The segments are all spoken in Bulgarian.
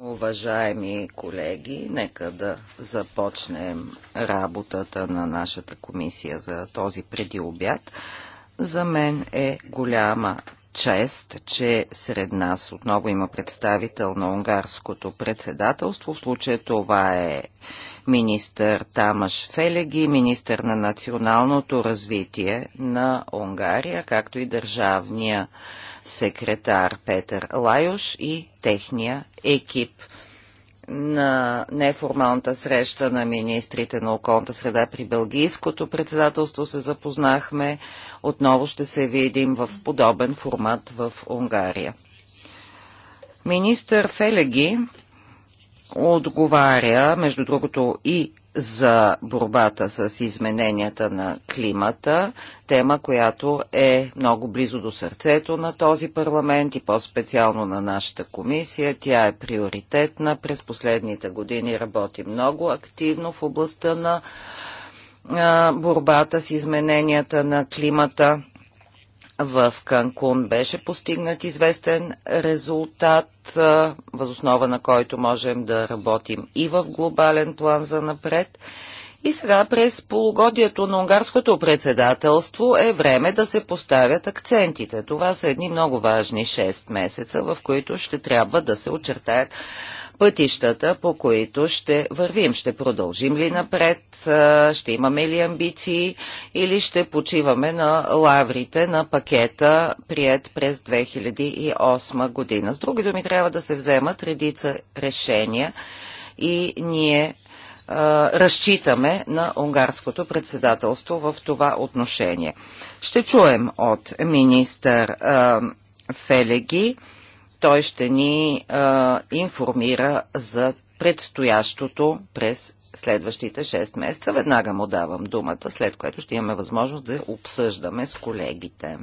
Уважаеми колеги, нека да започнем работата на нашата комисия за този преди обяд. За мен е голяма чест, че сред нас отново има представител на унгарското председателство. В случая това е министър Тамаш Фелеги, министър на националното развитие на Унгария, както и държавния секретар Петър Лайош и техния екип на неформалната среща на министрите на околната среда при Белгийското председателство се запознахме. Отново ще се видим в подобен формат в Унгария. Министър Фелеги отговаря, между другото, и за борбата с измененията на климата, тема, която е много близо до сърцето на този парламент и по-специално на нашата комисия. Тя е приоритетна. През последните години работи много активно в областта на борбата с измененията на климата. В Канкун беше постигнат известен резултат, възоснова на който можем да работим и в глобален план за напред. И сега през полугодието на унгарското председателство е време да се поставят акцентите. Това са едни много важни 6 месеца, в които ще трябва да се очертаят пътищата, по които ще вървим. Ще продължим ли напред, ще имаме ли амбиции или ще почиваме на лаврите на пакета, прият през 2008 година. С други думи, трябва да се вземат редица решения и ние разчитаме на унгарското председателство в това отношение. Ще чуем от министър Фелеги той ще ни а, информира за предстоящото през следващите 6 месеца. Веднага му давам думата, след което ще имаме възможност да обсъждаме с колегите.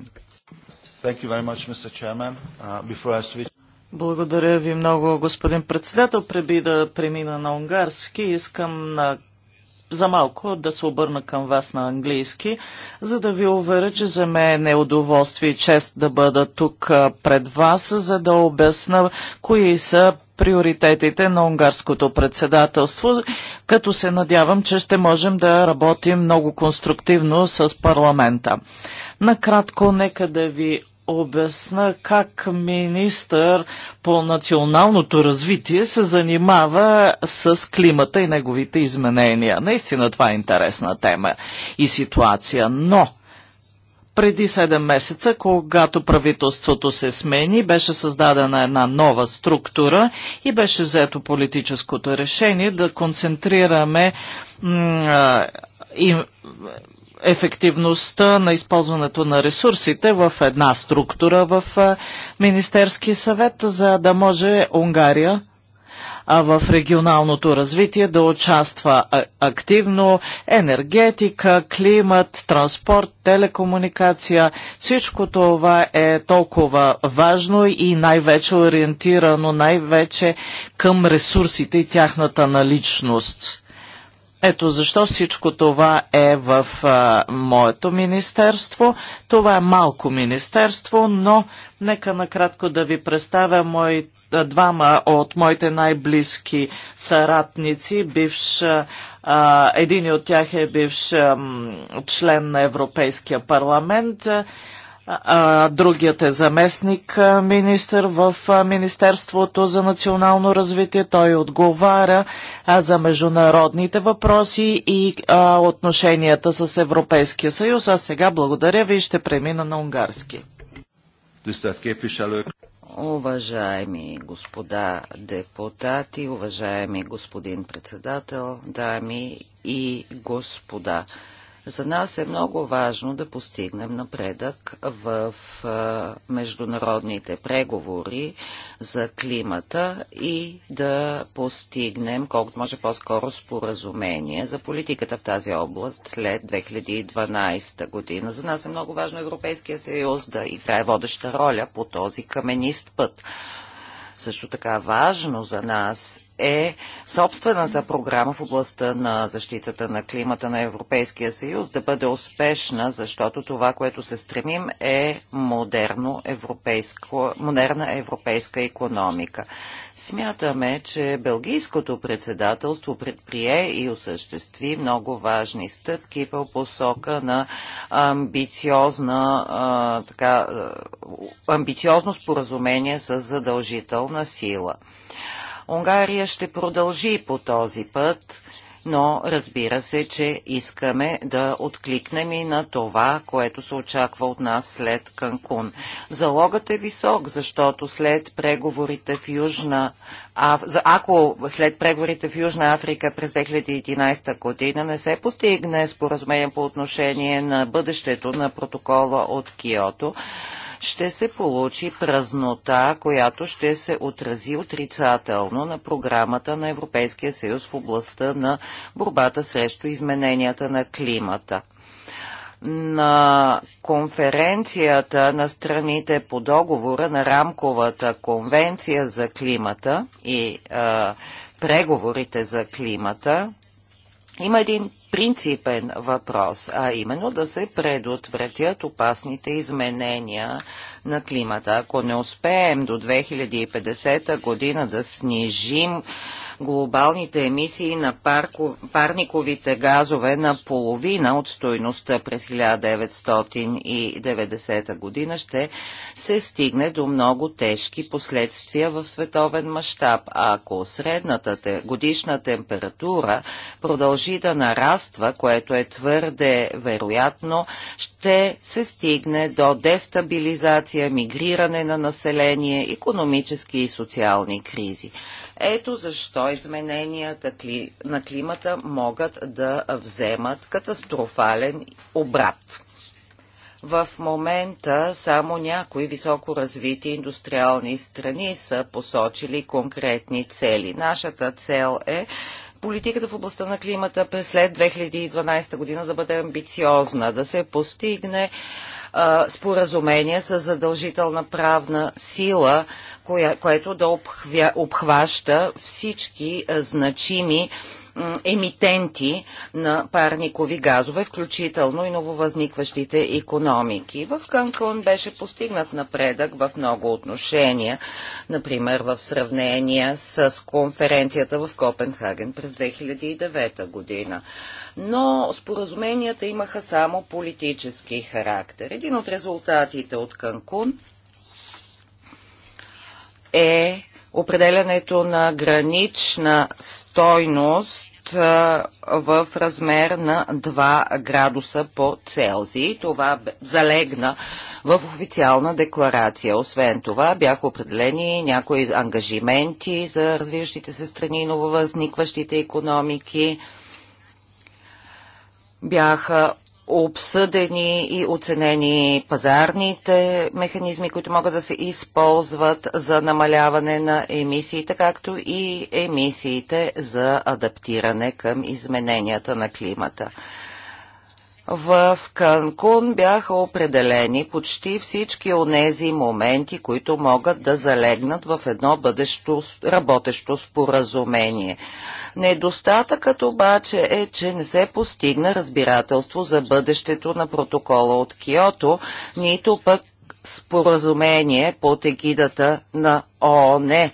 Much, uh, switch... Благодаря ви много, господин председател. Преби да премина на унгарски, искам на за малко да се обърна към вас на английски, за да ви уверя, че за мен е неудоволствие и чест да бъда тук пред вас, за да обясна кои са приоритетите на унгарското председателство, като се надявам, че ще можем да работим много конструктивно с парламента. Накратко, нека да ви обясна как министър по националното развитие се занимава с климата и неговите изменения. Наистина това е интересна тема и ситуация, но преди 7 месеца, когато правителството се смени, беше създадена една нова структура и беше взето политическото решение да концентрираме и ефективността на използването на ресурсите в една структура в Министерски съвет, за да може Унгария в регионалното развитие да участва активно енергетика, климат, транспорт, телекомуникация. Всичко това е толкова важно и най-вече ориентирано най-вече към ресурсите и тяхната наличност. Ето защо всичко това е в а, моето министерство. Това е малко министерство, но нека накратко да ви представя мои, двама от моите най-близки съратници, бивш един от тях е бивш член на Европейския парламент а, другият е заместник министър в Министерството за национално развитие. Той отговаря а, за международните въпроси и а, отношенията с Европейския съюз. А сега благодаря ви и ще премина на унгарски. Уважаеми господа депутати, уважаеми господин председател, дами и господа. За нас е много важно да постигнем напредък в международните преговори за климата и да постигнем колкото може по-скоро споразумение за политиката в тази област след 2012 година. За нас е много важно Европейския съюз да играе водеща роля по този каменист път. Също така важно за нас е собствената програма в областта на защитата на климата на Европейския съюз да бъде успешна, защото това, което се стремим е модерно европейско, модерна европейска економика. Смятаме, че Белгийското председателство предприе и осъществи много важни стъпки по посока на амбициозна, а, така, амбициозно споразумение с задължителна сила. Унгария ще продължи по този път, но разбира се, че искаме да откликнем и на това, което се очаква от нас след Канкун. Залогът е висок, защото след преговорите в Южна а, ако след преговорите в Южна Африка през 2011 година не се постигне споразумение по отношение на бъдещето на протокола от Киото, ще се получи празнота, която ще се отрази отрицателно на програмата на Европейския съюз в областта на борбата срещу измененията на климата на конференцията на страните по договора на рамковата конвенция за климата и а, преговорите за климата има един принципен въпрос, а именно да се предотвратят опасните изменения на климата. Ако не успеем до 2050 година да снижим глобалните емисии на парко, парниковите газове на половина от стойността през 1990 година ще се стигне до много тежки последствия в световен мащаб. Ако средната годишна температура продължи да нараства, което е твърде вероятно, ще се стигне до дестабилизация, мигриране на население, економически и социални кризи. Ето защо измененията на климата могат да вземат катастрофален обрат. В момента само някои високо развити индустриални страни са посочили конкретни цели. Нашата цел е политиката в областта на климата през след 2012 година да бъде амбициозна, да се постигне споразумение с задължителна правна сила коя, което да обхвя, обхваща всички е, значими емитенти на парникови газове, включително и нововъзникващите економики. В Канкун беше постигнат напредък в много отношения, например в сравнение с конференцията в Копенхаген през 2009 година. Но споразуменията имаха само политически характер. Един от резултатите от Канкун – е определянето на гранична стойност в размер на 2 градуса по Целзий. Това залегна в официална декларация. Освен това бяха определени някои ангажименти за развиващите се страни, нововъзникващите економики. Бяха обсъдени и оценени пазарните механизми, които могат да се използват за намаляване на емисиите, както и емисиите за адаптиране към измененията на климата в Канкун бяха определени почти всички онези моменти, които могат да залегнат в едно бъдещо работещо споразумение. Недостатъкът обаче е, че не се постигна разбирателство за бъдещето на протокола от Киото, нито пък споразумение под егидата на ООН.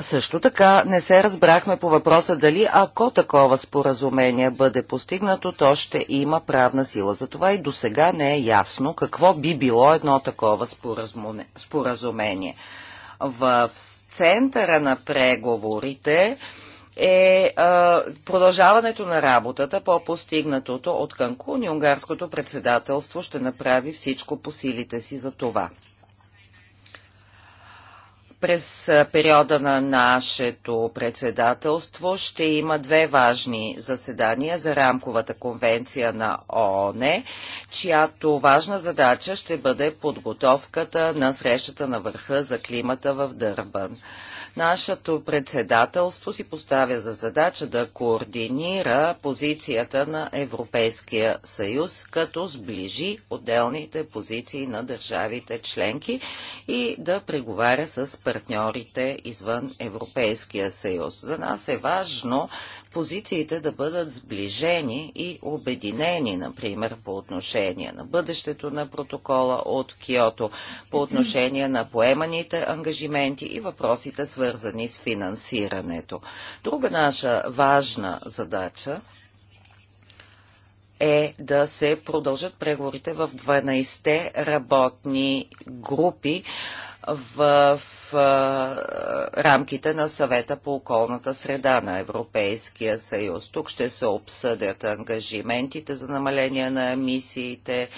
Също така не се разбрахме по въпроса дали ако такова споразумение бъде постигнато, то ще има правна сила. Затова и до сега не е ясно какво би било едно такова споразумение. В центъра на преговорите е продължаването на работата по постигнатото от Канкун и унгарското председателство ще направи всичко по силите си за това. През периода на нашето председателство ще има две важни заседания за рамковата конвенция на ООН, чиято важна задача ще бъде подготовката на срещата на върха за климата в Дърбан. Нашето председателство си поставя за задача да координира позицията на Европейския съюз, като сближи отделните позиции на държавите членки и да преговаря с партньорите извън Европейския съюз. За нас е важно позициите да бъдат сближени и обединени, например, по отношение на бъдещето на протокола от Киото, по отношение на поеманите ангажименти и въпросите, свързани свързани с финансирането. Друга наша важна задача е да се продължат преговорите в 12-те работни групи в, в рамките на съвета по околната среда на Европейския съюз. Тук ще се обсъдят ангажиментите за намаление на емисиите,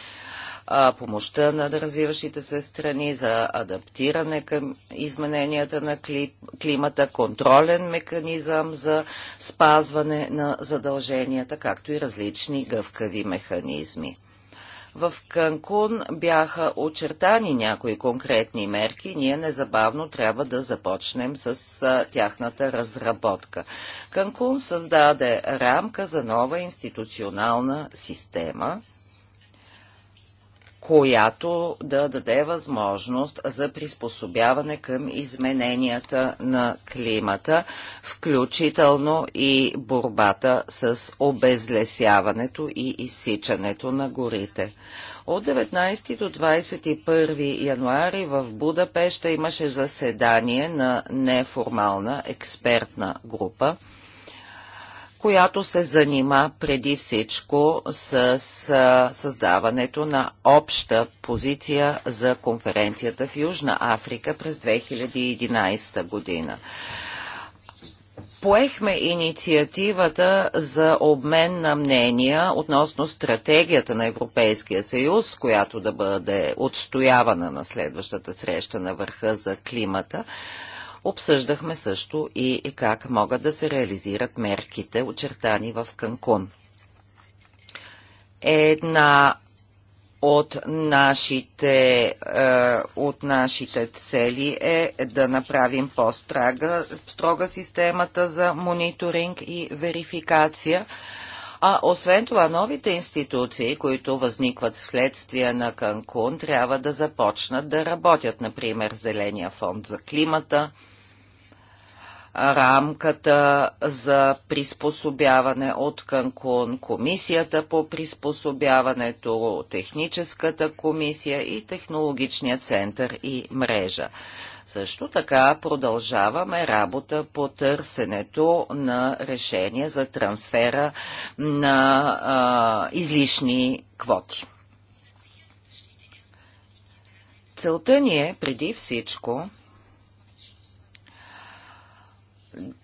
помощта на развиващите се страни за адаптиране към измененията на климата, контролен механизъм за спазване на задълженията, както и различни гъвкави механизми. В Канкун бяха очертани някои конкретни мерки. Ние незабавно трябва да започнем с тяхната разработка. Канкун създаде рамка за нова институционална система, която да даде възможност за приспособяване към измененията на климата, включително и борбата с обезлесяването и изсичането на горите. От 19 до 21 януари в Будапешта имаше заседание на неформална експертна група – която се занима преди всичко с създаването на обща позиция за конференцията в Южна Африка през 2011 година поехме инициативата за обмен на мнения относно стратегията на Европейския съюз, която да бъде отстоявана на следващата среща на върха за климата. Обсъждахме също и как могат да се реализират мерките, очертани в Канкун. Една от нашите, е, от нашите цели е да направим по-строга строга системата за мониторинг и верификация. А освен това, новите институции, които възникват следствие на Канкун, трябва да започнат да работят, например, Зеления фонд за климата – рамката за приспособяване от Канкун, комисията по приспособяването, техническата комисия и технологичния център и мрежа. Също така продължаваме работа по търсенето на решение за трансфера на а, излишни квоти. Целта ни е преди всичко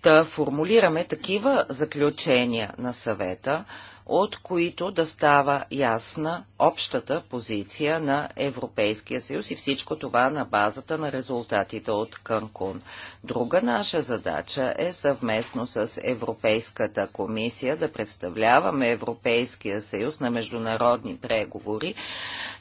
да формулираме такива заключения на съвета, от които да става ясна общата позиция на Европейския съюз и всичко това на базата на резултатите от Канкун. Друга наша задача е съвместно с Европейската комисия да представляваме Европейския съюз на международни преговори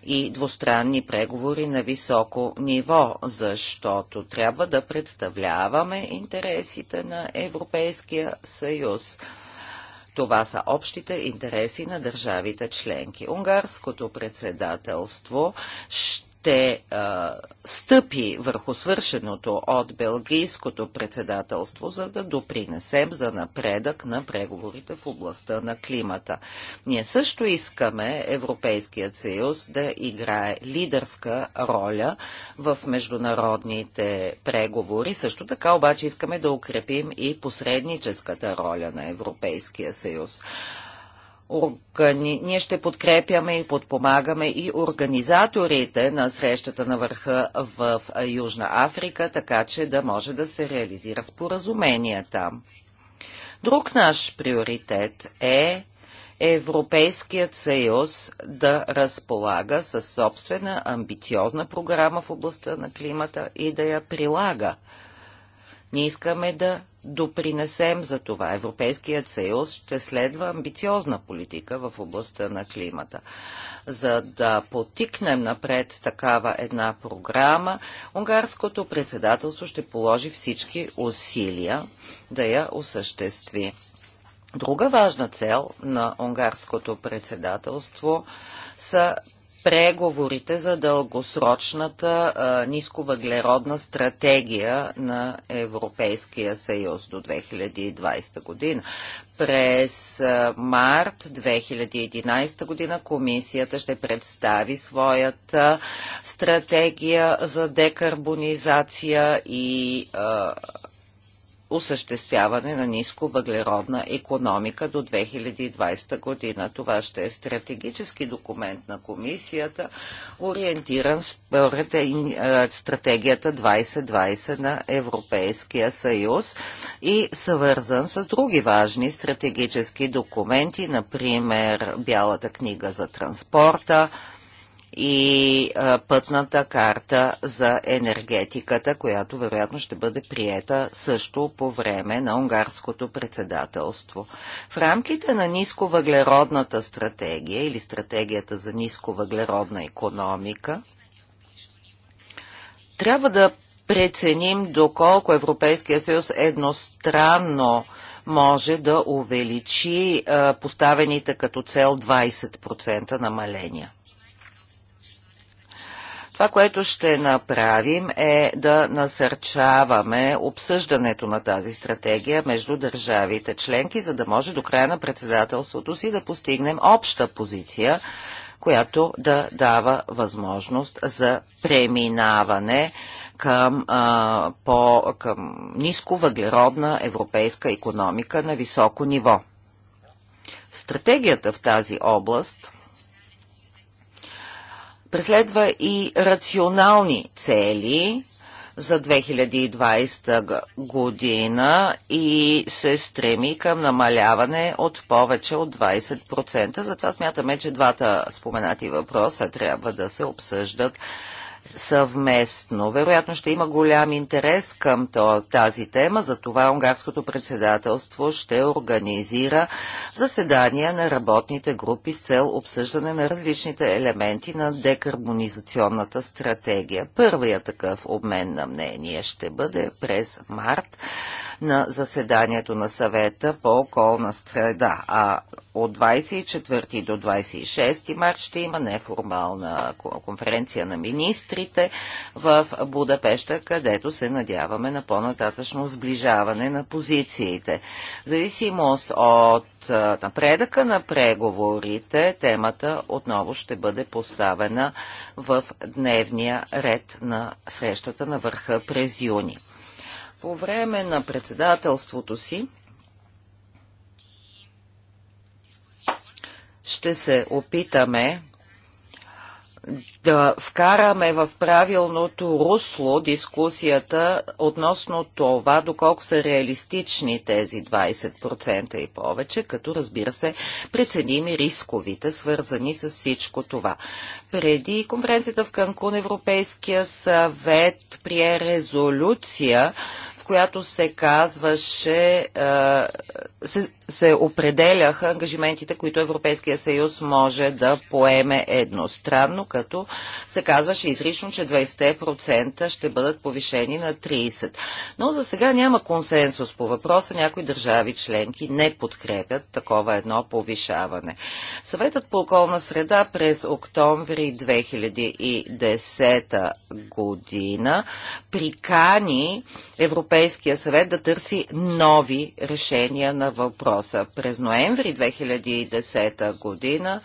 и двустранни преговори на високо ниво, защото трябва да представляваме интересите на Европейския съюз това са общите интереси на държавите членки. Унгарското председателство ще ще а, стъпи върху свършеното от Белгийското председателство, за да допринесем за напредък на преговорите в областта на климата. Ние също искаме Европейският съюз да играе лидерска роля в международните преговори. Също така обаче искаме да укрепим и посредническата роля на Европейския съюз органи... ние ще подкрепяме и подпомагаме и организаторите на срещата на върха в Южна Африка, така че да може да се реализира споразумение там. Друг наш приоритет е Европейският съюз да разполага със собствена амбициозна програма в областта на климата и да я прилага. Ние искаме да допринесем за това. Европейският съюз ще следва амбициозна политика в областта на климата. За да потикнем напред такава една програма, унгарското председателство ще положи всички усилия да я осъществи. Друга важна цел на унгарското председателство са преговорите за дългосрочната а, нисковъглеродна стратегия на Европейския съюз до 2020 година. През а, март 2011 година комисията ще представи своята стратегия за декарбонизация и а, осъществяване на ниско въглеродна економика до 2020 година. Това ще е стратегически документ на комисията, ориентиран според е, е, стратегията 2020 на Европейския съюз и съвързан с други важни стратегически документи, например Бялата книга за транспорта, и пътната карта за енергетиката, която вероятно ще бъде приета също по време на унгарското председателство. В рамките на нисковъглеродната стратегия или стратегията за нисковъглеродна економика, трябва да преценим доколко Европейския съюз едностранно може да увеличи поставените като цел 20% намаления. Това, което ще направим е да насърчаваме обсъждането на тази стратегия между държавите членки, за да може до края на председателството си да постигнем обща позиция, която да дава възможност за преминаване към, а, по, към ниско въглеродна европейска економика на високо ниво. Стратегията в тази област – преследва и рационални цели за 2020 година и се стреми към намаляване от повече от 20%. Затова смятаме, че двата споменати въпроса трябва да се обсъждат съвместно. Вероятно ще има голям интерес към тази тема, затова унгарското председателство ще организира заседания на работните групи с цел обсъждане на различните елементи на декарбонизационната стратегия. Първия такъв обмен на мнение ще бъде през март на заседанието на съвета по околна среда, а от 24 до 26 март ще има неформална конференция на министрите в Будапешта, където се надяваме на по-нататъчно сближаване на позициите. В зависимост от напредъка на преговорите, темата отново ще бъде поставена в дневния ред на срещата на върха през юни. По време на председателството си ще се опитаме да вкараме в правилното русло дискусията относно това, доколко са реалистични тези 20% и повече, като разбира се преценим и рисковите, свързани с всичко това. Преди конференцията в Канкун Европейския съвет прие резолюция, в която се казваше, е, се се определяха ангажиментите, които Европейския съюз може да поеме едностранно, като се казваше изрично, че 20% ще бъдат повишени на 30%. Но за сега няма консенсус по въпроса. Някои държави членки не подкрепят такова едно повишаване. Съветът по околна среда през октомври 2010 година прикани Европейския съвет да търси нови решения на въпроса въпроса. През ноември 2010 година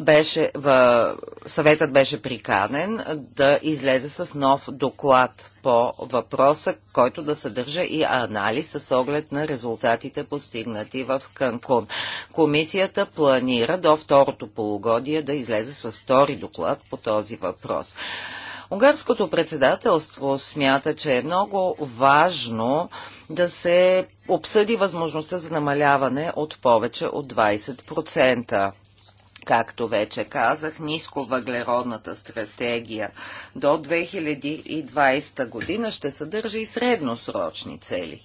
беше, в, съветът беше приканен да излезе с нов доклад по въпроса, който да съдържа и анализ с оглед на резултатите постигнати в Канкун. Комисията планира до второто полугодие да излезе с втори доклад по този въпрос. Унгарското председателство смята, че е много важно да се обсъди възможността за намаляване от повече от 20% както вече казах, ниско въглеродната стратегия до 2020 година ще съдържа и средносрочни цели.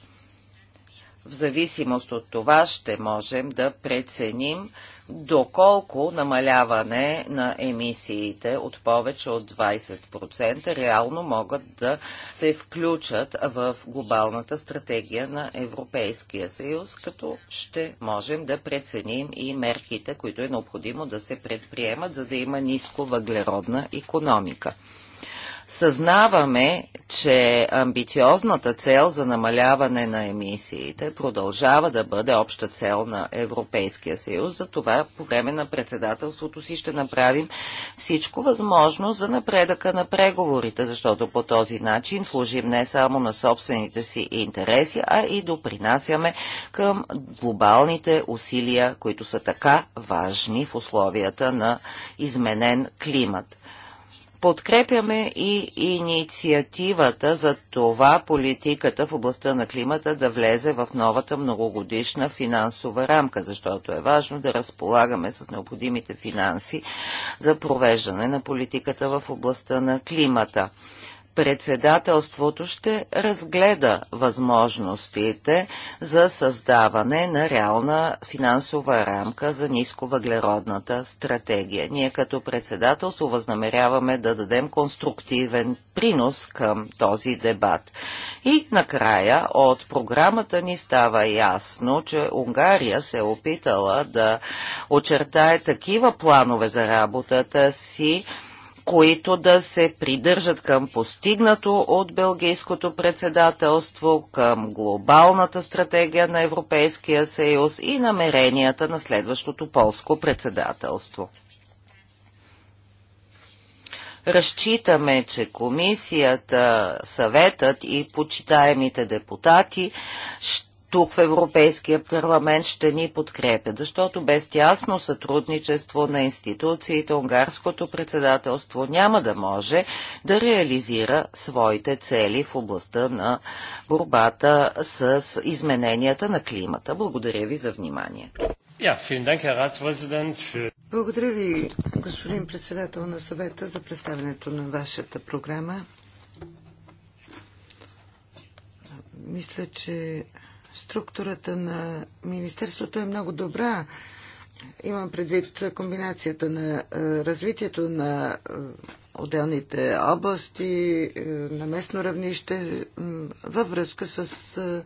В зависимост от това ще можем да преценим доколко намаляване на емисиите от повече от 20% реално могат да се включат в глобалната стратегия на Европейския съюз, като ще можем да преценим и мерките, които е необходимо да се предприемат, за да има ниско въглеродна економика. Съзнаваме, че амбициозната цел за намаляване на емисиите продължава да бъде обща цел на Европейския съюз. Затова по време на председателството си ще направим всичко възможно за напредъка на преговорите, защото по този начин служим не само на собствените си интереси, а и допринасяме към глобалните усилия, които са така важни в условията на изменен климат. Подкрепяме и инициативата за това политиката в областта на климата да влезе в новата многогодишна финансова рамка, защото е важно да разполагаме с необходимите финанси за провеждане на политиката в областта на климата председателството ще разгледа възможностите за създаване на реална финансова рамка за нисковъглеродната стратегия. Ние като председателство възнамеряваме да дадем конструктивен принос към този дебат. И накрая от програмата ни става ясно, че Унгария се е опитала да очертае такива планове за работата си, които да се придържат към постигнато от Белгийското председателство, към глобалната стратегия на Европейския съюз и намеренията на следващото полско председателство. Разчитаме, че комисията, съветът и почитаемите депутати ще тук в Европейския парламент ще ни подкрепят, защото без тясно сътрудничество на институциите унгарското председателство няма да може да реализира своите цели в областта на борбата с измененията на климата. Благодаря ви за вниманието. Благодаря ви, господин председател на съвета, за представянето на вашата програма. Мисля, че структурата на Министерството е много добра. Имам предвид комбинацията на е, развитието на е, отделните области е, на местно равнище във връзка с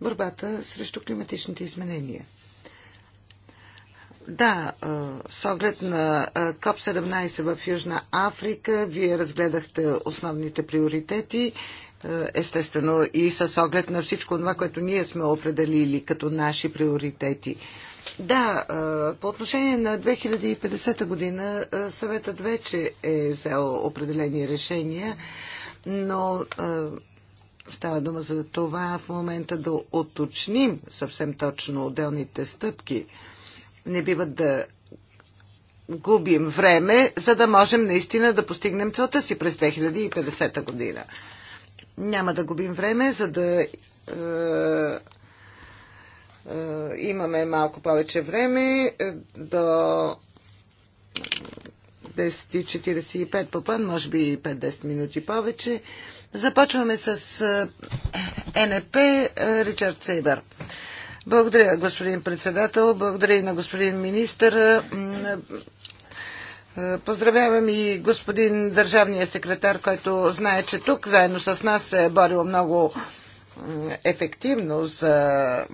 борбата срещу климатичните изменения. Да, с оглед на КОП-17 в Южна Африка, вие разгледахте основните приоритети. Е, естествено и с оглед на всичко това, което ние сме определили като наши приоритети. Да, е, по отношение на 2050 година е, съветът вече е взел определени решения, но става дума за това в момента да оточним съвсем точно отделните стъпки. Не бива да губим време, за да можем наистина да постигнем целта си през 2050 година. Няма да губим време, за да е, е, имаме малко повече време е, до 10.45 по пън, може би 5-10 минути повече. Започваме с е, НП е, Ричард Сейбър. Благодаря, господин председател. Благодаря и на господин министър. Поздравявам и господин държавния секретар, който знае, че тук заедно с нас се е борил много ефективно за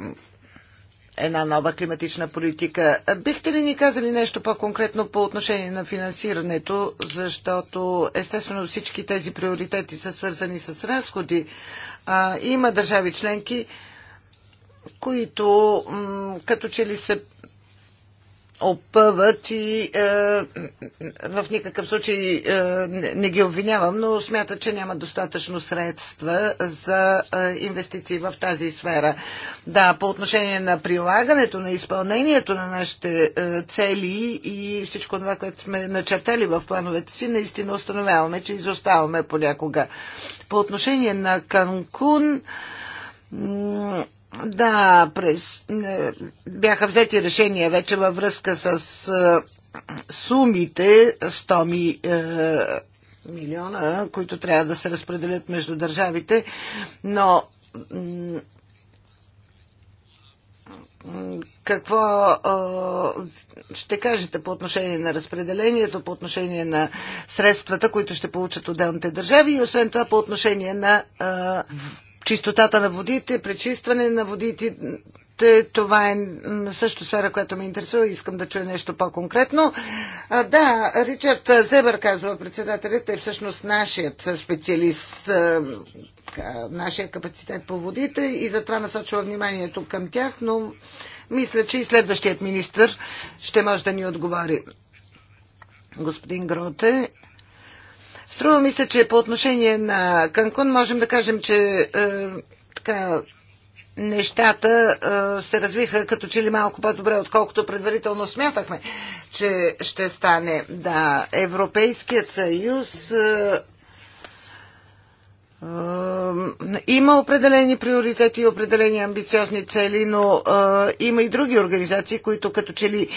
една нова климатична политика. Бихте ли ни казали нещо по-конкретно по отношение на финансирането, защото естествено всички тези приоритети са свързани с разходи. А, има държави членки, които като че ли се опъват и е, в никакъв случай е, не ги обвинявам, но смятат, че няма достатъчно средства за е, инвестиции в тази сфера. Да, по отношение на прилагането, на изпълнението на нашите е, цели и всичко това, което сме начертали в плановете си, наистина установяваме, че изоставаме понякога. По отношение на Канкун, да, през, е, бяха взети решения вече във връзка с е, сумите 100 ми, е, милиона, които трябва да се разпределят между държавите, но какво е, ще кажете по отношение на разпределението, по отношение на средствата, които ще получат отделните държави и освен това по отношение на е, чистотата на водите, пречистване на водите. Това е също сфера, която ме интересува. Искам да чуя нещо по-конкретно. да, Ричард Зебър, казва председателят, е всъщност нашият специалист, нашия капацитет по водите и затова насочва вниманието към тях, но мисля, че и следващият министр ще може да ни отговори. Господин Гроте, Струва ми се, че по отношение на Канкун можем да кажем, че е, така, нещата е, се развиха като че ли малко по-добре, отколкото предварително смятахме, че ще стане. Да, Европейският съюз е, е има определени приоритети и определени амбициозни цели, но е, има и други организации, които като че ли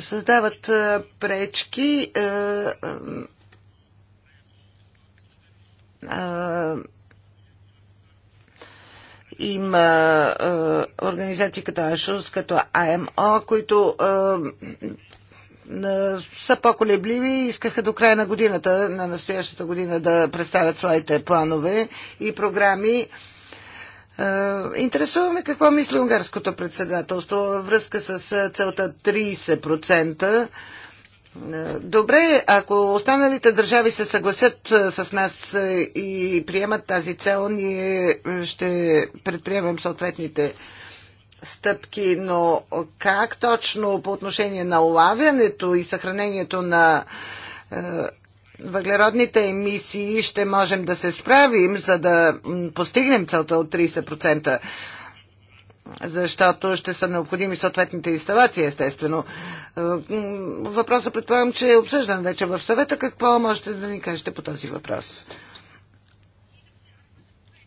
създават е, пречки има а, организации като Ашус, като АМО, които а, са по-колебливи и искаха до края на годината, на настоящата година да представят своите планове и програми. Интересуваме какво мисли унгарското председателство във връзка с целта 30% Добре, ако останалите държави се съгласят е, с нас е, и приемат тази цел, ние е, ще предприемем съответните стъпки, но как точно по отношение на улавянето и съхранението на въглеродните емисии ще можем да се справим, за да постигнем целта от 30% защото ще са необходими съответните инсталации, естествено. Е, въпросът предполагам, че е обсъждан вече в съвета. Какво можете да ни кажете по този въпрос?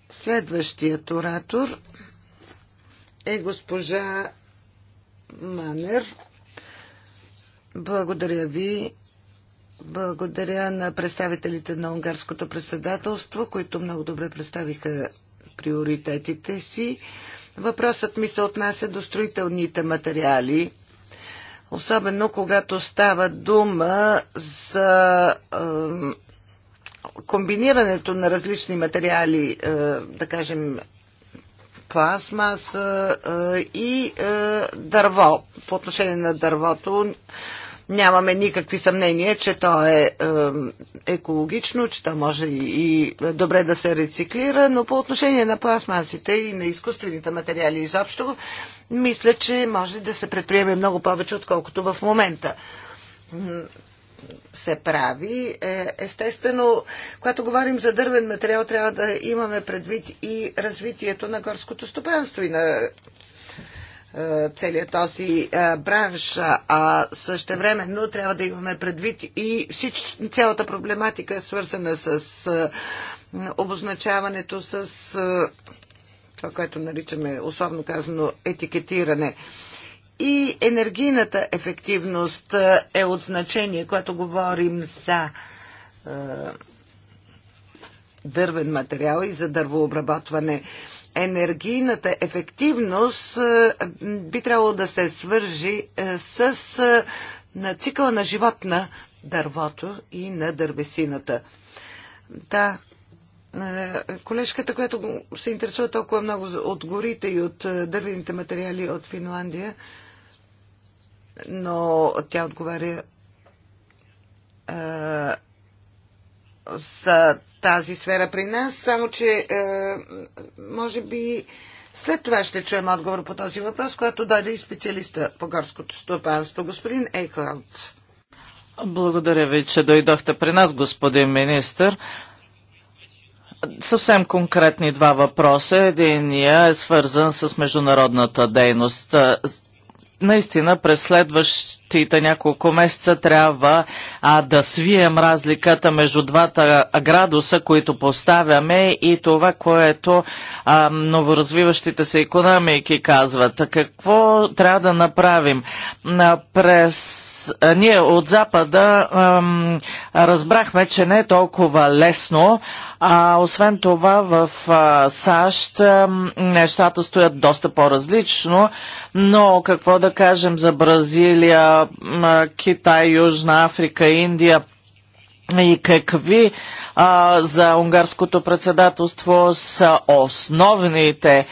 Следващият оратор е госпожа Манер. Благодаря ви. Благодаря на представителите на унгарското председателство, които много добре представиха приоритетите си. Въпросът ми се отнася до строителните материали, особено когато става дума за е, комбинирането на различни материали, е, да кажем пластмаса е, и е, дърво. По отношение на дървото Нямаме никакви съмнения, че то е, е екологично, че то може и добре да се рециклира, но по отношение на пластмасите и на изкуствените материали изобщо, мисля, че може да се предприеме много повече, отколкото в момента се прави. Е, естествено, когато говорим за дървен материал, трябва да имаме предвид и развитието на горското стопанство и на е, целият този е, бранш, а също но трябва да имаме предвид и всич, цялата проблематика е свързана с е, обозначаването, с това, което наричаме, условно казано, етикетиране. И енергийната ефективност е от значение, когато говорим за дървен материал и за дървообработване енергийната ефективност е, би трябвало да се свържи е, с е, на цикъла на живот на дървото и на дървесината. Да, колежката, която се интересува толкова много от горите и от дървените материали от Финландия, но тя отговаря за тази сфера при нас, само че е, може би след това ще чуем отговор по този въпрос, който дойде и специалиста по горското стопанство, господин Ейхолд. Благодаря ви, че дойдохте при нас, господин министр. Съвсем конкретни два въпроса. Единия е свързан с международната дейност. Наистина, през следващ следващите няколко месеца трябва а, да свием разликата между двата градуса, които поставяме и това, което а, новоразвиващите се економики казват. Какво трябва да направим? А, през... а, ние от Запада ам, разбрахме, че не е толкова лесно, а освен това в а, САЩ а, нещата стоят доста по-различно, но какво да кажем за Бразилия, Китай, Южна Африка, Индия и какви а, за унгарското председателство са основните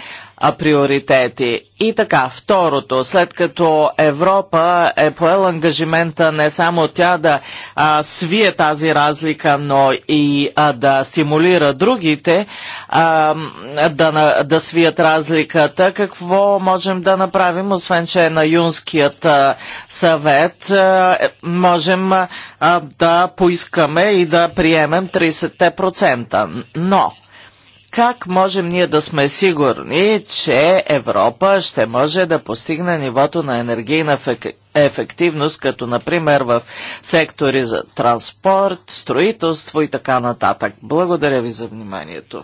а, приоритети. И така, второто, след като Европа е поел ангажимента не само тя да а, свие тази разлика, но и а, да стимулира другите а, да, да свият разликата, какво можем да направим, освен че е на Юнският а, съвет, а, е, можем а, да поискаме и да приемем 30%. Но как можем ние да сме сигурни, че Европа ще може да постигне нивото на енергийна ефективност, като например в сектори за транспорт, строителство и така нататък? Благодаря ви за вниманието.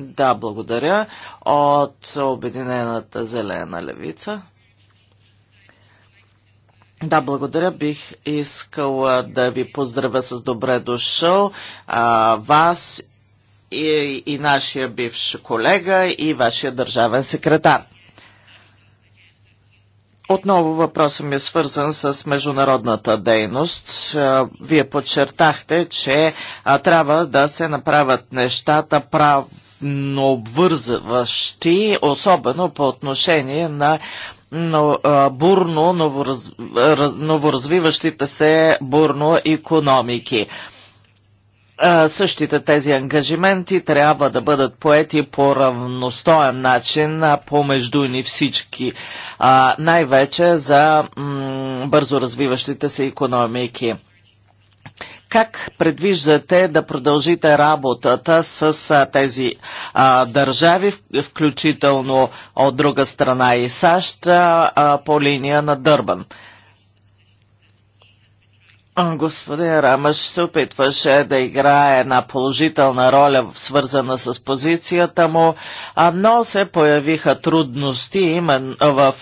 Да, благодаря. От Обединената зелена левица. Да, благодаря. Бих искала да ви поздравя с добре дошъл а, вас и, и нашия бивш колега, и вашия държавен секретар. Отново въпросът ми е свързан с международната дейност. Вие подчертахте, че трябва да се направят нещата правно обвързващи, особено по отношение на но, бурно, новоразвиващите се бурно економики. Е, същите тези ангажименти трябва да бъдат поети по равностоен начин помежду ни всички, най-вече за бързо развиващите се економики. Как предвиждате да продължите работата с а, тези а, държави, включително от друга страна и САЩ а, по линия на Дърбан? Господин Рамаш се опитваше да играе една положителна роля, свързана с позицията му, но се появиха трудности именно в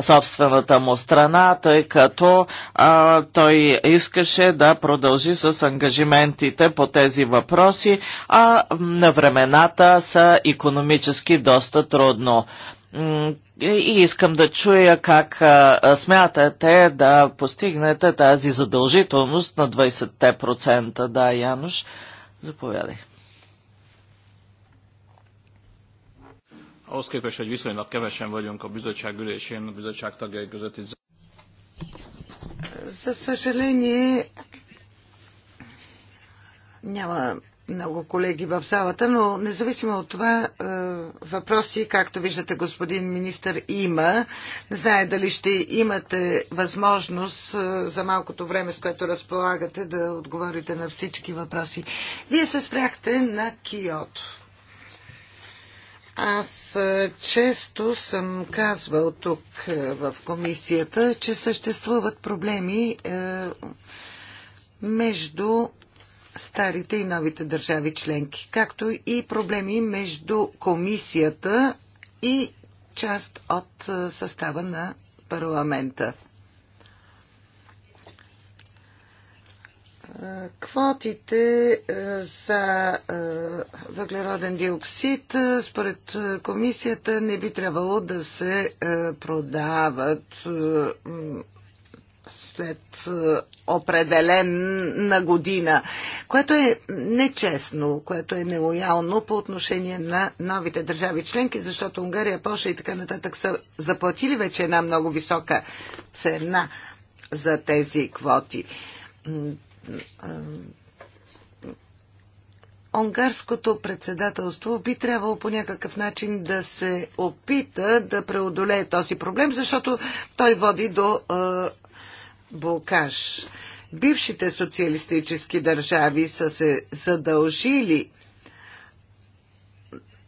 собствената му страна, тъй като а, той искаше да продължи с ангажиментите по тези въпроси, а на времената са економически доста трудно и искам да чуя как а, смятате да постигнете тази задължителност на 20%. Да, Януш, заповядай. Ahhoz képest, hogy viszonylag kevesen vagyunk a bizottság ülésén, a bizottság tagjai között itt. За съжаление, няма много колеги в залата, но независимо от това е, въпроси, както виждате господин министр, има. Не знае дали ще имате възможност е, за малкото време, с което разполагате, да отговорите на всички въпроси. Вие се спряхте на Киото. Аз е, често съм казвал тук в комисията, че съществуват проблеми между старите и новите държави членки, както и проблеми между комисията и част от състава на парламента. Квотите за въглероден диоксид според комисията не би трябвало да се продават след е, определен на година, което е нечестно, което е нелоялно по отношение на новите държави членки, защото Унгария, Польша и така нататък са заплатили вече една много висока цена за тези квоти. Унгарското председателство би трябвало по някакъв начин да се опита да преодолее този проблем, защото той води до е, блокаж. Бившите социалистически държави са се задължили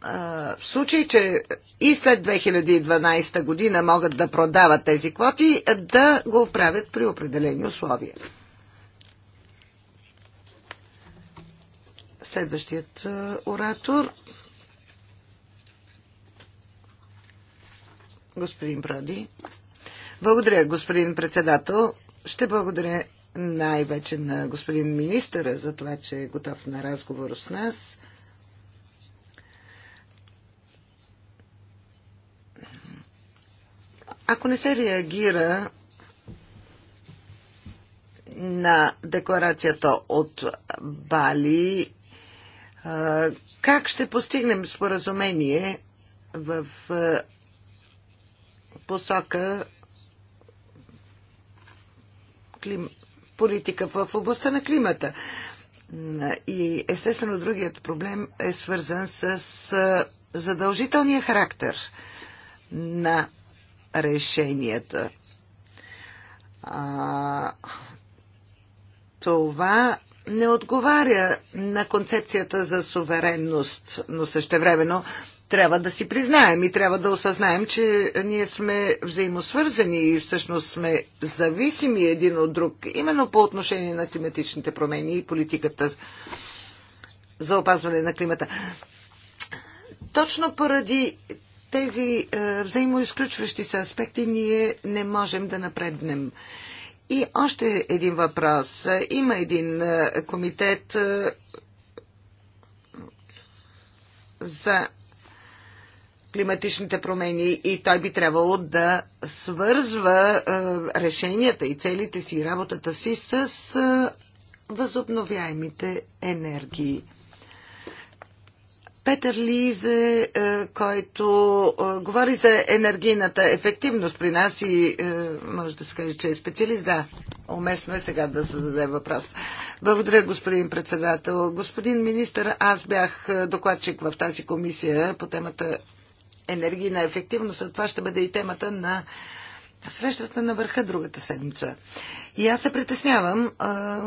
в случай, че и след 2012 година могат да продават тези квоти, да го правят при определени условия. Следващият оратор. Господин Бради, Благодаря, господин председател. Ще благодаря най-вече на господин министъра за това, че е готов на разговор с нас. Ако не се реагира на декларацията от Бали, как ще постигнем споразумение в посока клим... политика в областта на климата. И естествено другият проблем е свързан с задължителния характер на решенията. А, това не отговаря на концепцията за суверенност, но същевременно трябва да си признаем и трябва да осъзнаем, че ние сме взаимосвързани и всъщност сме зависими един от друг, именно по отношение на климатичните промени и политиката за опазване на климата. Точно поради тези е, взаимоизключващи се аспекти ние не можем да напреднем. И още един въпрос. Има един е, комитет. Е, за климатичните промени и той би трябвало да свързва е, решенията и целите си и работата си с е, възобновяемите енергии. Петър Лизе, е, който говори за енергийната ефективност при нас и може да се каже, че е специалист, да, уместно е сега да зададе въпрос. Благодаря, господин председател. Господин министр, аз бях докладчик в тази комисия по темата енергийна ефективност, това ще бъде и темата на срещата на върха другата седмица. И аз се притеснявам а,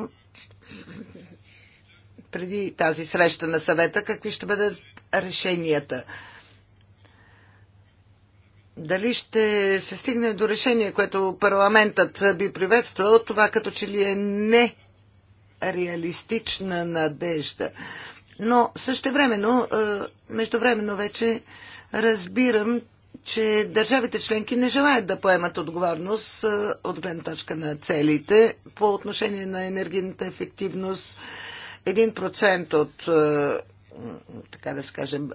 преди тази среща на съвета, какви ще бъдат решенията. Дали ще се стигне до решение, което парламентът би приветствал, това като че ли е не реалистична надежда. Но същевременно, междувременно вече Разбирам, че държавите членки не желаят да поемат отговорност от гледна точка на целите по отношение на енергийната ефективност. Един процент от, така да скажем,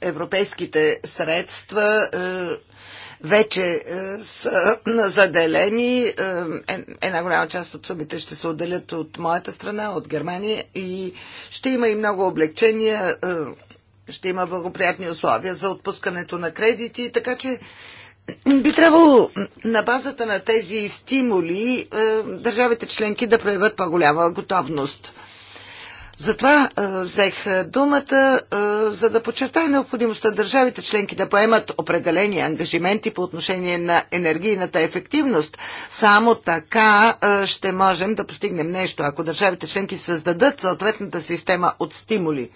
европейските средства вече е, са заделени. Е, е, една голяма част от сумите ще се отделят от моята страна, от Германия и ще има и много облегчения, ще има благоприятни условия за отпускането на кредити, така че би трябвало на базата на тези стимули държавите членки да проявят по-голяма готовност. Затова е, взех е, думата, е, за да подчертая необходимостта държавите членки да поемат определени ангажименти по отношение на енергийната ефективност. Само така ще можем да постигнем нещо, ако държавите членки създадат съответната система от стимули.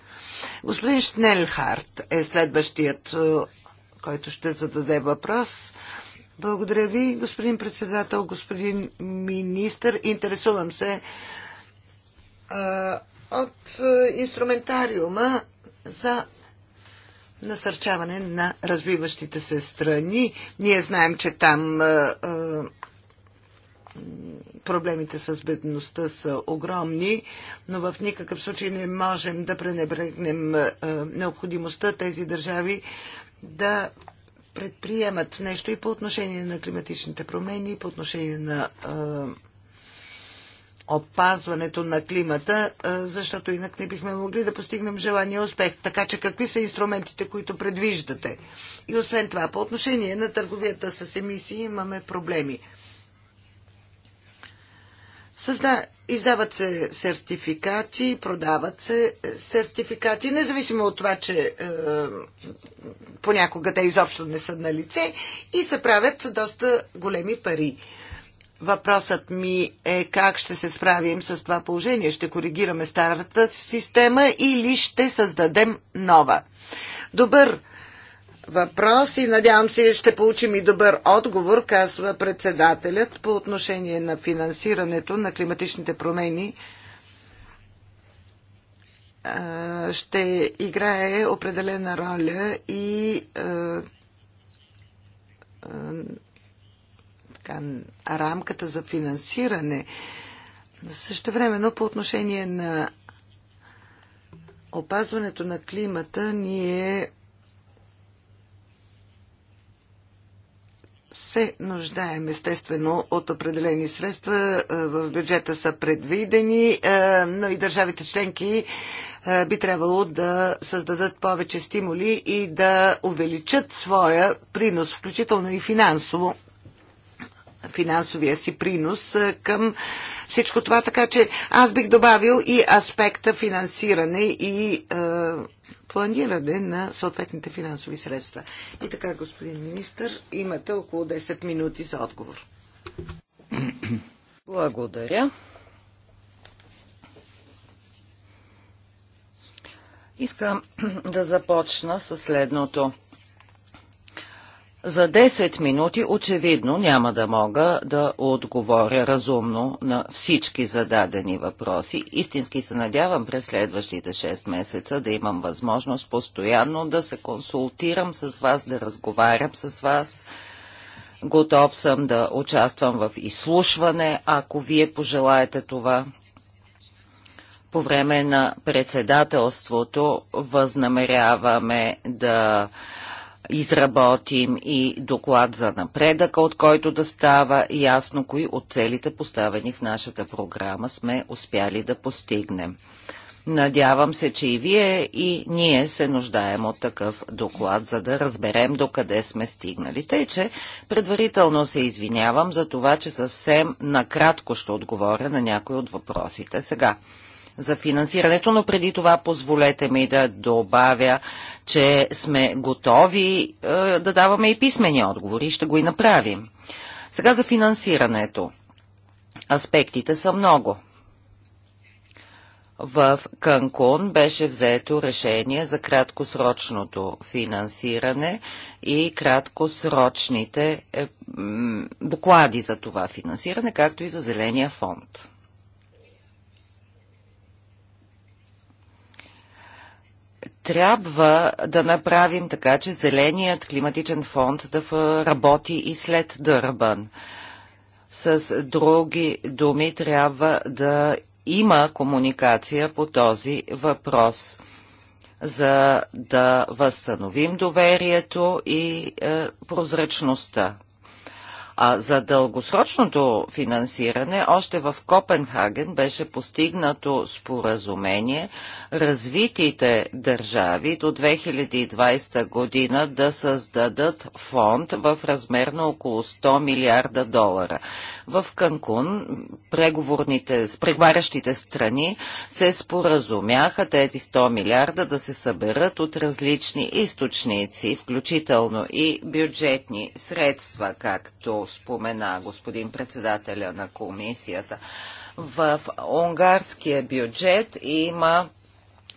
Господин Шнелхарт е следващият, който ще зададе въпрос. Благодаря ви, господин председател, господин министр. Интересувам се от е, инструментариума за насърчаване на развиващите се страни. Ние знаем, че там е, е, проблемите с бедността са огромни, но в никакъв случай не можем да пренебрегнем необходимостта тези държави да предприемат нещо и по отношение на климатичните промени, и по отношение на опазването на климата, защото инак не бихме могли да постигнем желания успех. Така че какви са инструментите, които предвиждате? И освен това, по отношение на търговията с емисии имаме проблеми. Съзна... Издават се сертификати, продават се е, сертификати, независимо от това, че е, понякога те изобщо не са на лице и се правят доста големи пари. Е, Въпросът ми е как ще се справим с това положение. Ще коригираме старата система или ще създадем нова? Добър въпрос и надявам се ще получим и добър отговор, казва председателят по отношение на финансирането на климатичните промени. Ще играе определена роля и така, рамката за финансиране. Също времено по отношение на опазването на климата ние се нуждаем естествено от определени средства. Е, в бюджета са предвидени, е, но и държавите членки е, би трябвало да създадат повече стимули и да увеличат своя принос, включително и финансово, финансовия си принос към всичко това. Така че аз бих добавил и аспекта финансиране и е, планиране на съответните финансови средства. И така, господин министр, имате около 10 минути за отговор. Благодаря. Искам да започна с следното. За 10 минути очевидно няма да мога да отговоря разумно на всички зададени въпроси. Истински се надявам през следващите 6 месеца да имам възможност постоянно да се консултирам с вас, да разговарям с вас. Готов съм да участвам в изслушване, ако вие пожелаете това. По време на председателството възнамеряваме да изработим и доклад за напредъка, от който да става ясно кои от целите поставени в нашата програма сме успяли да постигнем. Надявам се, че и вие, и ние се нуждаем от такъв доклад, за да разберем до къде сме стигнали. Тъй, че предварително се извинявам за това, че съвсем накратко ще отговоря на някои от въпросите сега за финансирането, но преди това позволете ми да добавя, че сме готови е, да даваме и писмени отговори. Ще го и направим. Сега за финансирането. Аспектите са много. В Канкун беше взето решение за краткосрочното финансиране и краткосрочните е, доклади за това финансиране, както и за Зеления фонд. трябва да направим така, че зеленият климатичен фонд да работи и след Дърбан. С други думи, трябва да има комуникация по този въпрос, за да възстановим доверието и е, прозрачността. А за дългосрочното финансиране още в Копенхаген беше постигнато споразумение развитите държави до 2020 година да създадат фонд в размер на около 100 милиарда долара. В Канкун преговорните, преговарящите страни се споразумяха тези 100 милиарда да се съберат от различни източници, включително и бюджетни средства, както спомена господин председателя на комисията. В унгарския бюджет има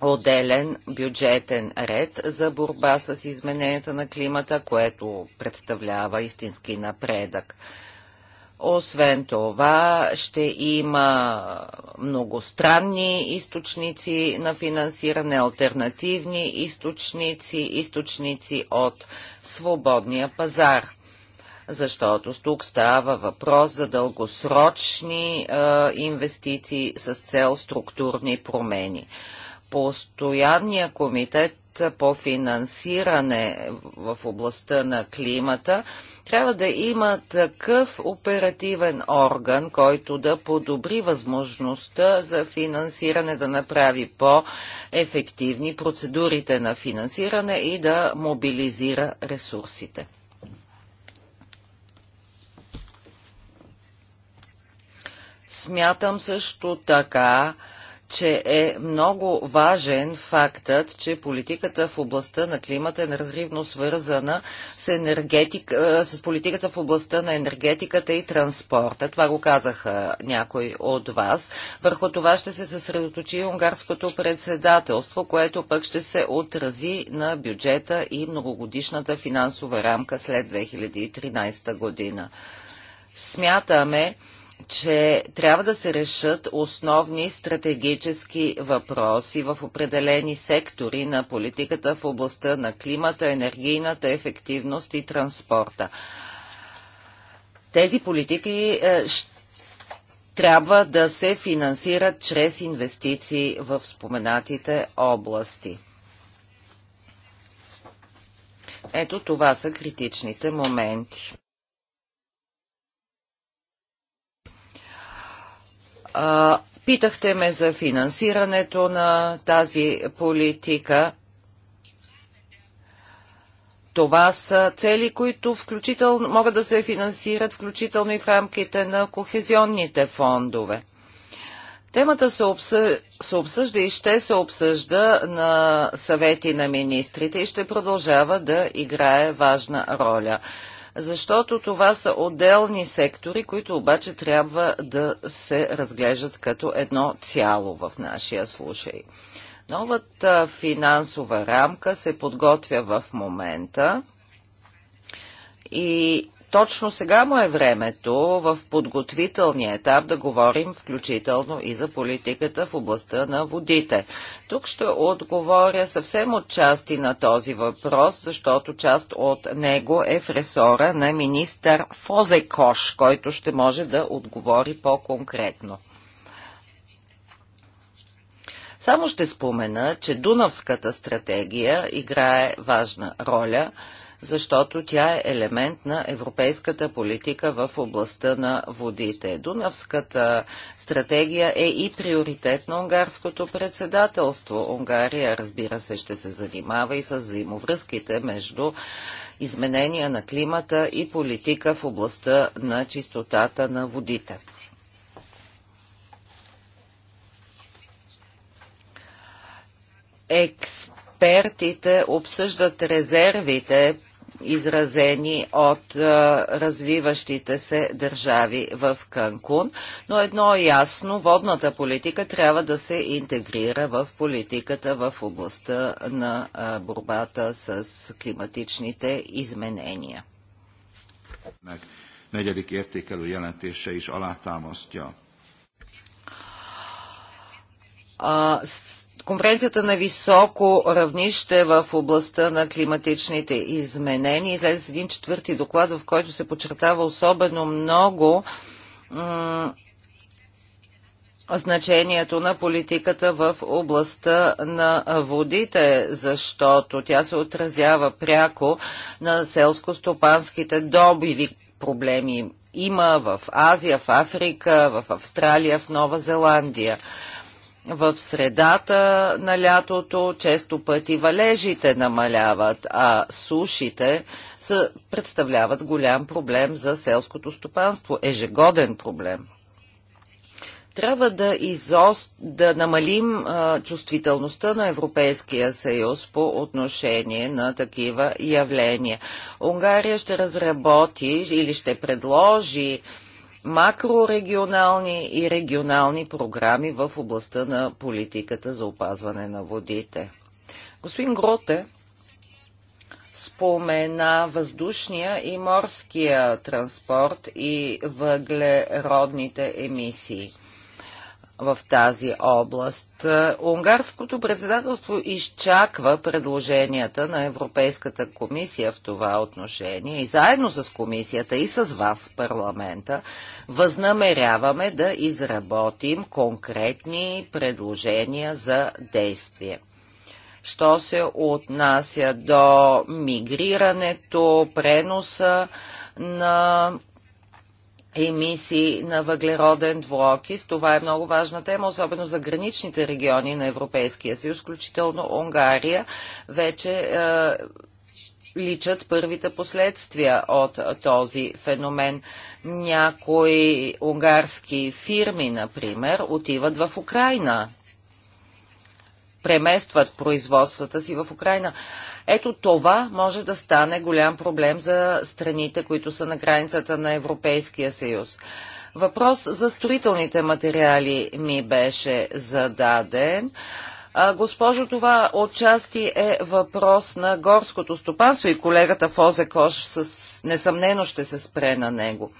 отделен бюджетен ред за борба с измененията на климата, което представлява истински напредък. Освен това, ще има многостранни източници на финансиране, альтернативни източници, източници от свободния пазар защото тук става въпрос за дългосрочни а, инвестиции с цел структурни промени. Постоянния комитет по финансиране в областта на климата, трябва да има такъв оперативен орган, който да подобри възможността за финансиране, да направи по-ефективни процедурите на финансиране и да мобилизира ресурсите. Смятам също така, че е много важен фактът, че политиката в областта на климата е неразривно свързана с, енергетик, с политиката в областта на енергетиката и транспорта. Това го казаха някой от вас. Върху това ще се съсредоточи унгарското председателство, което пък ще се отрази на бюджета и многогодишната финансова рамка след 2013 година. Смятаме, че трябва да се решат основни стратегически въпроси в определени сектори на политиката в областта на климата, енергийната ефективност и транспорта. Тези политики е, трябва да се финансират чрез инвестиции в споменатите области. Ето това са критичните моменти. питахте ме за финансирането на тази политика. Това са цели, които включително могат да се финансират, включително и в рамките на кохезионните фондове. Темата се, обсъ... се обсъжда и ще се обсъжда на съвети на министрите и ще продължава да играе важна роля защото това са отделни сектори, които обаче трябва да се разглеждат като едно цяло в нашия случай. Новата финансова рамка се подготвя в момента и точно сега му е времето в подготвителния етап да говорим включително и за политиката в областта на водите. Тук ще отговоря съвсем от части на този въпрос, защото част от него е в ресора на министър Фозекош, който ще може да отговори по-конкретно. Само ще спомена, че Дунавската стратегия играе важна роля – защото тя е елемент на европейската политика в областта на водите. Дунавската стратегия е и приоритет на унгарското председателство. Унгария, разбира се, ще се занимава и с взаимовръзките между изменения на климата и политика в областта на чистотата на водите. Експертите обсъждат резервите изразени от е, развиващите се държави в Канкун, но едно е ясно, водната политика трябва да се интегрира в политиката в областта на е, борбата с климатичните изменения. Negyedik értékelő jelentése is alátámasztja. Конференцията на високо равнище в областта на климатичните изменения излезе с един четвърти доклад, в който се подчертава особено много значението на политиката в областта на водите, защото тя се отразява пряко на селско-стопанските добиви проблеми. Има в Азия, в Африка, в Австралия, в Нова Зеландия в средата на лятото често пъти валежите намаляват, а сушите са, представляват голям проблем за селското стопанство, ежегоден проблем. Трябва да, изост, да намалим а, чувствителността на Европейския съюз по отношение на такива явления. Унгария ще разработи или ще предложи а, макрорегионални и регионални програми в областта на политиката за опазване на водите. Господин Гроте спомена въздушния и морския транспорт и въглеродните емисии – в тази област. Е, унгарското председателство изчаква предложенията на Европейската комисия в това отношение и заедно с комисията и с вас, парламента, възнамеряваме да изработим конкретни предложения за действие що се отнася до мигрирането, преноса на емисии на въглероден двуокис. Това е много важна тема, особено за граничните региони на Европейския съюз, включително Унгария. Вече е, личат първите последствия от този феномен. Някои унгарски фирми, например, отиват в Украина. Преместват производствата си в Украина. Ето това може да стане голям проблем за страните, които са на границата на Европейския съюз. Въпрос за строителните материали ми беше зададен. Госпожо, това отчасти е въпрос на горското стопанство и колегата Фозекош с... несъмнено ще се спре на него.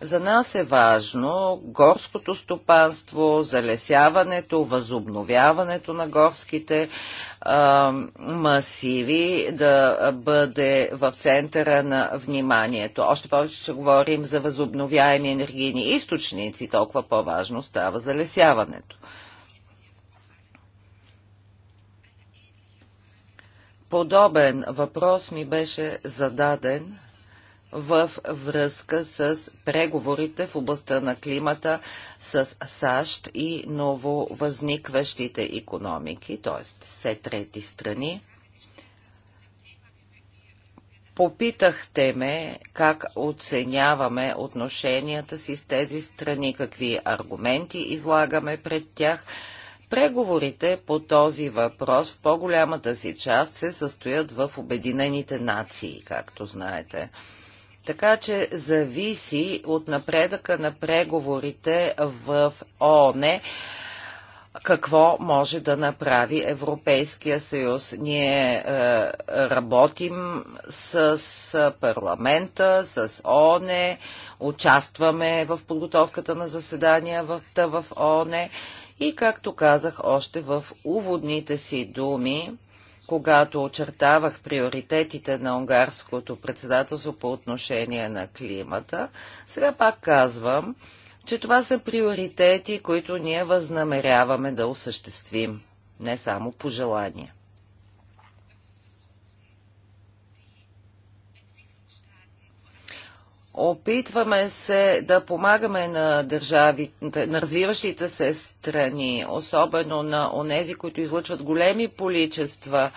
За нас е важно горското стопанство, залесяването, възобновяването на горските а, масиви да бъде в центъра на вниманието. Още повече, че говорим за възобновяеми енергийни източници, толкова по-важно става залесяването. Подобен въпрос ми беше зададен в връзка с преговорите в областта на климата с САЩ и нововъзникващите економики, т.е. все трети страни. Попитахте ме как оценяваме отношенията си с тези страни, какви аргументи излагаме пред тях. Преговорите по този въпрос в по-голямата си част се състоят в Обединените нации, както знаете. Така че зависи от напредъка на преговорите в ОНЕ какво може да направи Европейския съюз. Ние е, работим с, парламента, с ОНЕ, участваме в подготовката на заседания в, в ОНЕ и, както казах още в уводните си думи, когато очертавах приоритетите на унгарското председателство по отношение на климата. Сега пак казвам, че това са приоритети, които ние възнамеряваме да осъществим, не само пожелания. Опитваме се да помагаме на държавите, на развиващите се страни, особено на онези, които излъчват големи количества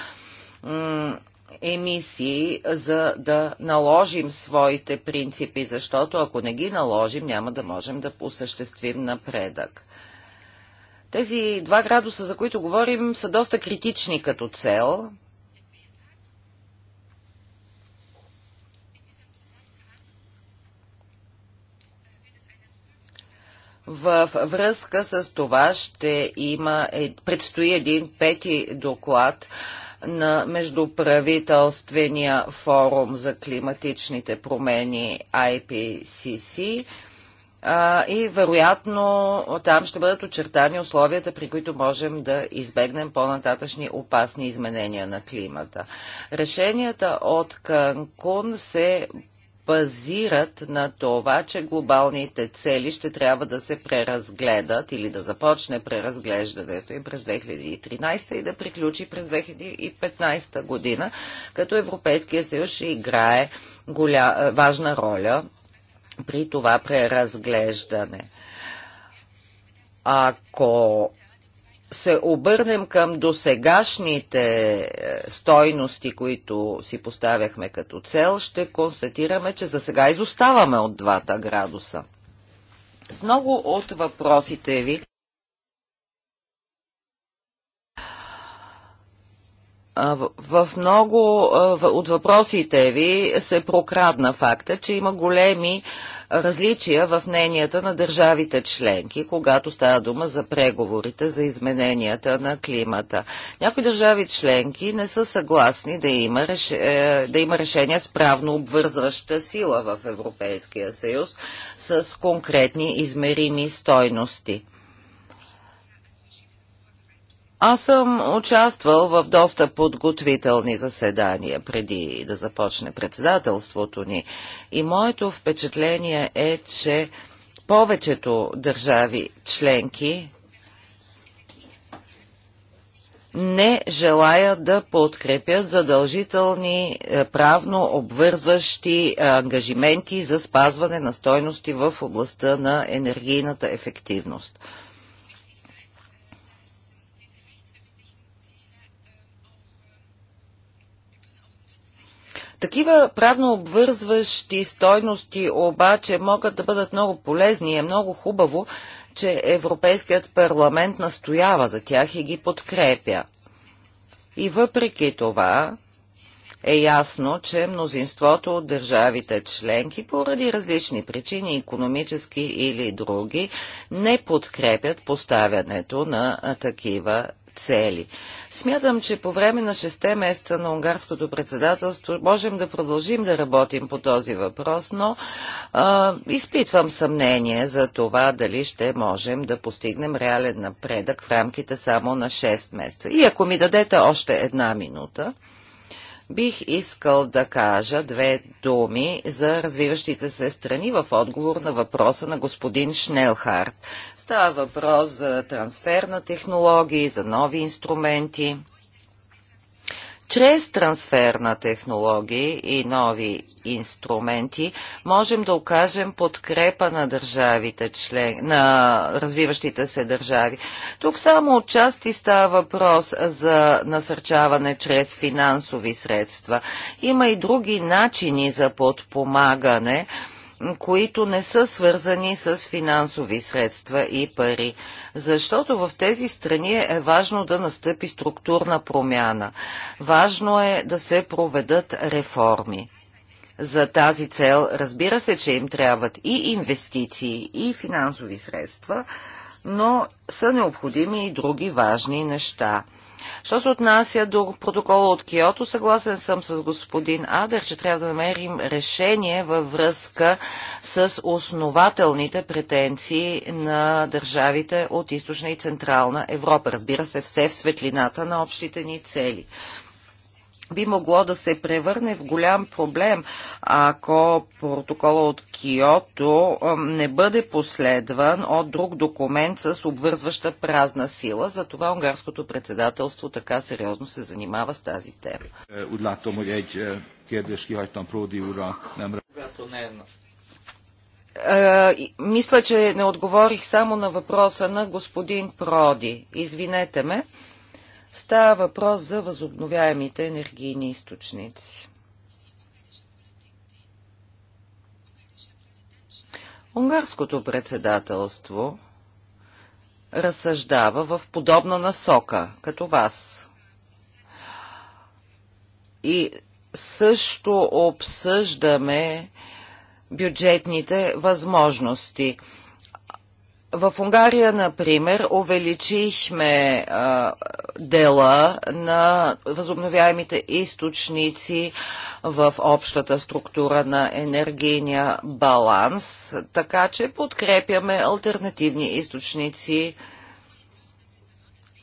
емисии, за да наложим своите принципи, защото ако не ги наложим, няма да можем да осъществим напредък. Тези два градуса, за които говорим, са доста критични като цел, Във връзка с това ще има, е, предстои един пети доклад на Междуправителствения форум за климатичните промени IPCC и вероятно там ще бъдат очертани условията, при които можем да избегнем по-нататъчни опасни изменения на климата. Решенията от Канкун се базират на това, че глобалните цели ще трябва да се преразгледат или да започне преразглеждането им през 2013 и да приключи през 2015 година, като Европейския съюз ще играе голя... Е, важна роля при това преразглеждане. Ако се обърнем към досегашните е, стойности, които си поставяхме като цел, ще констатираме, че за сега изоставаме от двата градуса. В много от въпросите ви В много от въпросите ви се прокрадна факта, че има големи различия в мненията на държавите членки, когато става дума за преговорите за измененията на климата. Някои държави членки не са съгласни да има, реш... Е, да има решение с правно обвързваща сила в Европейския съюз с конкретни измерими стойности. Аз съм участвал в доста подготвителни заседания преди да започне председателството ни и моето впечатление е, че повечето държави членки не желаят да подкрепят задължителни е, правно обвързващи е, ангажименти за спазване на стойности в областта на енергийната ефективност. Такива правно обвързващи стойности обаче могат да бъдат много полезни и е много хубаво, че Европейският парламент настоява за тях и ги подкрепя. И въпреки това е ясно, че мнозинството от държавите членки поради различни причини, економически или други, не подкрепят поставянето на такива цели. Смятам, че по време на 6 месеца на унгарското председателство можем да продължим да работим по този въпрос, но а, изпитвам съмнение за това дали ще можем да постигнем реален напредък в рамките само на 6 месеца. И ако ми дадете още една минута. Бих искал да кажа две думи за развиващите се страни в отговор на въпроса на господин Шнелхарт. Става въпрос за трансфер на технологии, за нови инструменти – чрез трансфер на технологии и нови инструменти можем да окажем подкрепа на държавите член, на развиващите се държави. Тук само отчасти става въпрос за насърчаване чрез финансови средства. Има и други начини за подпомагане които не са свързани с финансови средства и пари. Защото в тези страни е важно да настъпи структурна промяна. Важно е да се проведат реформи. За тази цел разбира се, че им трябват и инвестиции, и финансови средства, но са необходими и други важни неща – Що се отнася до протокола от Киото, съгласен съм с господин Адер, че трябва да намерим решение във връзка с основателните претенции на държавите от източна и централна Европа. Разбира се, все в светлината на общите ни цели би могло да се превърне в голям проблем, ако протокола от Киото не бъде последван от друг документ с обвързваща празна сила. Затова унгарското председателство така сериозно се занимава с тази тема. Е, е, е, мисля, че не отговорих само на въпроса на господин Проди. Извинете ме. Става въпрос за възобновяемите енергийни източници. Унгарското председателство разсъждава в подобна насока, като вас. И също обсъждаме бюджетните възможности. В Унгария, например, увеличихме а, дела на възобновяемите източници в общата структура на енергийния баланс, така че подкрепяме альтернативни източници,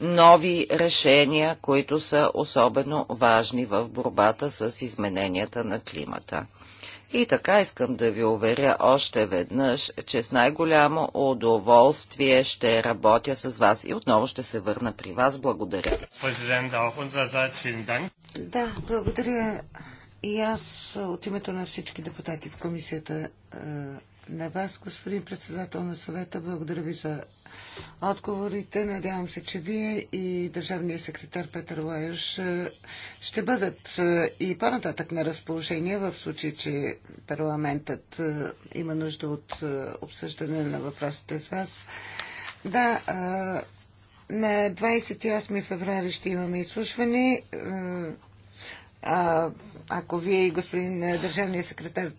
нови решения, които са особено важни в борбата с измененията на климата. И така искам да ви уверя още веднъж, че с най-голямо удоволствие ще работя с вас и отново ще се върна при вас. Благодаря. Да, благодаря и аз от името на всички депутати в комисията е, на вас, господин председател на съвета. Благодаря ви за отговорите. Надявам се, че вие и държавният секретар Петър Лайош е, ще бъдат е, и по-нататък на разположение в случай, че парламентът е, има нужда от обсъждане на въпросите с вас. Да, на 28 феврари ще имаме изслушване ако вие и господин е, държавния секретар е,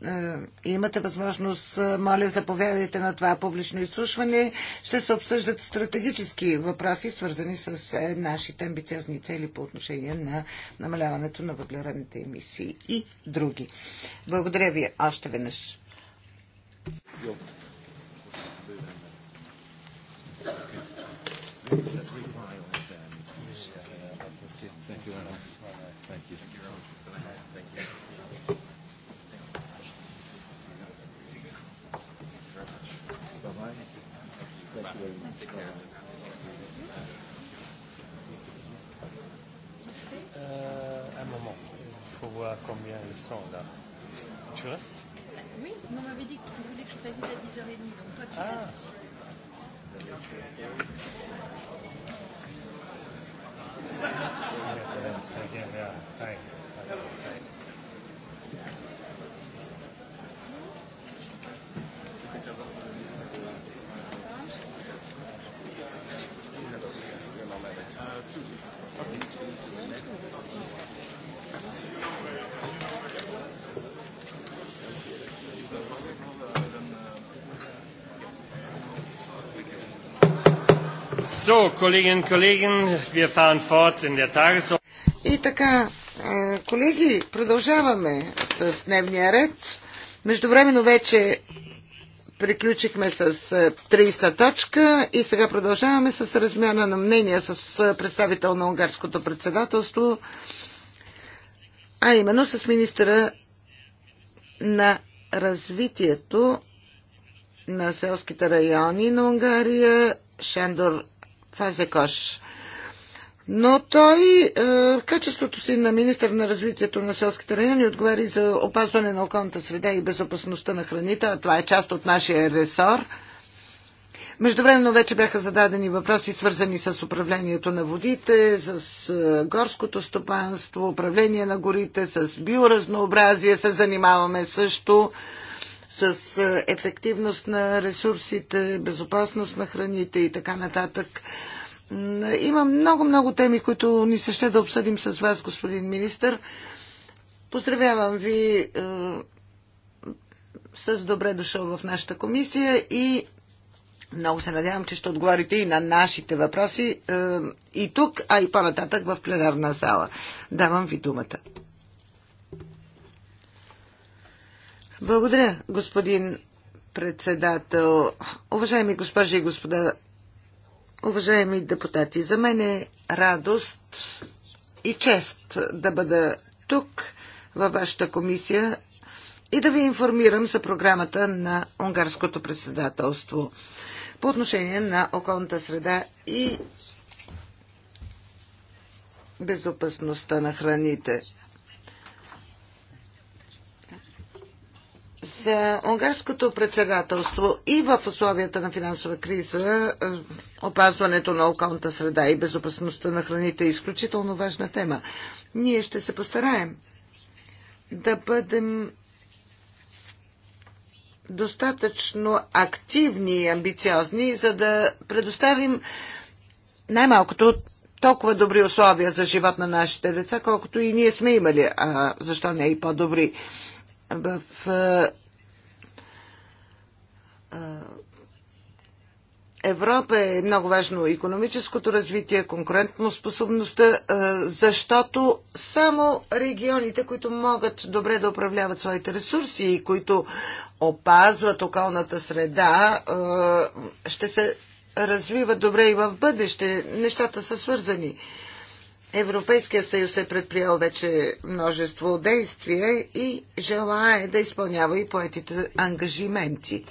имате възможност, е, моля, заповядайте на това публично изслушване. Ще се обсъждат стратегически въпроси, свързани с нашите амбициозни цели по отношение на намаляването на въглеродните емисии и други. Благодаря ви още веднъж. Thank you. intéressant, là. Tu restes Oui, on m'avait dit que tu voulais que je préside à 10h30, donc toi tu ah. restes. C'est agréable. So, Kolleginnen und Kollegen, wir fahren fort in der Tagesordnung. И така, колеги, продължаваме с дневния ред. Междувременно вече приключихме с 30-та точка и сега продължаваме с размяна на мнения с представител на унгарското председателство, а именно с министра на развитието на селските райони на Унгария Шендор Фазекош. Е Но той в е, качеството си на министър на развитието на селските райони отговаря за опазване на околната среда и безопасността на храните, а това е част от нашия ресор. Междувременно вече бяха зададени въпроси, свързани с управлението на водите, с е, горското стопанство, управление на горите, с биоразнообразие се занимаваме също с ефективност на ресурсите, безопасност на храните и така нататък. Има много-много теми, които ни се ще да обсъдим с вас, господин министр. Поздравявам ви е, с добре дошъл в нашата комисия и много се надявам, че ще отговорите и на нашите въпроси е, и тук, а и по-нататък в пленарна зала. Давам ви думата. Благодаря, господин председател. Уважаеми госпожи и господа, уважаеми депутати, за мен е радост и чест да бъда тук във вашата комисия и да ви информирам за програмата на унгарското председателство по отношение на околната среда и безопасността на храните. За унгарското председателство и в условията на финансова криза е, опазването на околната среда и безопасността на храните е изключително важна тема. Ние ще се постараем да бъдем достатъчно активни и амбициозни, за да предоставим най-малкото толкова добри условия за живот на нашите деца, колкото и ние сме имали, а защо не и по-добри в Европа е много важно економическото развитие, конкурентно способността, защото само регионите, които могат добре да управляват своите ресурси и които опазват околната среда, ще се развиват добре и в бъдеще. Нещата са свързани. Европейския съюз е предприел вече множество действия и желае да изпълнява и поетите ангажименти.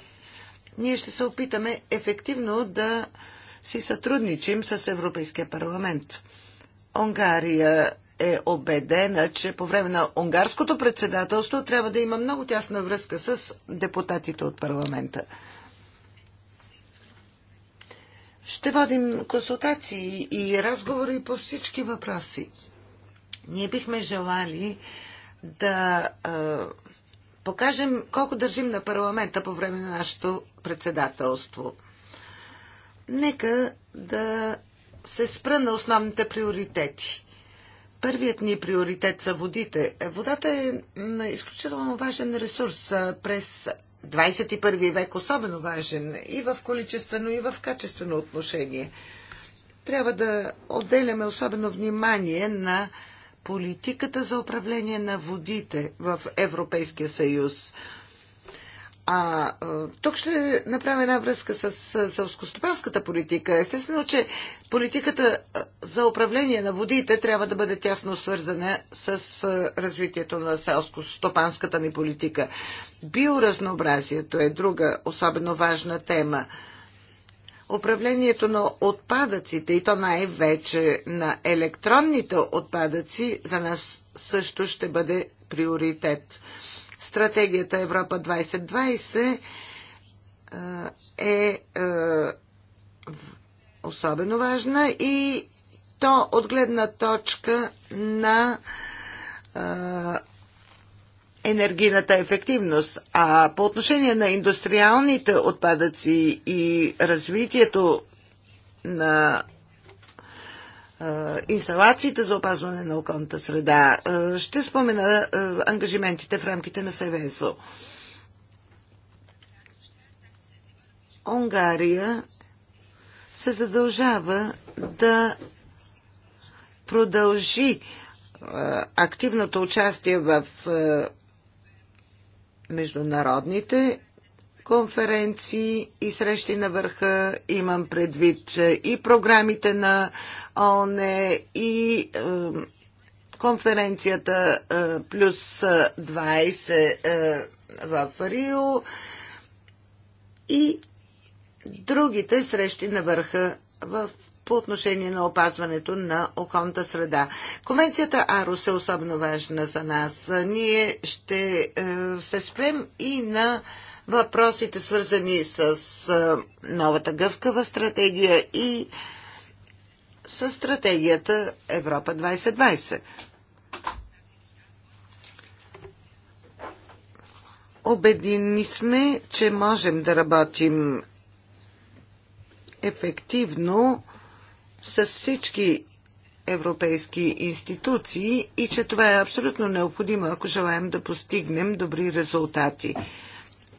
Ние ще се опитаме ефективно да си сътрудничим с Европейския парламент. Унгария е убедена, че по време на унгарското председателство трябва да има много тясна връзка с депутатите от парламента. Ще водим консултации и разговори по всички въпроси. Ние бихме желали да а, покажем колко държим на парламента по време на нашето председателство. Нека да се спра на основните приоритети. Първият ни приоритет са водите. Водата е изключително важен ресурс. През 21 век особено важен и в количествено, и в качествено отношение. Трябва да отделяме особено внимание на политиката за управление на водите в Европейския съюз – а тук ще направя една връзка с селскостопанската политика. Естествено, че политиката за управление на водите трябва да бъде тясно свързана с развитието на селскостопанската ни политика. Биоразнообразието е друга особено важна тема. Управлението на отпадъците и то най-вече на електронните отпадъци за нас също ще бъде приоритет. Стратегията Европа 2020 е, е особено важна и то от гледна точка на е, енергийната ефективност. А по отношение на индустриалните отпадъци и развитието на инсталациите за опазване на околната среда. Ще спомена ангажиментите в рамките на Севенсо. Унгария се задължава да продължи активното участие в международните конференции и срещи на върха. Имам предвид и програмите на ООН, и конференцията е, плюс 20 е, в Рио и другите срещи на върха в по отношение на опазването на околната среда. Конвенцията Арус е особено важна за нас. Ние ще е, се спрем и на въпросите свързани с новата гъвкава стратегия и с стратегията Европа 2020. Обедини сме, че можем да работим ефективно с всички европейски институции и че това е абсолютно необходимо, ако желаем да постигнем добри резултати.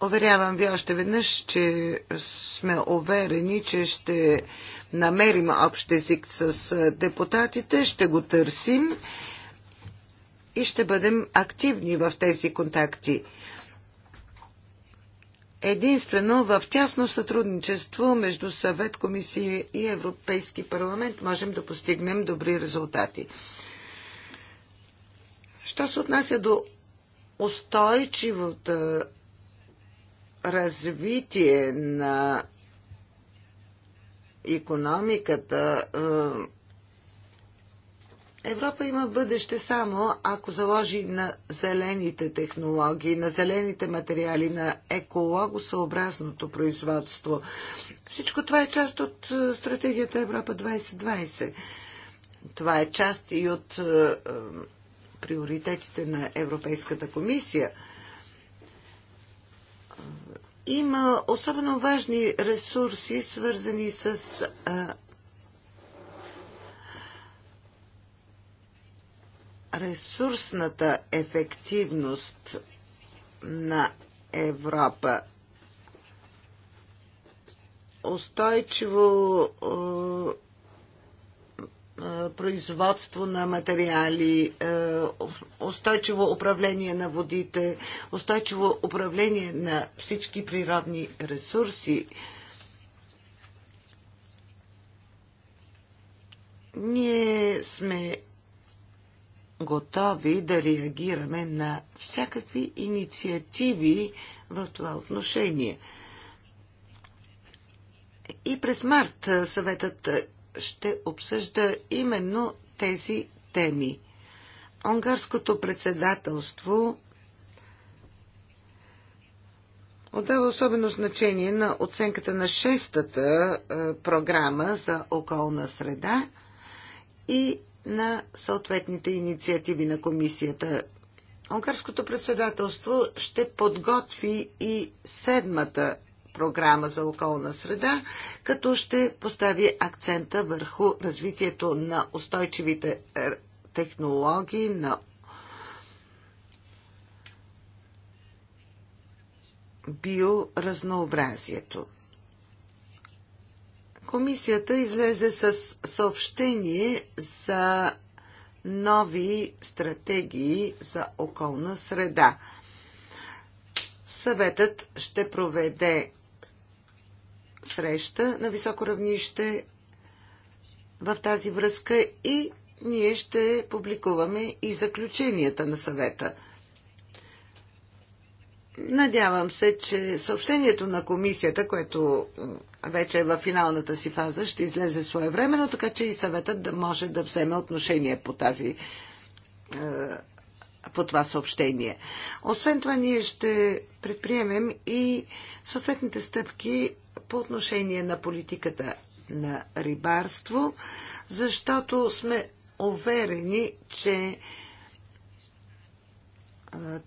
Уверявам ви още веднъж, че сме уверени, че ще намерим общ език с депутатите, ще го търсим и ще бъдем активни в тези контакти. Единствено в тясно сътрудничество между съвет, комисия и Европейски парламент можем да постигнем добри резултати. Що се отнася до устойчивата развитие на економиката е, Европа има бъдеще само ако заложи на зелените технологии, на зелените материали, на екологосъобразното производство. Всичко това е част от е, стратегията Европа 2020. Това е част и от е, приоритетите на Европейската комисия – има особено важни ресурси, свързани с а, ресурсната ефективност на Европа. Устойчиво производство на материали, устойчиво управление на водите, устойчиво управление на всички природни ресурси. Ние сме готови да реагираме на всякакви инициативи в това отношение. И през март съветът ще обсъжда именно тези теми. Унгарското председателство отдава особено значение на оценката на шестата е, програма за околна среда и на съответните инициативи на комисията. Унгарското председателство ще подготви и седмата програма за околна среда, като ще постави акцента върху развитието на устойчивите е, технологии, на биоразнообразието. Комисията излезе с съобщение за нови стратегии за околна среда. Съветът ще проведе среща на високо равнище в тази връзка и ние ще публикуваме и заключенията на съвета. Надявам се, че съобщението на комисията, което вече е в финалната си фаза, ще излезе своевременно, така че и съветът да може да вземе отношение по тази е, по това съобщение. Освен това, ние ще предприемем и съответните стъпки по отношение на политиката на рибарство, защото сме уверени, че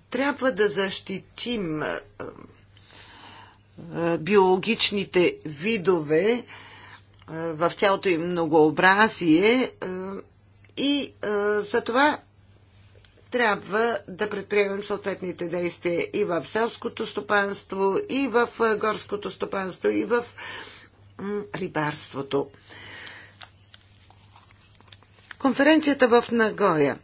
трябва да защитим биологичните видове в цялото им многообразие и за това трябва да предприемем съответните действия и в селското стопанство, и в горското стопанство, и в рибарството. Конференцията в Нагоя.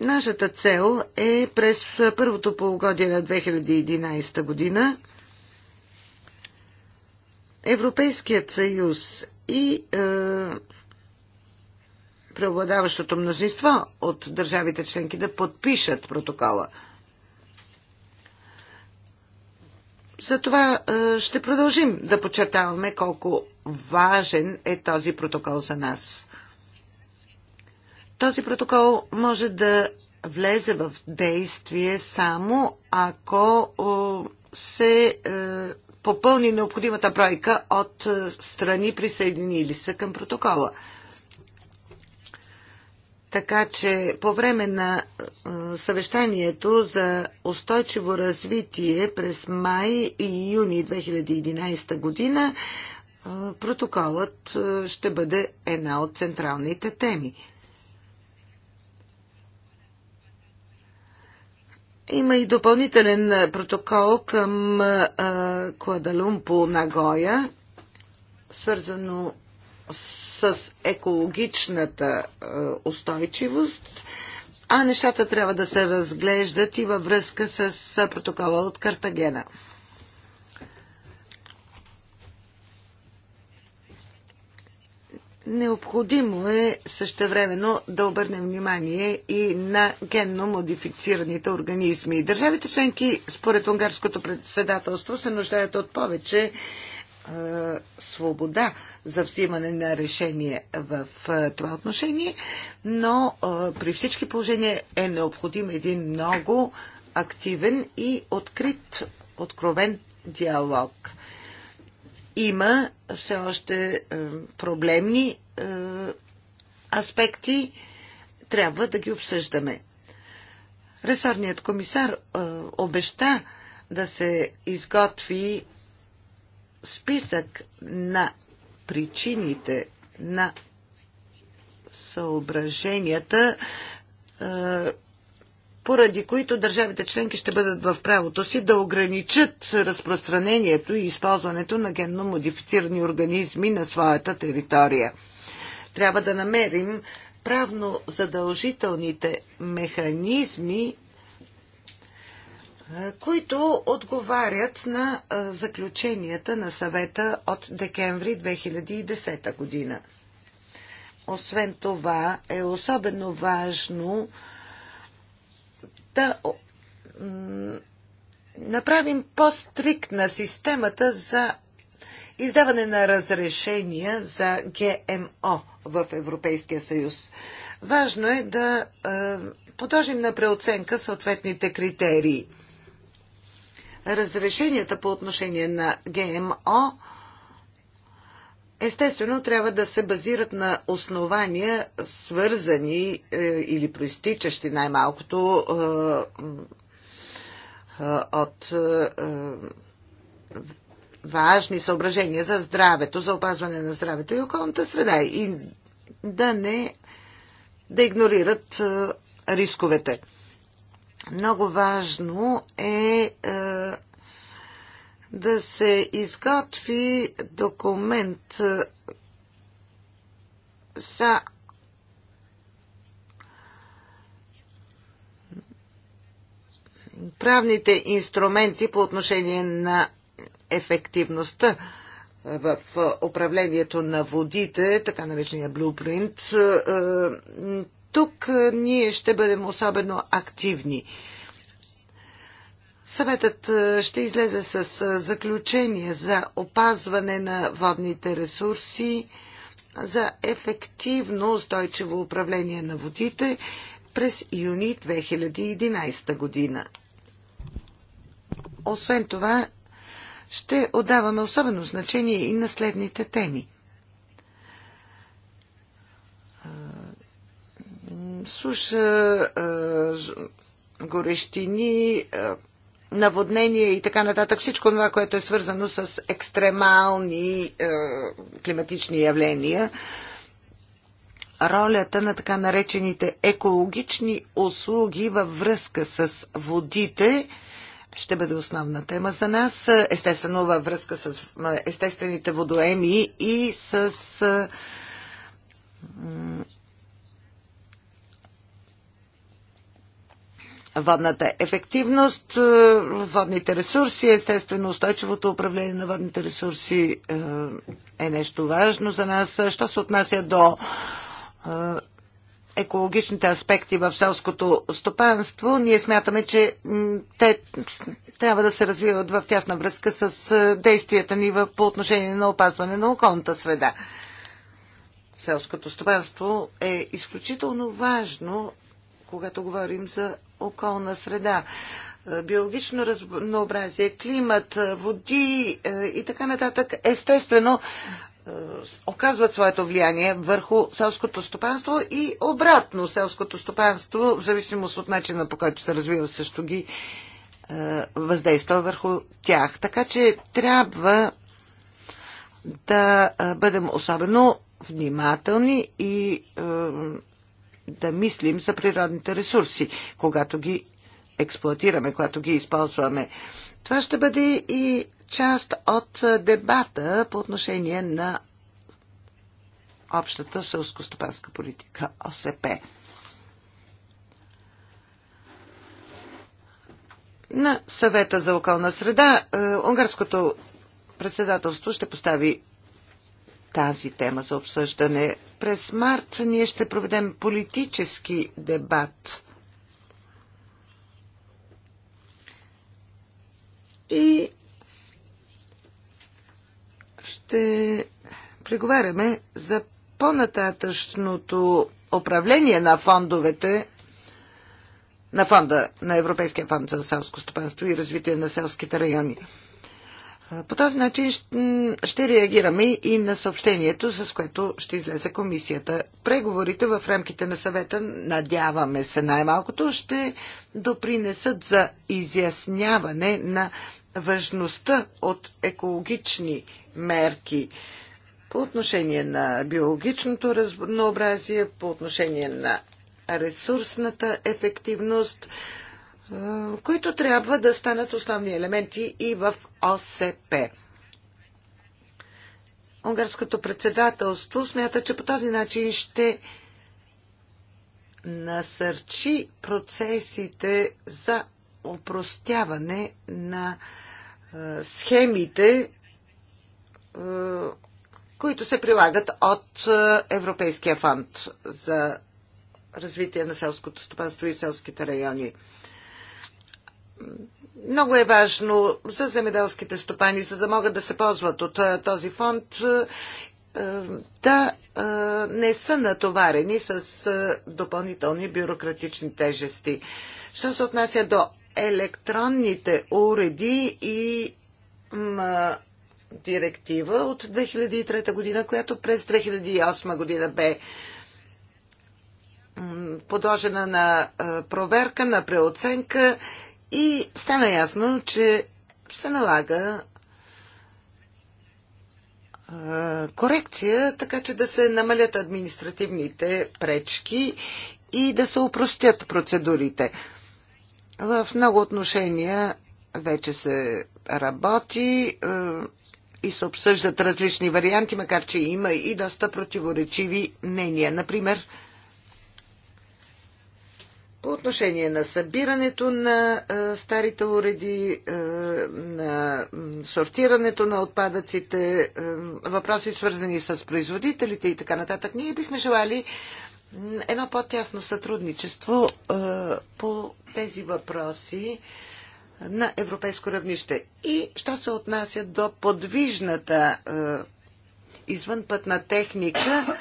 Нашата цел е през първото полугодие на 2011 година Европейският съюз и е, преобладаващото мнозинство от държавите членки да подпишат протокола. Затова е, ще продължим да подчертаваме колко важен е този протокол за нас. Този протокол може да влезе в действие само ако се е, попълни необходимата бройка от е, страни присъединили се към протокола. Така че по време на съвещанието за устойчиво развитие през май и юни 2011 година протоколът ще бъде една от централните теми. Има и допълнителен протокол към Куадалумпо Нагоя, свързано с с екологичната е, устойчивост, а нещата трябва да се разглеждат и във връзка с протокола от Картагена. Необходимо е същевременно да обърнем внимание и на генно модифицираните организми. Държавите членки, според унгарското председателство, се нуждаят от повече свобода за взимане на решение в това отношение, но при всички положения е необходим един много активен и открит, откровен диалог. Има все още проблемни аспекти, трябва да ги обсъждаме. Ресорният комисар обеща да се изготви списък на причините, на съображенията, е, поради които държавите членки ще бъдат в правото си да ограничат разпространението и използването на генно модифицирани организми на своята територия. Трябва да намерим правно задължителните механизми които отговарят на заключенията на съвета от декември 2010 година. Освен това е особено важно да направим по-стриктна системата за издаване на разрешения за ГМО в Европейския съюз. Важно е да подложим на преоценка съответните критерии – разрешенията по отношение на ГМО естествено трябва да се базират на основания, свързани е, или проистичащи най-малкото е, е, от е, е, важни съображения за здравето, за опазване на здравето и околната среда и да не да игнорират е, рисковете. Много важно е, е да се изготви документ е, за правните инструменти по отношение на ефективността в управлението на водите, така наречения блюпринт тук ние ще бъдем особено активни. Съветът ще излезе с заключение за опазване на водните ресурси, за ефективно устойчиво управление на водите през юни 2011 година. Освен това, ще отдаваме особено значение и на следните теми. суша, горещини, наводнения и така нататък. Всичко това, което е свързано с екстремални климатични явления. Ролята на така наречените екологични услуги във връзка с водите ще бъде основна тема за нас. Естествено, във връзка с естествените водоеми и с водната ефективност, е, водните ресурси, естествено устойчивото управление на водните ресурси е, е нещо важно за нас. Що се отнася до е, екологичните аспекти в селското стопанство, ние смятаме, че те трябва да се развиват в тясна връзка с действията ни по отношение на опазване на околната среда. Селското стопанство е изключително важно когато говорим за околна среда. Е, биологично разнообразие, климат, е, води е, и така нататък, естествено, оказват своето влияние върху селското стопанство и обратно селското стопанство, в зависимост от начина по който се развива, също ги въздейства върху тях. Така че трябва да бъдем особено внимателни и да мислим за природните ресурси, когато ги експлуатираме, когато ги използваме. Това ще бъде и част от дебата по отношение на общата сълско-стопанска политика ОСП. На съвета за околна среда е, унгарското председателство ще постави тази тема за обсъждане. През март ние ще проведем политически дебат. И ще преговаряме за по-нататъчното управление на фондовете на фонда на Европейския фонд за селско стопанство и развитие на селските райони. По този начин ще реагираме и на съобщението, с което ще излезе комисията. Преговорите в рамките на съвета, надяваме се най-малкото, ще допринесат за изясняване на важността от екологични мерки по отношение на биологичното разнообразие, по отношение на ресурсната ефективност, които трябва да станат основни елементи и в ОСП. Унгарското председателство смята, че по този начин ще насърчи процесите за упростяване на схемите, които се прилагат от Европейския фонд за развитие на селското стопанство и селските райони много е важно за земеделските стопани, за да могат да се ползват от този фонд, да не са натоварени с допълнителни бюрократични тежести. Що се отнася до електронните уреди и директива от 2003 година, която през 2008 година бе подложена на проверка, на преоценка и стана ясно, че се налага корекция, така че да се намалят административните пречки и да се упростят процедурите. В много отношения вече се работи и се обсъждат различни варианти, макар че има и доста противоречиви мнения. Например, по отношение на събирането на а, старите уреди, а, на сортирането на отпадъците, а, въпроси свързани с производителите и така нататък, ние бихме желали едно по-тясно сътрудничество а, по тези въпроси на европейско равнище. И що се отнася до подвижната а, извънпътна техника,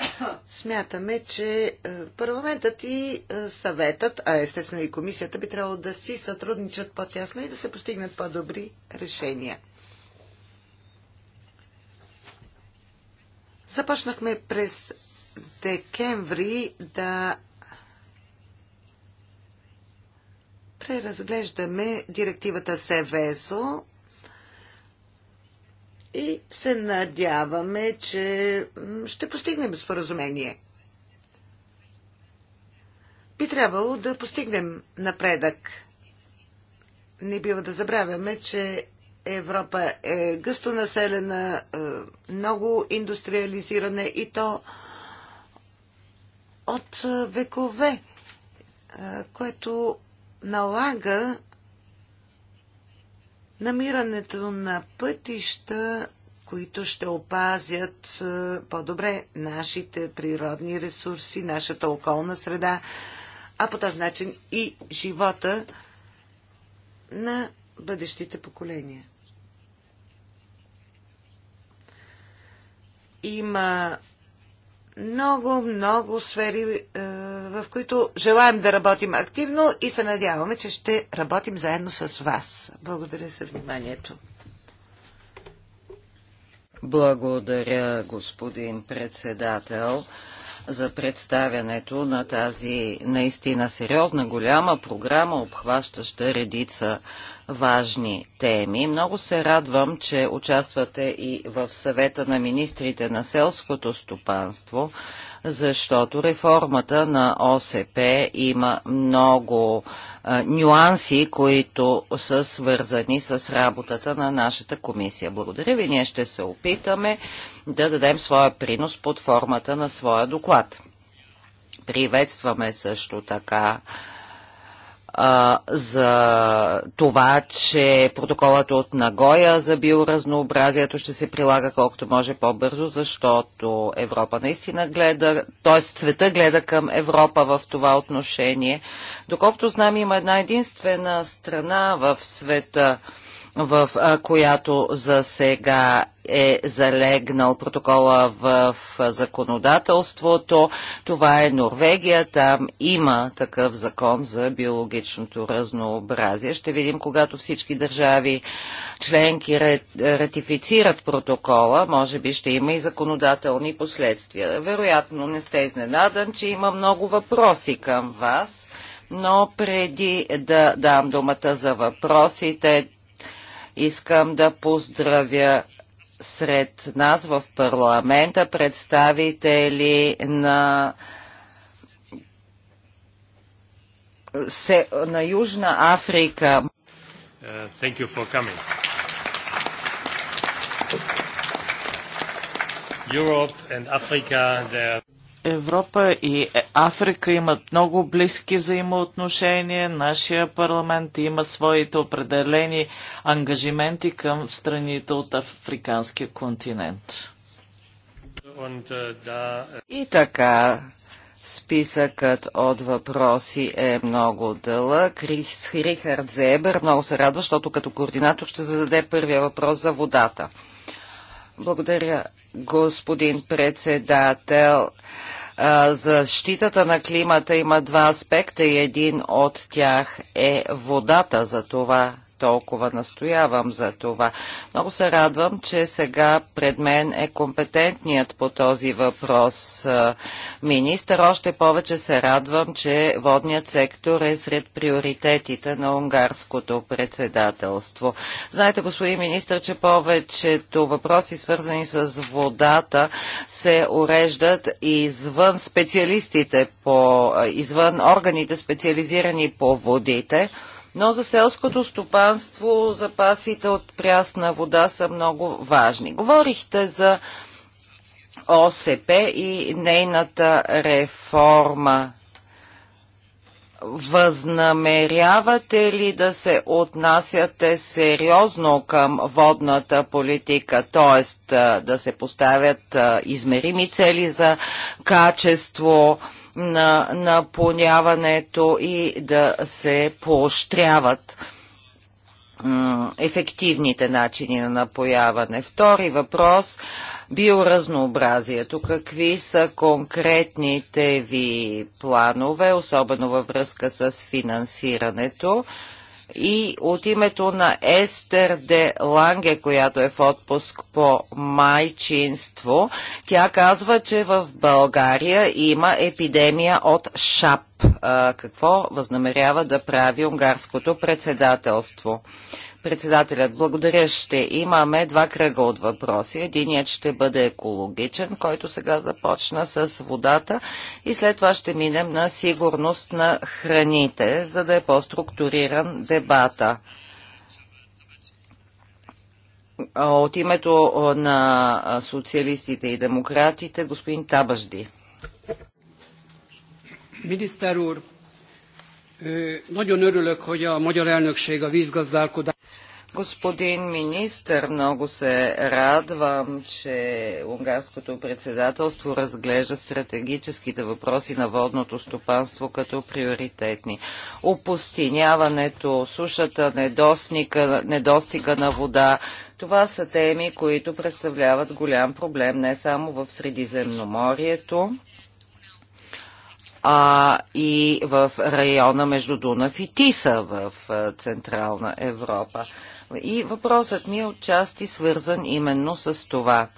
смятаме, че е, парламентът и е, съветът, а естествено и комисията, би трябвало да си сътрудничат по-тясно и да се постигнат по-добри решения. Започнахме през декември да преразглеждаме директивата СЕВЕЗО и се надяваме, че ще постигнем споразумение. Би трябвало да постигнем напредък. Не бива да забравяме, че Европа е гъсто населена, е, много индустриализирана и то от векове, е, което налага намирането на пътища, които ще опазят е, по-добре нашите природни ресурси, нашата околна среда, а по този начин и живота на бъдещите поколения. Има много, много сфери, е, в които желаем да работим активно и се надяваме, че ще работим заедно с вас. Благодаря за вниманието. Благодаря, господин председател за представянето на тази наистина сериозна, голяма програма, обхващаща редица важни теми. Много се радвам, че участвате и в съвета на министрите на селското стопанство, защото реформата на ОСП има много а, нюанси, които са свързани с работата на нашата комисия. Благодаря ви, ние ще се опитаме да дадем своя принос под формата на своя доклад. Приветстваме също така а, за това, че протоколът от Нагоя за биоразнообразието ще се прилага колкото може по-бързо, защото Европа наистина гледа, т.е. света гледа към Европа в това отношение. Доколкото знам, има една единствена страна в света, в която за сега е залегнал протокола в законодателството. Това е Норвегия. Там има такъв закон за биологичното разнообразие. Ще видим, когато всички държави членки ратифицират протокола, може би ще има и законодателни последствия. Вероятно не сте изненадан, че има много въпроси към вас но преди да дам думата за въпросите, Искам да поздравя сред нас в парламента представители на се, на Южна Африка. Uh, thank you for coming. Europe and Africa, Европа и Африка имат много близки взаимоотношения. Нашия парламент има своите определени ангажименти към страните от африканския континент. Е, е. И така, Списъкът от въпроси е много дълъг. Рихард Зебер много се радва, защото като координатор ще зададе първия въпрос за водата. Благодаря господин председател. Защитата на климата има два аспекта и един от тях е водата. За това толкова настоявам за това. Много се радвам, че сега пред мен е компетентният по този въпрос министър. Още повече се радвам, че водният сектор е сред приоритетите на унгарското председателство. Знаете, господин министър, че повечето въпроси, свързани с водата, се уреждат извън специалистите по, извън органите специализирани по водите. Но за селското стопанство запасите от прясна вода са много важни. Говорихте за ОСП и нейната реформа. Възнамерявате ли да се отнасяте сериозно към водната политика, т.е. да се поставят измерими цели за качество, на напояването и да се поощряват ефективните начини на напояване. Втори въпрос – биоразнообразието. Какви са конкретните ви планове, особено във връзка с финансирането? и от името на Естер де Ланге, която е в отпуск по майчинство, тя казва, че в България има епидемия от шап. Какво възнамерява да прави унгарското председателство? Председателят, благодаря. Ще имаме два кръга от въпроси. Единият ще бъде екологичен, който сега започна с водата и след това ще минем на сигурност на храните, за да е по-структуриран дебата. От името на социалистите и демократите, господин Табажди. Министър Ур, много е, örülök, hogy a magyar elnökség Господин министр, много се радвам, че унгарското председателство разглежда стратегическите въпроси на водното стопанство като приоритетни. Опустиняването, сушата, недостига, недостига на вода, това са теми, които представляват голям проблем не само в Средиземноморието, а и в района между Дунав и Тиса в Централна Европа. И въпросът ми е отчасти свързан именно с това –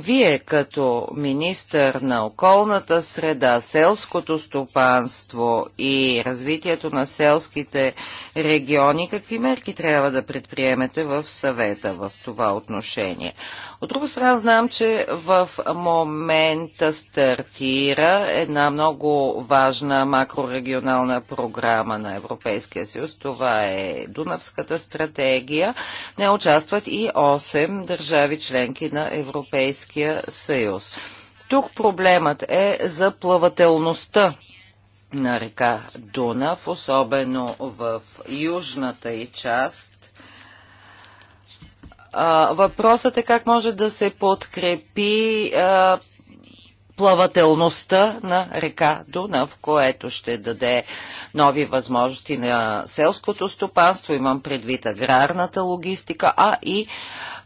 вие като министър на околната среда, селското стопанство и развитието на селските региони, какви мерки трябва да предприемете в съвета в това отношение? От друга страна знам, че в момента стартира една много важна макрорегионална програма на Европейския съюз. Това е Дунавската стратегия. Не участват и 8 държави членки на Европейския Европейския съюз. Тук проблемът е за плавателността на река Дунав, особено в южната и част. Въпросът е как може да се подкрепи плавателността на река Дунав, което ще даде нови възможности на селското стопанство, имам предвид аграрната логистика, а и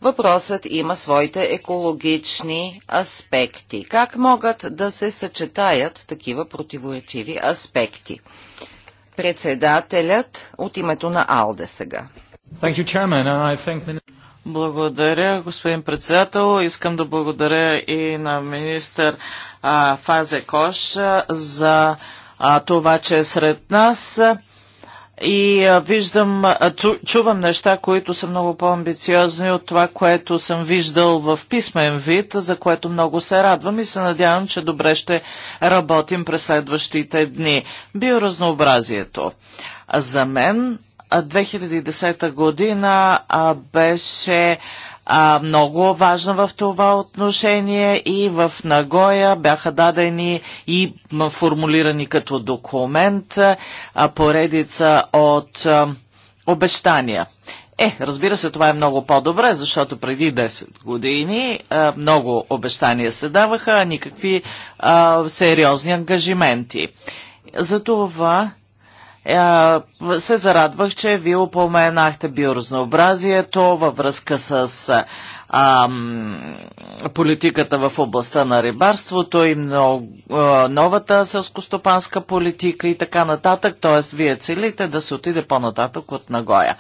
въпросът има своите екологични аспекти. Как могат да се съчетаят такива противоречиви аспекти? Председателят от името на Алде сега. Thank you, Chairman, and I thank благодаря, господин председател. Искам да благодаря и на министър а, Фазе Кош за а, това, че е сред нас и виждам, чувам неща, които са много по-амбициозни от това, което съм виждал в писмен вид, за което много се радвам и се надявам, че добре ще работим през следващите дни. Биоразнообразието. За мен 2010 година а, беше а, много важна в това отношение и в Нагоя бяха дадени и формулирани като документ а, поредица от а, обещания. Е, разбира се, това е много по-добре, защото преди 10 години а, много обещания се даваха, а никакви а, сериозни ангажименти. Затова е, се зарадвах, че ви упоменахте биоразнообразието във връзка с а, политиката в областта на рибарството и много, а, новата селскостопанска политика и така нататък, т.е. вие целите да се отиде по-нататък от Нагоя.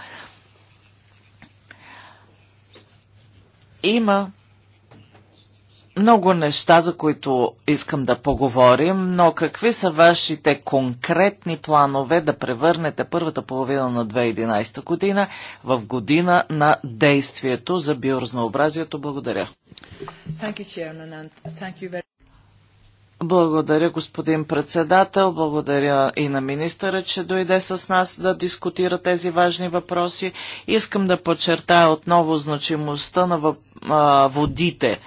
Има много неща, за които искам да поговорим, но какви са вашите конкретни планове да превърнете първата половина на 2011 година в година на действието за биоразнообразието? Благодаря. Благодаря, господин председател. Благодаря и на министъра, че дойде с нас да дискутира тези важни въпроси. Искам да подчертая отново значимостта на водите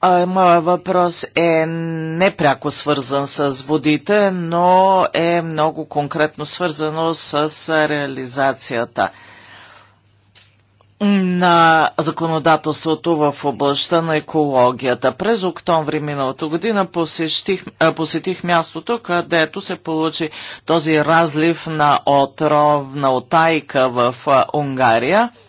А, моя въпрос е непряко свързан с водите, но е много конкретно свързано с реализацията на законодателството в областта на екологията. През октомври миналата година посетих, посетих мястото, където се получи този разлив на отровна отайка в Унгария –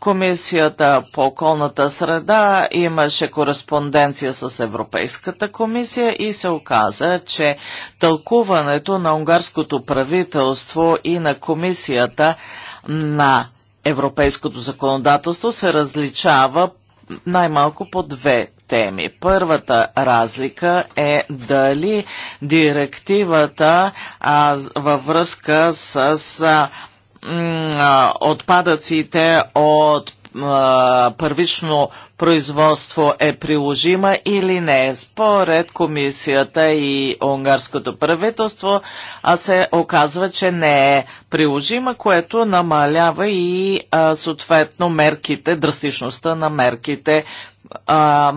Комисията по околната среда имаше кореспонденция с Европейската комисия и се оказа, че тълкуването на унгарското правителство и на комисията на европейското законодателство се различава най-малко по две теми. Първата разлика е дали директивата а, във връзка с а, отпадъците от първично производство е приложима или не. Според комисията и унгарското правителство а се оказва, че не е приложима, което намалява и а, съответно мерките, драстичността на мерките. А,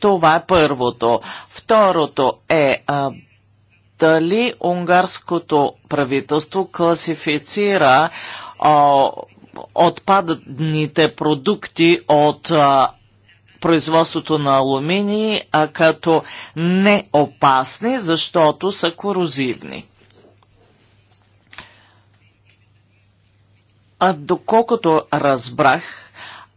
това е първото. Второто е а, дали унгарското правителство класифицира а, отпадните продукти от а, производството на алуминии а, като неопасни, защото са корозивни. А доколкото разбрах,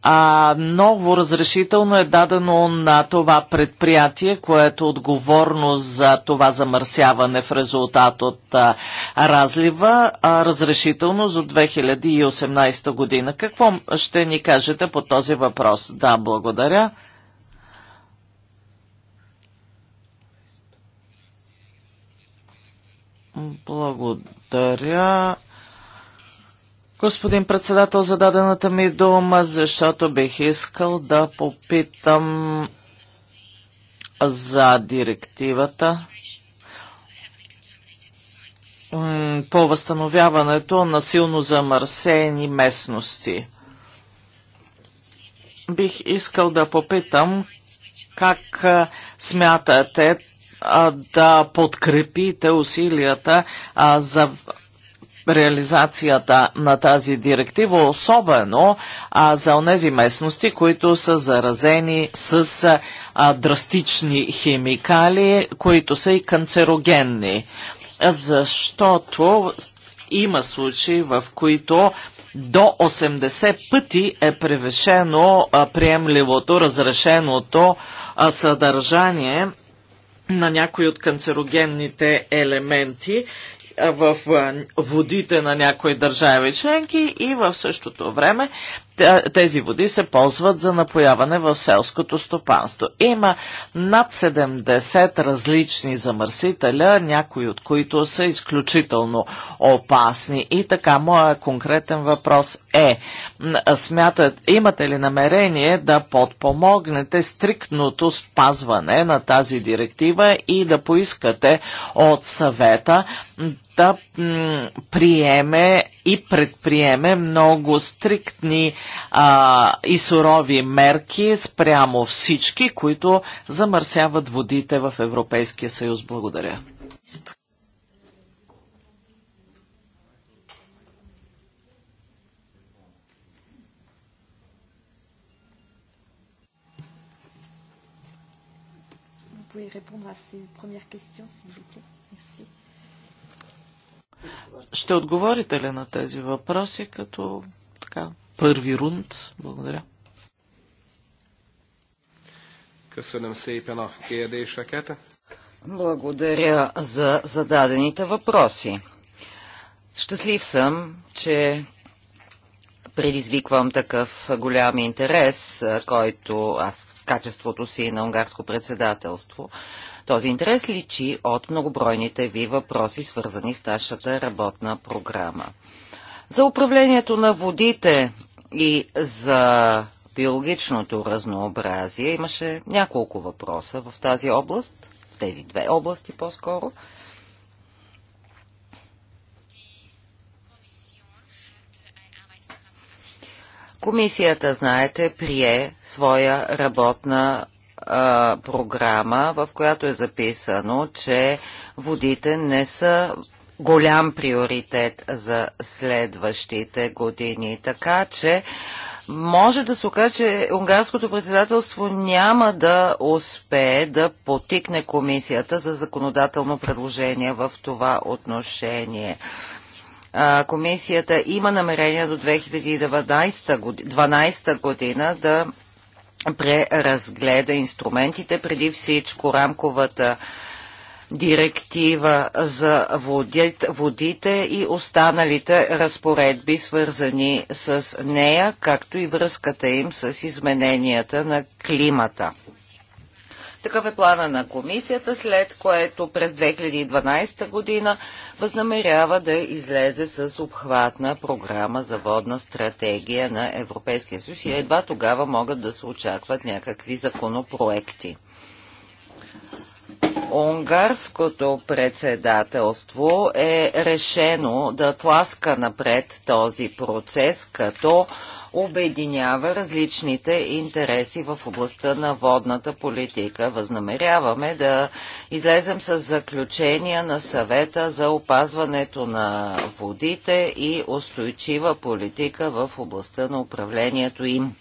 а, ново разрешително е дадено на това предприятие, което е отговорно за това замърсяване в резултат от а, разлива, а, разрешително за 2018 година. Какво ще ни кажете по този въпрос? Да, благодаря. Благодаря господин председател, за дадената ми дума, защото бих искал да попитам за директивата по възстановяването на силно замърсени местности. Бих искал да попитам как смятате да подкрепите усилията за реализацията на тази директива, особено а, за онези местности, които са заразени с а, драстични химикали, които са и канцерогенни. Защото има случаи, в които до 80 пъти е превишено а, приемливото, разрешеното а, съдържание на някои от канцерогенните елементи в водите на някои държави членки и в същото време тези води се ползват за напояване в селското стопанство. Има над 70 различни замърсителя, някои от които са изключително опасни. И така, моя конкретен въпрос е, смятат, имате ли намерение да подпомогнете стриктното спазване на тази директива и да поискате от съвета да приеме и предприеме много стриктни а, и сурови мерки спрямо всички, които замърсяват водите в Европейския съюз. Благодаря. répondre à ces premières questions. Ще отговорите ли на тези въпроси като така първи рунд? Благодаря. се и Благодаря за зададените въпроси. Щастлив съм, че предизвиквам такъв голям интерес, който аз в качеството си на унгарско председателство този интерес личи от многобройните ви въпроси, свързани с нашата работна програма. За управлението на водите и за биологичното разнообразие имаше няколко въпроса в тази област, в тези две области по-скоро. Комисията, знаете, прие своя работна а, програма, в която е записано, че водите не са голям приоритет за следващите години. Така че може да се окаже, че унгарското председателство няма да успее да потикне комисията за законодателно предложение в това отношение. Комисията има намерение до 2012 година да преразгледа инструментите, преди всичко рамковата директива за водите и останалите разпоредби, свързани с нея, както и връзката им с измененията на климата. Такъв е плана на комисията, след което през 2012 година възнамерява да излезе с обхватна програма за водна стратегия на Европейския съюз и едва тогава могат да се очакват някакви законопроекти. Унгарското председателство е решено да тласка напред този процес, като обединява различните интереси в областта на водната политика. Възнамеряваме да излезем с заключения на съвета за опазването на водите и устойчива политика в областта на управлението им.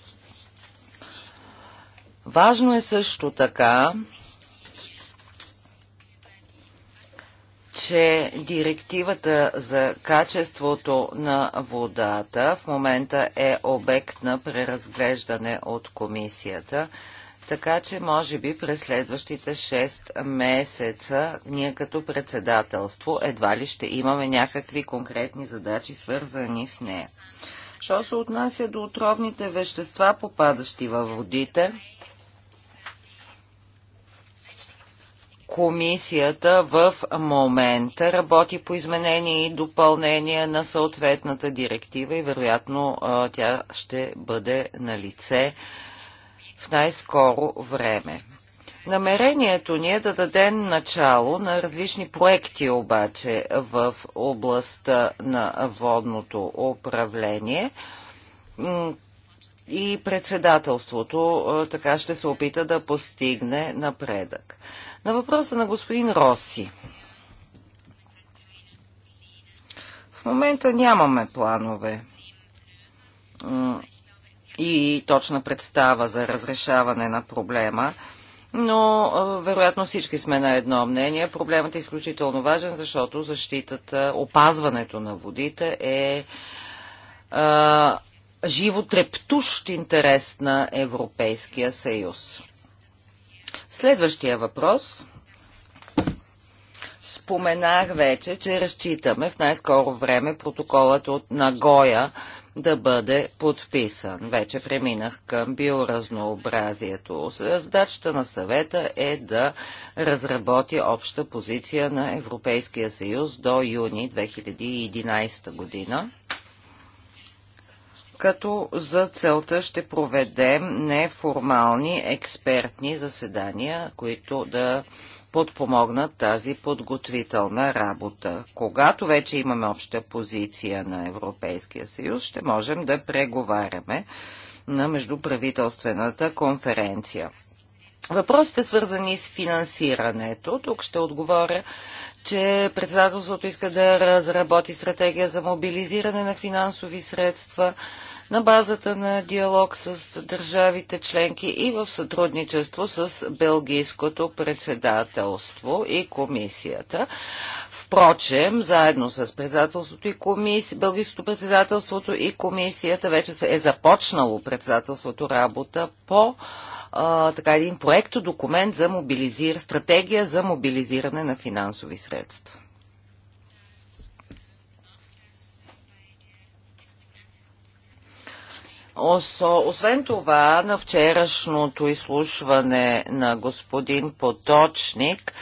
Важно е също така че директивата за качеството на водата в момента е обект на преразглеждане от комисията, така че може би през следващите 6 месеца ние като председателство едва ли ще имаме някакви конкретни задачи свързани с нея. Що се отнася до отровните вещества, попадащи във водите, Комисията в момента работи по изменение и допълнение на съответната директива и вероятно тя ще бъде на лице в най-скоро време. Намерението ни е да дадем начало на различни проекти обаче в областта на водното управление и председателството така ще се опита да постигне напредък. На въпроса на господин Роси. В момента нямаме планове и точна представа за разрешаване на проблема, но вероятно всички сме на едно мнение. Проблемът е изключително важен, защото защитата, опазването на водите е животрептущ интерес на Европейския съюз. Следващия въпрос. Споменах вече, че разчитаме в най-скоро време протоколът от Нагоя да бъде подписан. Вече преминах към биоразнообразието. Задачата на съвета е да разработи обща позиция на Европейския съюз до юни 2011 година като за целта ще проведем неформални експертни заседания, които да подпомогнат тази подготвителна работа. Когато вече имаме обща позиция на Европейския съюз, ще можем да преговаряме на междуправителствената конференция. Въпросите свързани с финансирането, тук ще отговоря че председателството иска да разработи стратегия за мобилизиране на финансови средства на базата на диалог с държавите членки и в сътрудничество с Белгийското председателство и комисията. Впрочем, заедно с председателството и комисията Белгийското председателството и комисията вече е започнало председателството работа по а, така, един проект, документ за мобилизир, стратегия за мобилизиране на финансови средства. Освен това, на вчерашното изслушване на господин Поточник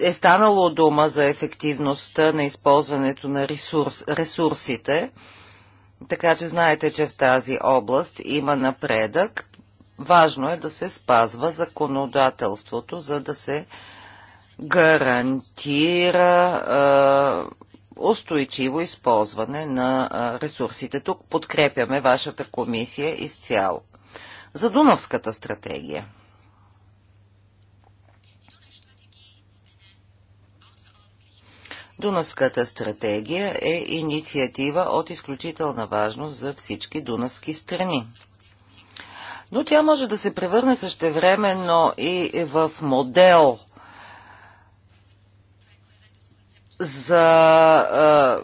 е станало дума за ефективността на използването на ресурс, ресурсите, така че знаете, че в тази област има напредък. Важно е да се спазва законодателството, за да се гарантира е, устойчиво използване на ресурсите. Тук подкрепяме вашата комисия изцяло. За Дунавската стратегия. Дунавската стратегия е инициатива от изключителна важност за всички дунавски страни но тя може да се превърне същевременно и в модел за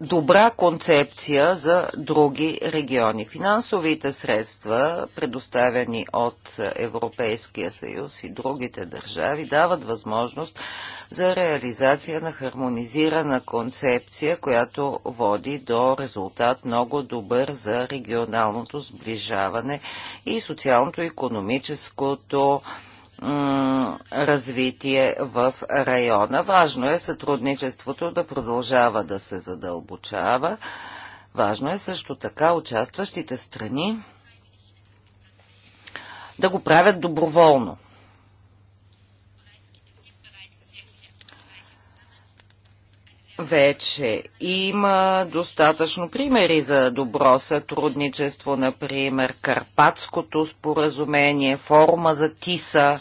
добра концепция за други региони. Финансовите средства, предоставени от Европейския съюз и другите държави, дават възможност за реализация на хармонизирана концепция, която води до резултат много добър за регионалното сближаване и социалното и економическото развитие в района. Важно е сътрудничеството да продължава да се задълбочава. Важно е също така участващите страни да го правят доброволно. Вече има достатъчно примери за добро сътрудничество, например Карпатското споразумение, форума за ТИСА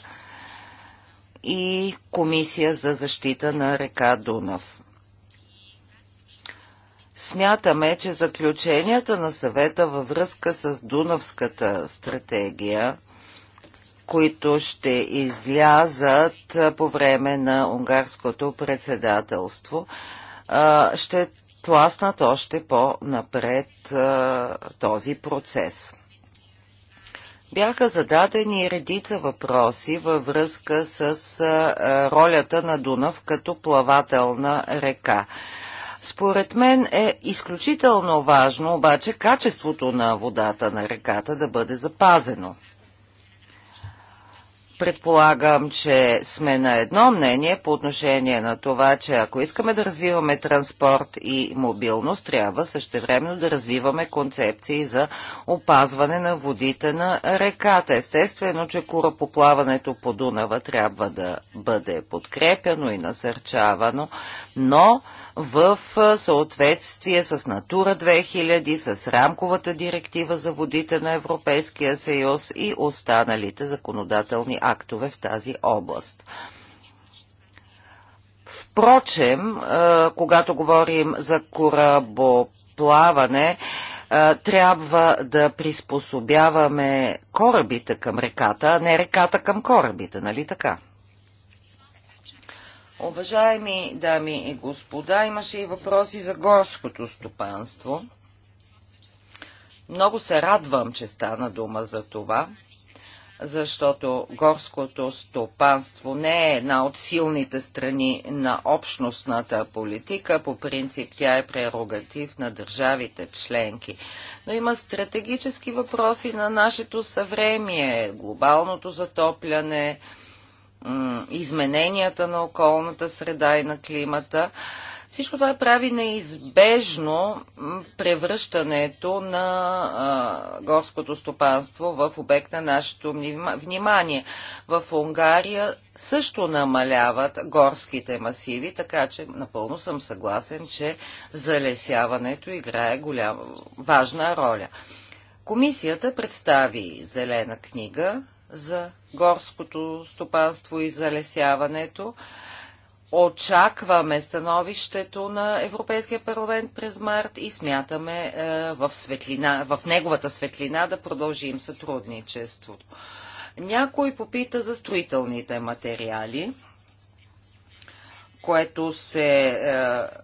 и Комисия за защита на река Дунав. Смятаме, че заключенията на съвета във връзка с Дунавската стратегия, които ще излязат по време на унгарското председателство, ще тласнат още по-напред този процес. Бяха зададени редица въпроси във връзка с ролята на Дунав като плавателна река. Според мен е изключително важно обаче качеството на водата на реката да бъде запазено. Предполагам, че сме на едно мнение по отношение на това, че ако искаме да развиваме транспорт и мобилност, трябва същевременно да развиваме концепции за опазване на водите на реката. Естествено, че куропоплаването по Дунава трябва да бъде подкрепено и насърчавано, но в съответствие с Натура 2000, с рамковата директива за водите на Европейския съюз и останалите законодателни актове в тази област. Впрочем, когато говорим за корабоплаване, трябва да приспособяваме корабите към реката, а не реката към корабите, нали така? Уважаеми дами и господа, имаше и въпроси за горското стопанство. Много се радвам, че стана дума за това, защото горското стопанство не е една от силните страни на общностната политика. По принцип тя е прерогатив на държавите членки. Но има стратегически въпроси на нашето съвремие, глобалното затопляне, измененията на околната среда и на климата. Всичко това прави неизбежно превръщането на а, горското стопанство в обект на нашето внимание. В Унгария също намаляват горските масиви, така че напълно съм съгласен, че залесяването играе голяма, важна роля. Комисията представи зелена книга за горското стопанство и залесяването. Очакваме становището на Европейския парламент през март и смятаме е, в, светлина, в неговата светлина да продължим сътрудничеството. Някой попита за строителните материали, което се е,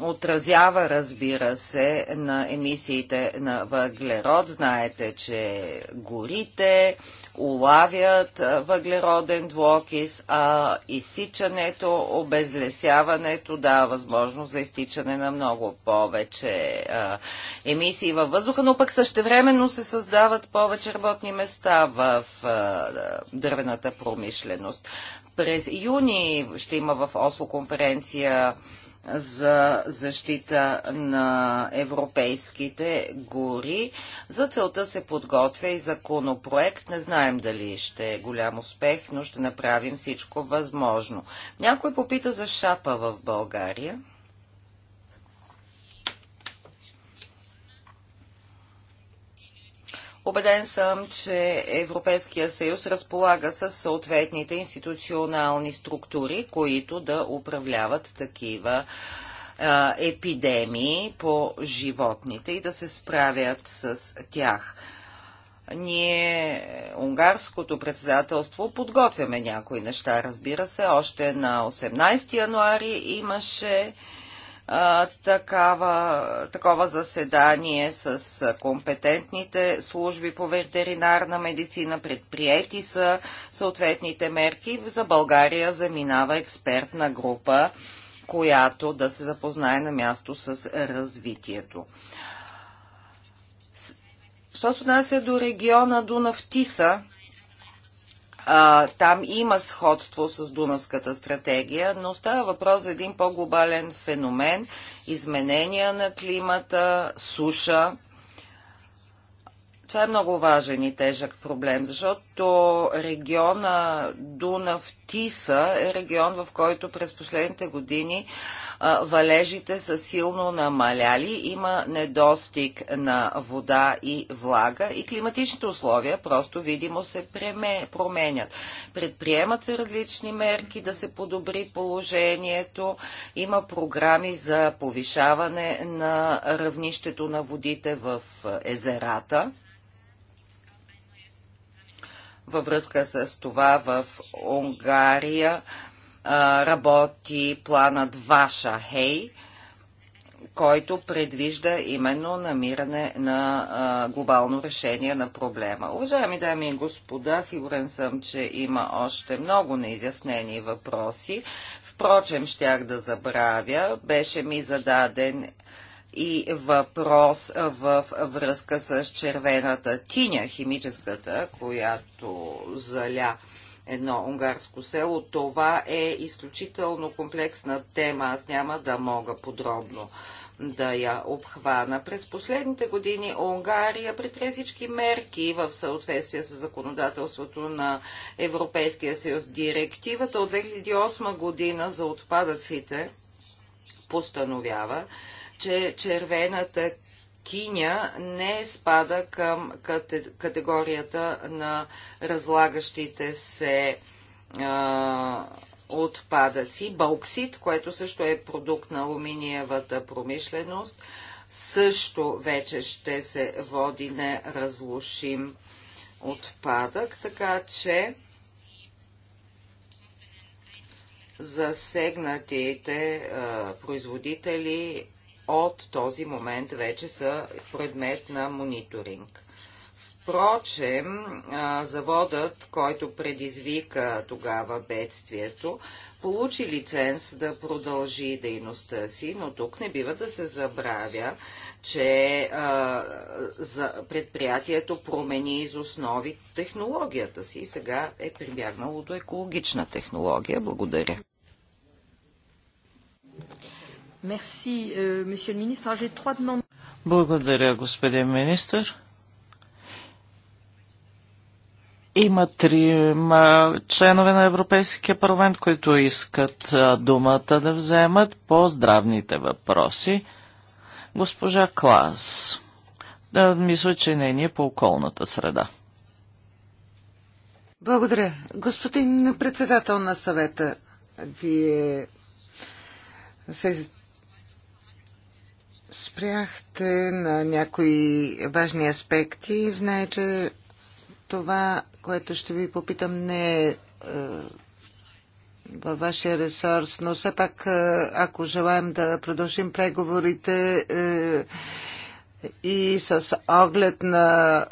отразява, разбира се, на емисиите на въглерод. Знаете, че горите улавят въглероден двуокис, а изсичането, обезлесяването дава възможност за изтичане на много повече а, емисии във въздуха, но пък същевременно се създават повече работни места в а, дървената промишленост. През юни ще има в Осло конференция за защита на европейските гори. За целта се подготвя и законопроект. Не знаем дали ще е голям успех, но ще направим всичко възможно. Някой попита за шапа в България. Обеден съм, че Европейския съюз разполага с съответните институционални структури, които да управляват такива а, епидемии по животните и да се справят с тях. Ние, унгарското председателство, подготвяме някои неща, разбира се. Още на 18 януари имаше такава, такова заседание с компетентните служби по ветеринарна медицина. Предприяти са съответните мерки. За България заминава експертна група, която да се запознае на място с развитието. Що се отнася до региона Дунав-Тиса, а, там има сходство с Дунавската стратегия, но става въпрос за един по-глобален феномен изменения на климата, суша. Това е много важен и тежък проблем, защото региона Дунав-Тиса е регион, в който през последните години валежите са силно намаляли, има недостиг на вода и влага и климатичните условия просто видимо се променят. Предприемат се различни мерки да се подобри положението, има програми за повишаване на равнището на водите в езерата. Във връзка с това в Унгария работи планът Ваша Хей, който предвижда именно намиране на а, глобално решение на проблема. Уважаеми дами и господа, сигурен съм, че има още много неизяснени въпроси. Впрочем, щях да забравя, беше ми зададен и въпрос в връзка с червената тиня, химическата, която заля едно унгарско село. Това е изключително комплексна тема. Аз няма да мога подробно да я обхвана. През последните години Унгария при всички мерки в съответствие с законодателството на Европейския съюз. Директивата от 2008 година за отпадъците постановява, че червената Киня не спада към категорията на разлагащите се а, отпадъци. Бауксит, което също е продукт на алуминиевата промишленост, също вече ще се води неразлушим отпадък, така че засегнатите а, производители от този момент вече са предмет на мониторинг. Впрочем, заводът, който предизвика тогава бедствието, получи лиценз да продължи дейността си, но тук не бива да се забравя, че предприятието промени из основи технологията си и сега е прибягнало до екологична технология. Благодаря. Merci, euh, monsieur le ministre. J'ai trois demandes. Благодаря, господин министр. Има три членове на Европейския парламент, които искат думата да вземат по здравните въпроси. Госпожа Клас, да, мисля, че не е по околната среда. Благодаря. Господин председател на съвета, вие се спряхте на някои важни аспекти. Знае, че това, което ще ви попитам, не е, е във вашия ресурс, но все пак, е, ако желаем да продължим преговорите е, и с оглед на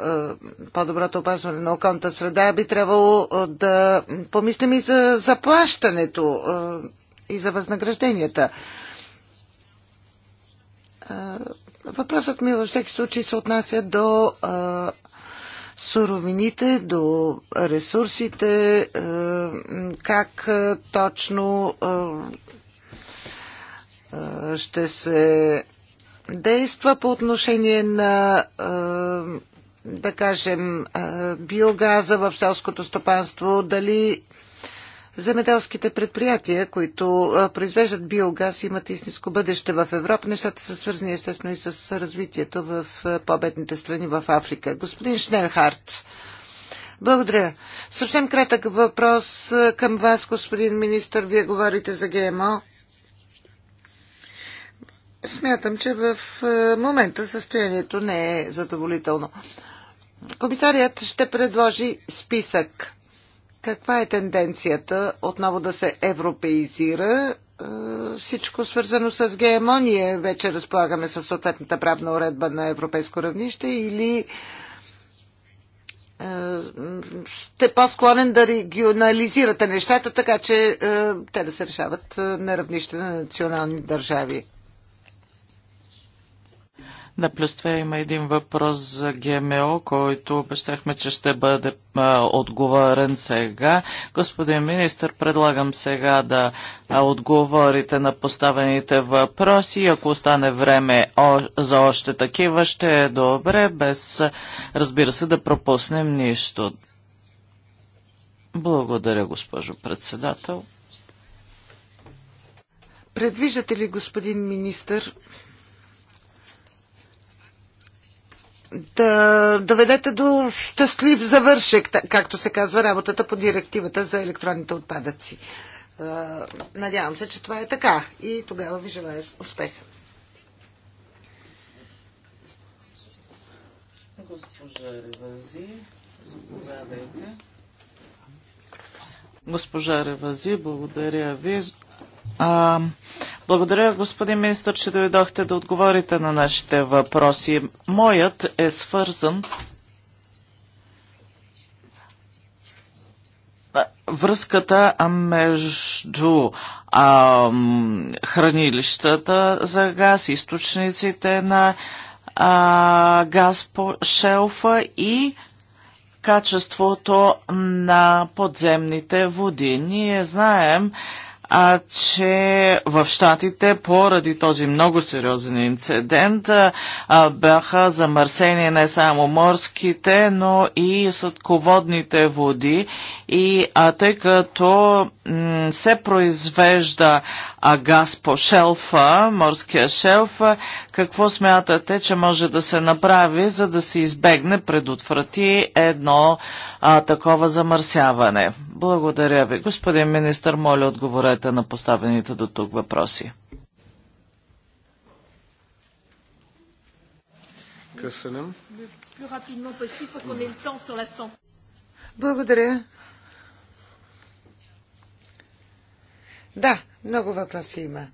по-доброто опазване на околната среда, би трябвало да помислим и за заплащането и за възнагражденията. Въпросът ми във всеки случай се отнася до суровините, до ресурсите, как точно ще се действа по отношение на да кажем биогаза в селското стопанство, дали земеделските предприятия, които произвеждат биогаз, имат истинско бъдеще в Европа. Нещата са свързани естествено и с развитието в по-бедните страни в Африка. Господин Шнелхарт, благодаря. Съвсем кратък въпрос към вас, господин министр. Вие говорите за ГМО. Смятам, че в момента състоянието не е задоволително. Комисарият ще предложи списък каква е тенденцията отново да се европеизира е, всичко свързано с ГМО? Ние вече разполагаме с съответната правна уредба на европейско равнище или е, сте по-склонен да регионализирате нещата, така че е, те да се решават на равнище на национални държави? Да, плюс това има един въпрос за ГМО, който обещахме, че ще бъде а, отговорен сега. Господин министр, предлагам сега да а, отговорите на поставените въпроси. Ако остане време о, за още такива, ще е добре, без, разбира се, да пропуснем нищо. Благодаря, госпожо председател. Предвиждате ли, господин министър, да доведете до щастлив завършек, както се казва работата по директивата за електронните отпадъци. Е, надявам се, че това е така и тогава ви желая успех. Госпожа Ревази, заповядайте. Госпожа Ревази, благодаря ви. А, благодаря, господин министр, че дойдохте да отговорите на нашите въпроси. Моят е свързан връзката между а, хранилищата за газ, източниците на а, газ по шелфа и качеството на подземните води. Ние знаем, а, че в Штатите поради този много сериозен инцидент а, бяха замърсени не само морските, но и съдководните води и а, тъй като се произвежда а, газ по шелфа, морския шелф, какво смятате, че може да се направи, за да се избегне, предотврати едно а, такова замърсяване? Благодаря ви. Господин министр, моля отговорете на поставените до тук въпроси. Благодаря. Да, много въпроси има.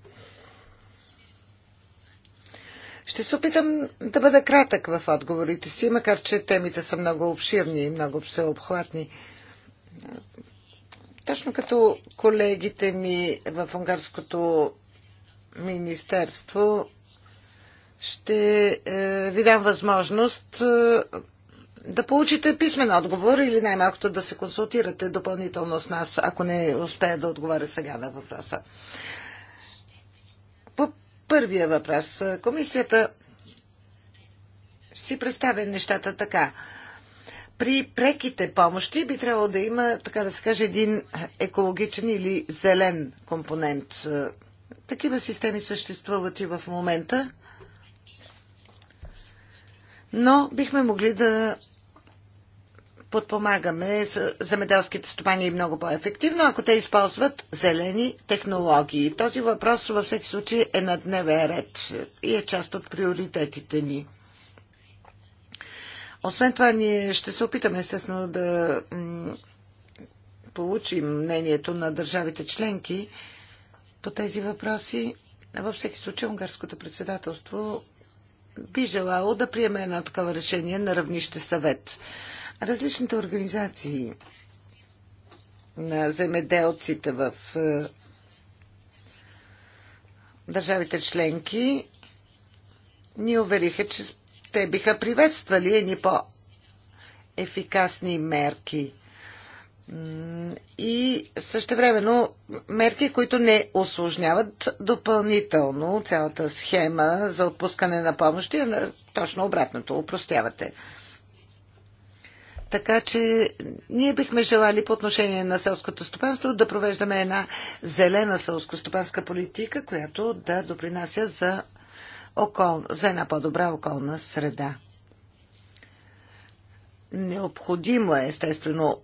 Ще се опитам да бъда кратък в отговорите си, макар че темите са много обширни и много всеобхватни. обхватни. Точно като колегите ми в унгарското министерство, ще е, ви дам възможност е, да получите писмен отговор или най-малкото да се консултирате допълнително с нас, ако не успея да отговаря сега на въпроса. По първия въпрос. Е, комисията си представя нещата така при преките помощи би трябвало да има, така да се каже, един екологичен или зелен компонент. Е, такива системи съществуват и в момента, но бихме могли да подпомагаме земеделските стопани и много по-ефективно, ако те използват зелени технологии. Този въпрос във всеки случай е на дневен ред и е част от приоритетите ни. Освен това, ние ще се опитаме естествено да получим мнението на държавите членки по тези въпроси. Във всеки случай, унгарското председателство би желало да приеме едно такова решение на равнище съвет. Различните организации на земеделците в е, държавите членки ни увериха, че те биха приветствали едни по-ефикасни мерки и същевременно мерки, които не осложняват допълнително цялата схема за отпускане на помощи, а точно обратното, упростявате. Така че ние бихме желали по отношение на селското стопанство да провеждаме една зелена селскостопанска политика, която да допринася за окол, за една по-добра околна среда. Необходимо е, естествено,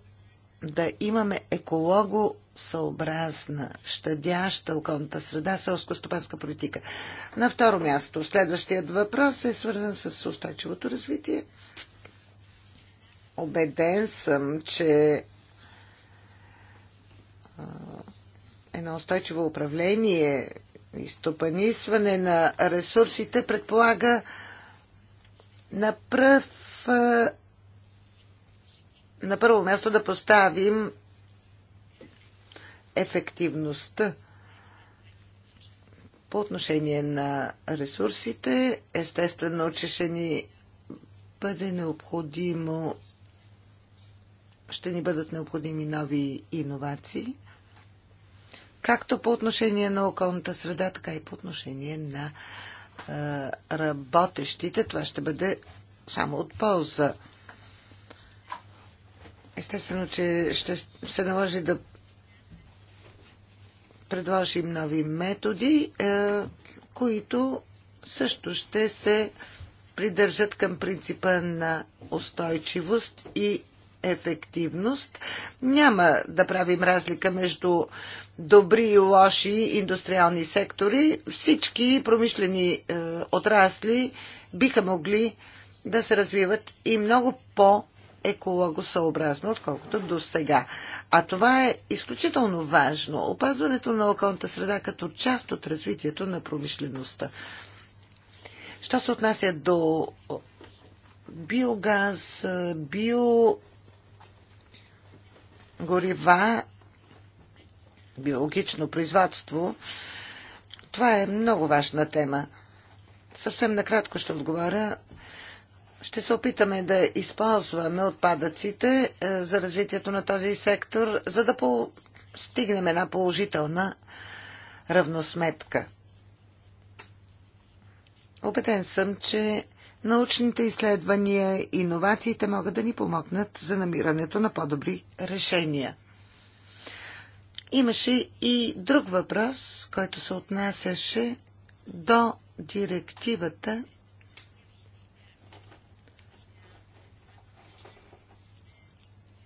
да имаме екологосъобразна, щадяща околната среда, селско-стопанска политика. На второ място, следващият въпрос е свързан с устойчивото развитие. Обеден съм, че едно устойчиво управление изтопанисване на ресурсите предполага на пръв на първо място да поставим ефективността по отношение на ресурсите. Естествено, че ще ни бъде необходимо, ще ни бъдат необходими нови иновации както по отношение на околната среда, така и по отношение на а, работещите. Това ще бъде само от полза. Естествено, че ще се наложи да предложим нови методи, а, които също ще се придържат към принципа на устойчивост и ефективност. Няма да правим разлика между добри и лоши индустриални сектори. Всички промишлени е, отрасли биха могли да се развиват и много по- екологосъобразно, отколкото до сега. А това е изключително важно. Опазването на околната среда като част от развитието на промишлеността. Що се отнася до биогаз, био горива, биологично производство. Това е много важна тема. Съвсем накратко ще отговоря. Ще се опитаме да използваме отпадъците е, за развитието на този сектор, за да постигнем една положителна равносметка. Обеден съм, че Научните изследвания, и иновациите могат да ни помогнат за намирането на по-добри решения. Имаше и друг въпрос, който се отнасяше до директивата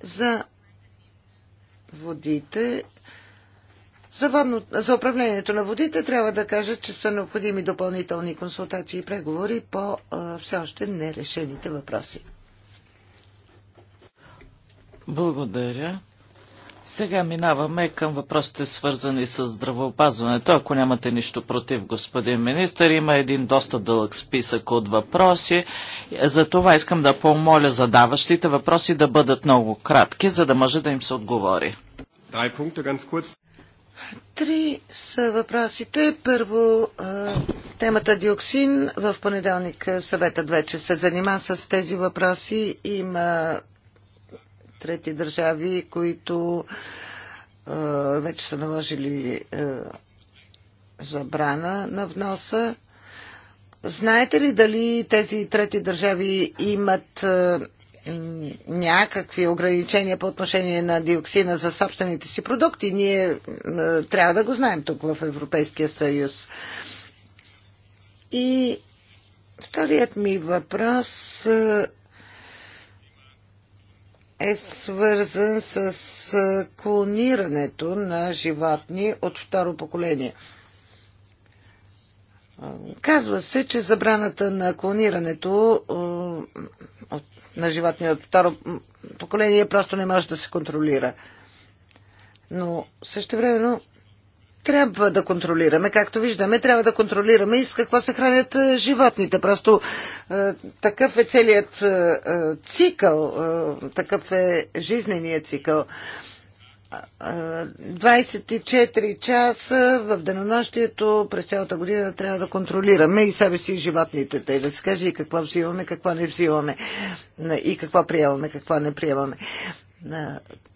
за водите за, водно, за управлението на водите трябва да кажа, че са необходими допълнителни консултации и преговори по а, все още нерешените въпроси. Благодаря. Сега минаваме към въпросите свързани с здравеопазването. Ако нямате нищо против, господин министър, има един доста дълъг списък от въпроси. За това искам да помоля задаващите въпроси да бъдат много кратки, за да може да им се отговори. Три са въпросите. Първо, темата диоксин. В понеделник съветът вече се занима с тези въпроси. Има трети държави, които вече са наложили забрана на вноса. Знаете ли дали тези трети държави имат някакви ограничения по отношение на диоксина за собствените си продукти. Ние е, трябва да го знаем тук в Европейския съюз. И вторият ми въпрос е, е свързан с е, клонирането на животни от второ поколение. Казва се, че забраната на клонирането от на животни от второ поколение просто не може да се контролира. Но също времено трябва да контролираме, както виждаме, трябва да контролираме и с какво се хранят животните. Просто е, такъв е целият е, цикъл, е, такъв е жизненият цикъл. 24 часа в денонощието през цялата година трябва да контролираме и себе си и животните, Те да се каже и какво взимаме, какво не взимаме и какво приемаме, какво не приемаме.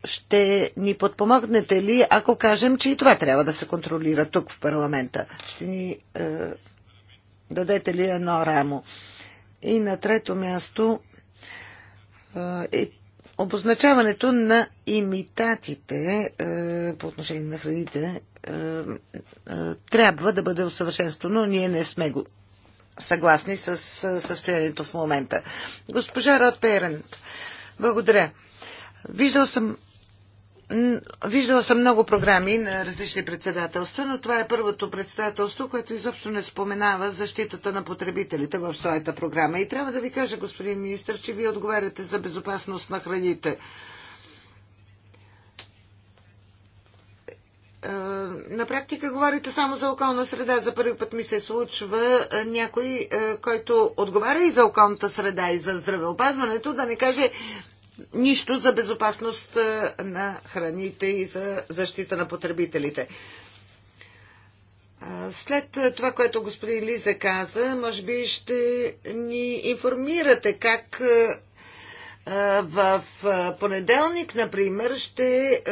Ще ни подпомогнете ли, ако кажем, че и това трябва да се контролира тук в парламента? Ще ни е, дадете ли едно рамо? И на трето място е, обозначаването на имитатите е, по отношение на храните е, е, трябва да бъде усъвършенствано. но Ние не сме го съгласни с е, състоянието в момента. Госпожа Род Перен, благодаря. Виждал съм Виждала съм много програми на различни председателства, но това е първото председателство, което изобщо не споменава защитата на потребителите в своята програма. И трябва да ви кажа, господин министр, че вие отговаряте за безопасност на храните. Е, на практика говорите само за околна среда. За първи път ми се случва е, някой, е, който отговаря и за околната среда, и за здравеопазването, да не каже, нищо за безопасност е, на храните и за защита на потребителите. След е, това, което господин Лиза каза, може би ще ни информирате как е, в понеделник, например, ще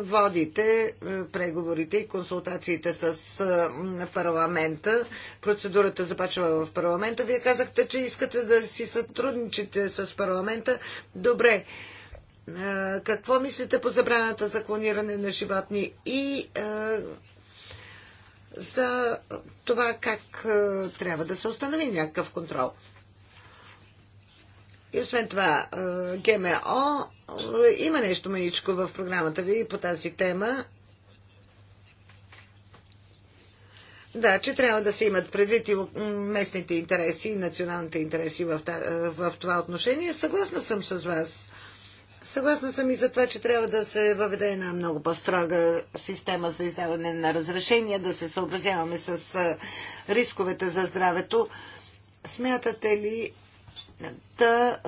водите преговорите и консултациите с парламента. Процедурата започва в парламента. Вие казахте, че искате да си сътрудничите с парламента. Добре. Какво мислите по забраната за клониране на животни и за това как трябва да се установи някакъв контрол? И освен това, ГМО, има нещо маничко в програмата ви по тази тема. Да, че трябва да се имат предвид и местните интереси, и националните интереси в това отношение. Съгласна съм с вас. Съгласна съм и за това, че трябва да се въведе една много по-строга система за издаване на разрешения, да се съобразяваме с рисковете за здравето. Смятате ли, да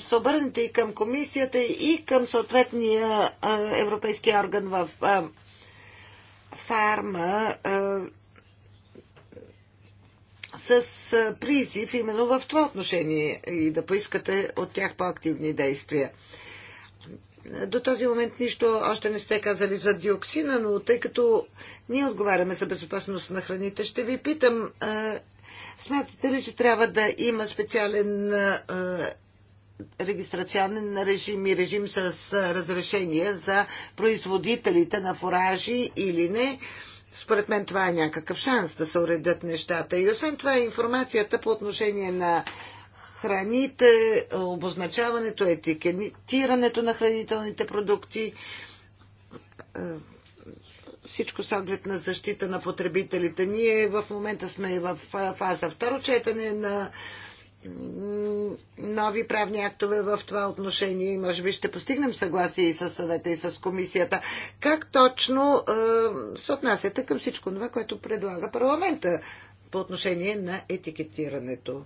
се обърнете и към комисията, и към съответния европейски орган в фарма с призив именно в това отношение и да поискате от тях по-активни действия. До този момент нищо още не сте казали за диоксина, но тъй като ние отговаряме за безопасност на храните, ще ви питам Смятате ли, че трябва да има специален регистрационен режим и режим с разрешение за производителите на фуражи или не? Според мен това е някакъв шанс да се уредят нещата. И освен това информацията по отношение на храните, обозначаването, етикетирането на хранителните продукти всичко с оглед на защита на потребителите. Ние в момента сме в фаза второ четене на нови правни актове в това отношение и може би ще постигнем съгласие и с съвета и с комисията. Как точно се отнасяте към всичко това, което предлага парламента по отношение на етикетирането?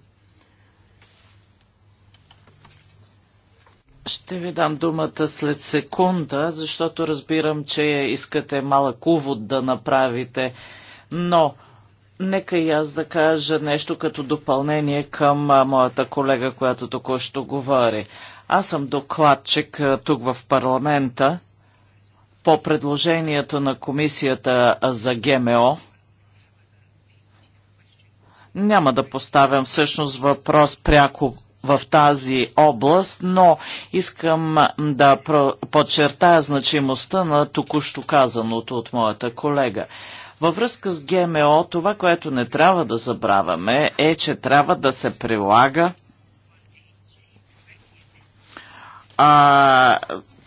Ще ви дам думата след секунда, защото разбирам, че искате малък увод да направите, но нека и аз да кажа нещо като допълнение към моята колега, която току-що говори. Аз съм докладчик тук в парламента по предложението на комисията за ГМО. Няма да поставям всъщност въпрос пряко в тази област, но искам да подчертая значимостта на току-що казаното от моята колега. Във връзка с ГМО, това, което не трябва да забравяме, е, че трябва да се прилага а,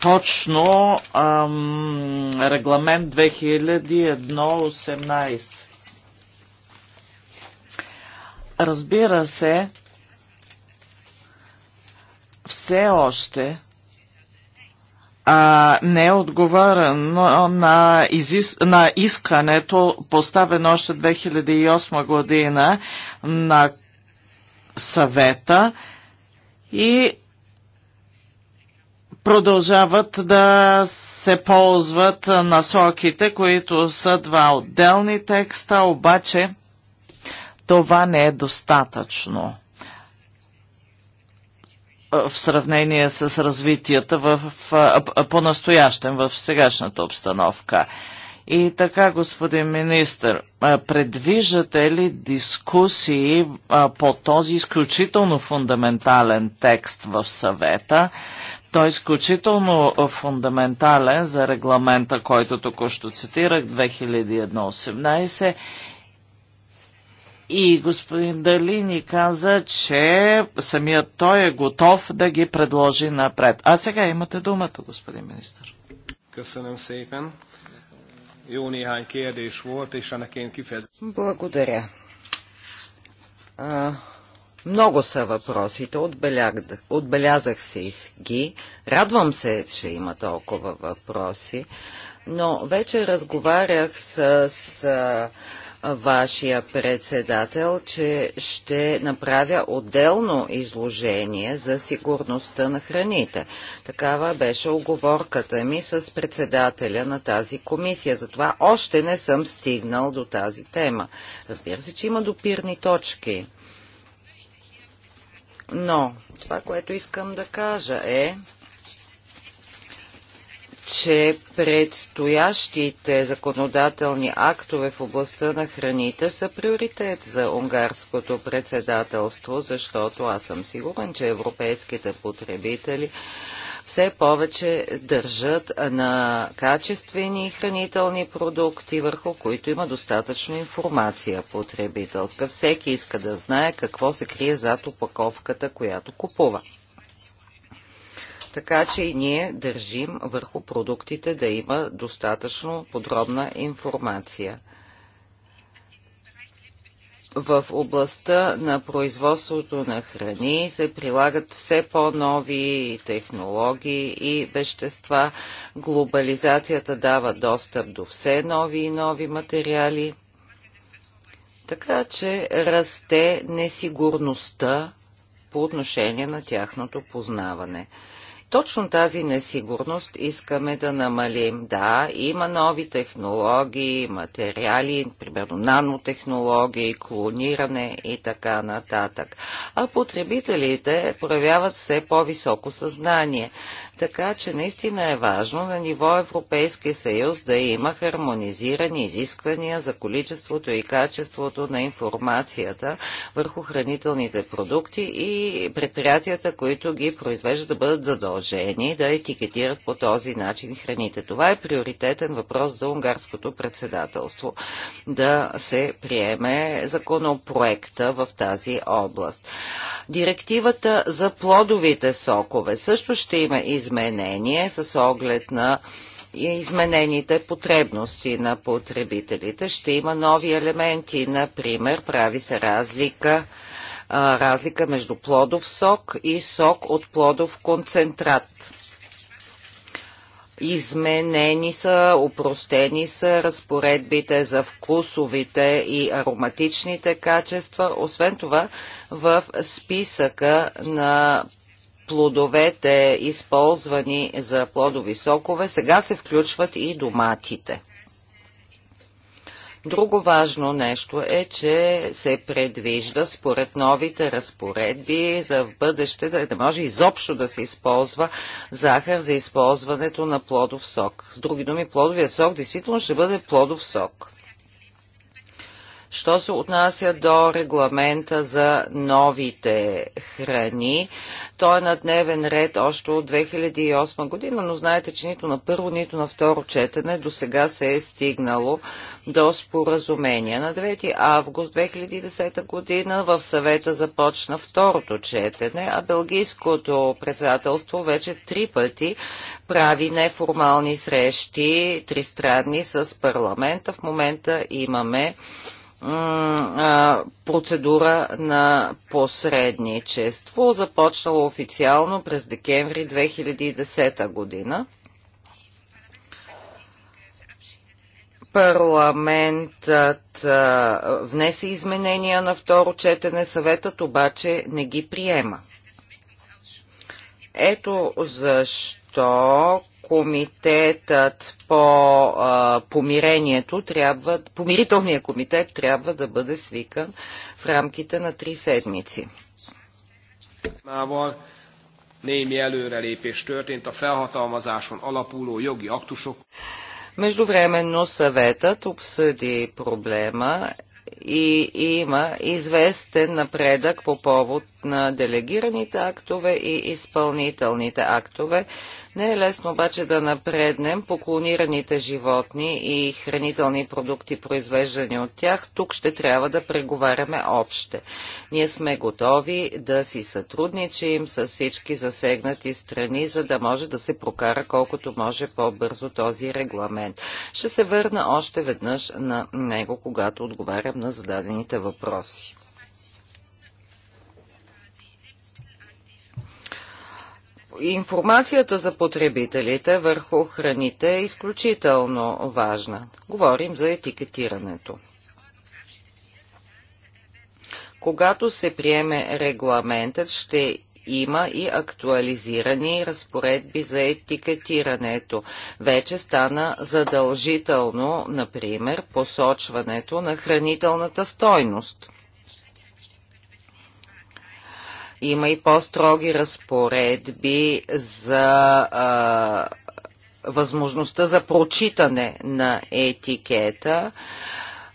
точно ам, регламент 2001-18. Разбира се, все още а, не е отговорено на, изис... на искането, поставено още 2008 година на съвета и продължават да се ползват насоките, които са два отделни текста, обаче това не е достатъчно в сравнение с развитията в, в, по настоящен в сегашната обстановка. И така, господин министр, предвиждате ли дискусии по този изключително фундаментален текст в съвета? Той е изключително фундаментален за регламента, който току-що цитирах, 2001 и господин Дали ни каза, че самият той е готов да ги предложи напред. А сега имате думата, господин министр. Благодаря. А, много са въпросите, отбелях, отбелязах се и ги. Радвам се, че има толкова въпроси, но вече разговарях с, с вашия председател, че ще направя отделно изложение за сигурността на храните. Такава беше оговорката ми с председателя на тази комисия. Затова още не съм стигнал до тази тема. Разбира се, че има допирни точки. Но това, което искам да кажа е, че предстоящите законодателни актове в областта на храните са приоритет за унгарското председателство, защото аз съм сигурен, че европейските потребители все повече държат на качествени хранителни продукти, върху които има достатъчно информация потребителска. Всеки иска да знае какво се крие зад опаковката, която купува. Така че и ние държим върху продуктите да има достатъчно подробна информация. В областта на производството на храни се прилагат все по-нови технологии и вещества. Глобализацията дава достъп до все нови и нови материали. Така че расте несигурността по отношение на тяхното познаване. Точно тази несигурност искаме да намалим. Да, има нови технологии, материали, примерно нанотехнологии, клониране и така нататък. А потребителите проявяват все по-високо съзнание. Така че наистина е важно на ниво Европейски съюз да има хармонизирани изисквания за количеството и качеството на информацията върху хранителните продукти и предприятията, които ги произвеждат да бъдат задължени да етикетират по този начин храните. Това е приоритетен въпрос за унгарското председателство да се приеме законопроекта в тази област. Директивата за плодовите сокове също ще има и изменение с оглед на изменените потребности на потребителите. Ще има нови елементи, например, прави се разлика разлика между плодов сок и сок от плодов концентрат. Изменени са, упростени са разпоредбите за вкусовите и ароматичните качества. Освен това, в списъка на плодовете, използвани за плодови сокове, сега се включват и доматите. Друго важно нещо е, че се предвижда според новите разпоредби за в бъдеще да не може изобщо да се използва захар за използването на плодов сок. С други думи, плодовият сок действително ще бъде плодов сок. Що се отнася до регламента за новите храни, той е на дневен ред още от 2008 година, но знаете, че нито на първо, нито на второ четене до сега се е стигнало до споразумение. На 9 август 2010 година в съвета започна второто четене, а Белгийското председателство вече три пъти прави неформални срещи, тристранни с парламента. В момента имаме процедура на посредничество, започнала официално през декември 2010 година. Парламентът внесе изменения на второ четене, съветът обаче не ги приема. Ето защо комитетът по а, помирението трябва, помирителния комитет трябва да бъде свикан в рамките на три седмици. Némi előrelépés történt a felhatalmazáson alapuló jogi aktusok. Междувременно съветът обсъди проблема и има известен напредък по повод на делегираните актове и изпълнителните актове, не е лесно обаче да напреднем по клонираните животни и хранителни продукти, произвеждани от тях. Тук ще трябва да преговаряме обще. Ние сме готови да си сътрудничим с всички засегнати страни, за да може да се прокара колкото може по-бързо този регламент. Ще се върна още веднъж на него, когато отговарям на зададените въпроси. информацията за потребителите върху храните е изключително важна. Говорим за етикетирането. Когато се приеме регламентът, ще има и актуализирани разпоредби за етикетирането. Вече стана задължително, например, посочването на хранителната стойност – има и по-строги разпоредби за а, възможността за прочитане на етикета.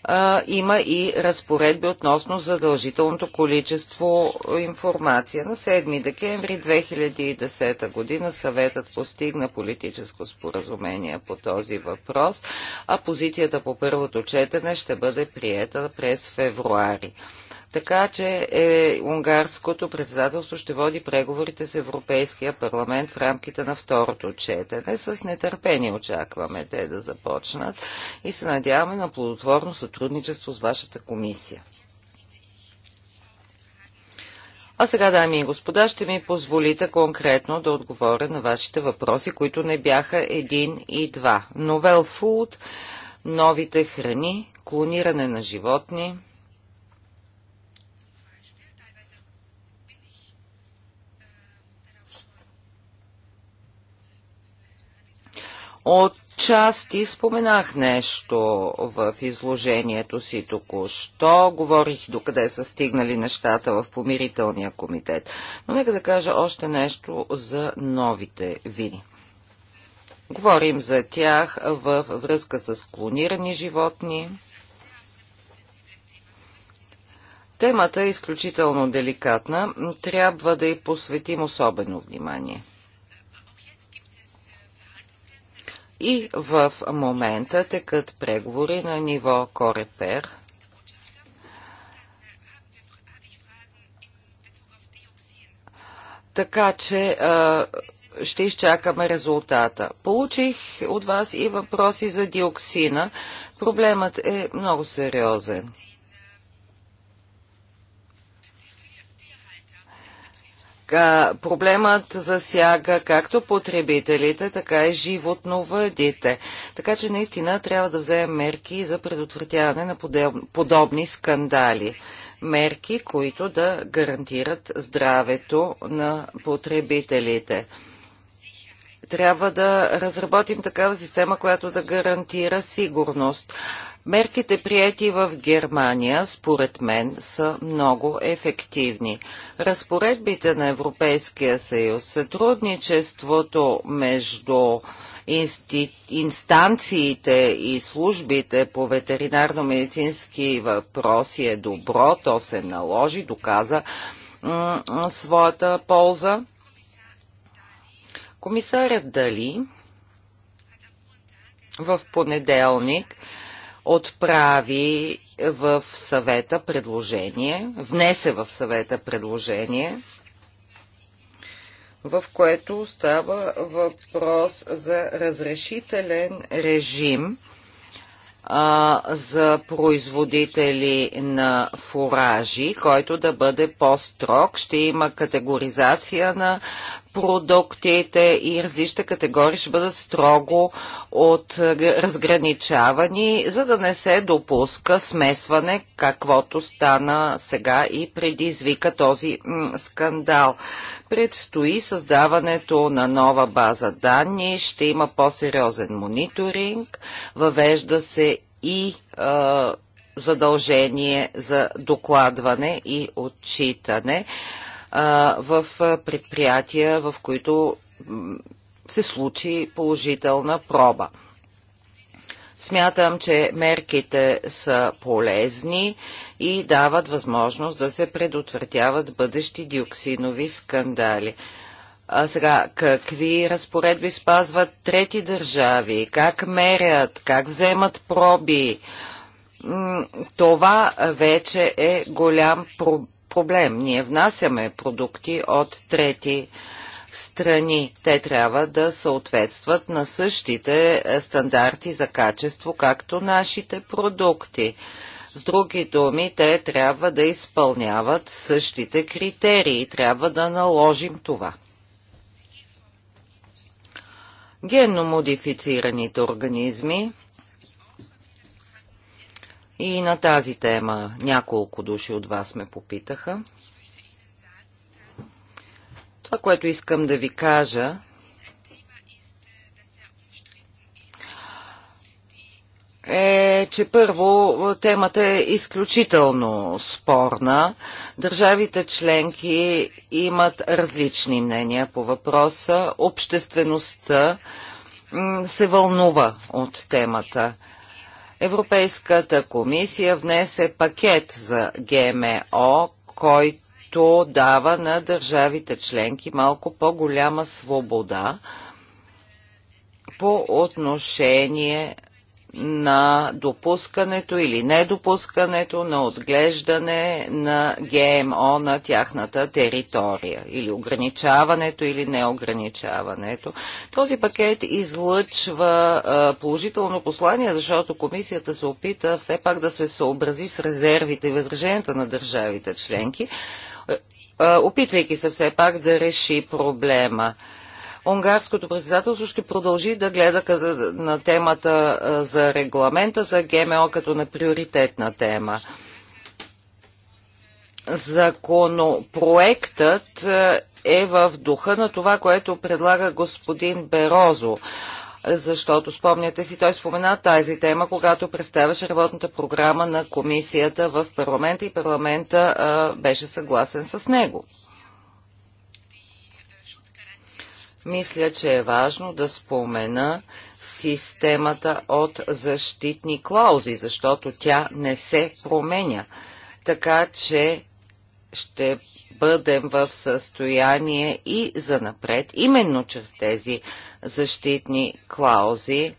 А, има и разпоредби относно задължителното количество информация. На 7 декември 2010 година съветът постигна политическо споразумение по този въпрос, а позицията по първото четене ще бъде приета през февруари. Така че е, унгарското председателство ще води преговорите с Европейския парламент в рамките на второто четене. С нетърпение очакваме те да започнат и се надяваме на плодотворно сътрудничество с вашата комисия. А сега, дами и господа, ще ми позволите конкретно да отговоря на вашите въпроси, които не бяха един и два. Новел фуд, новите храни, клониране на животни, От ти споменах нещо в изложението си току-що. Говорих докъде са стигнали нещата в помирителния комитет. Но нека да кажа още нещо за новите вини. Говорим за тях в връзка с клонирани животни. Темата е изключително деликатна. Трябва да й посветим особено внимание – И в момента текат преговори на ниво Корепер. Така че а, ще изчакаме резултата. Получих от вас и въпроси за диоксина. Проблемът е много сериозен. проблемът засяга както потребителите, така и животновъдите. Така че наистина трябва да вземем мерки за предотвратяване на подобни скандали. Мерки, които да гарантират здравето на потребителите. Трябва да разработим такава система, която да гарантира сигурност. Мерките прияти в Германия, според мен, са много ефективни. Разпоредбите на Европейския съюз, сътрудничеството между инстанциите и службите по ветеринарно-медицински въпроси е добро, то се наложи, доказа своята полза. Комисарят Дали в понеделник отправи в съвета предложение, внесе в съвета предложение, в което става въпрос за разрешителен режим а, за производители на фуражи, който да бъде по-строг. Ще има категоризация на продуктите и различните категории ще бъдат строго от е, разграничавани, за да не се допуска смесване, каквото стана сега и предизвика този скандал. Предстои създаването на нова база данни, ще има по-сериозен мониторинг, въвежда се и е, задължение за докладване и отчитане в предприятия, в които се случи положителна проба. Смятам, че мерките са полезни и дават възможност да се предотвратяват бъдещи диоксинови скандали. А сега, какви разпоредби спазват трети държави? Как мерят? Как вземат проби? Това вече е голям проблем проблем. Ние внасяме продукти от трети страни. Те трябва да съответстват на същите е, стандарти за качество, както нашите продукти. С други думи, те трябва да изпълняват същите критерии. Трябва да наложим това. Генно модифицираните организми – и на тази тема няколко души от вас ме попитаха. Това, което искам да ви кажа, е, че първо темата е изключително спорна. Държавите членки имат различни мнения по въпроса. Обществеността се вълнува от темата. Европейската комисия внесе пакет за ГМО, който дава на държавите членки малко по-голяма свобода по отношение на допускането или недопускането на отглеждане на ГМО на тяхната територия или ограничаването или неограничаването. Този пакет излъчва положително послание, защото комисията се опита все пак да се съобрази с резервите и възраженията на държавите членки, опитвайки се все пак да реши проблема унгарското председателство ще продължи да гледа на темата за регламента за ГМО като на приоритетна тема. Законопроектът е в духа на това, което предлага господин Берозо защото спомняте си, той спомена тази тема, когато представяше работната програма на комисията в парламента и парламента а, беше съгласен с него. мисля, че е важно да спомена системата от защитни клаузи, защото тя не се променя. Така че ще бъдем в състояние и за напред, именно чрез тези защитни клаузи,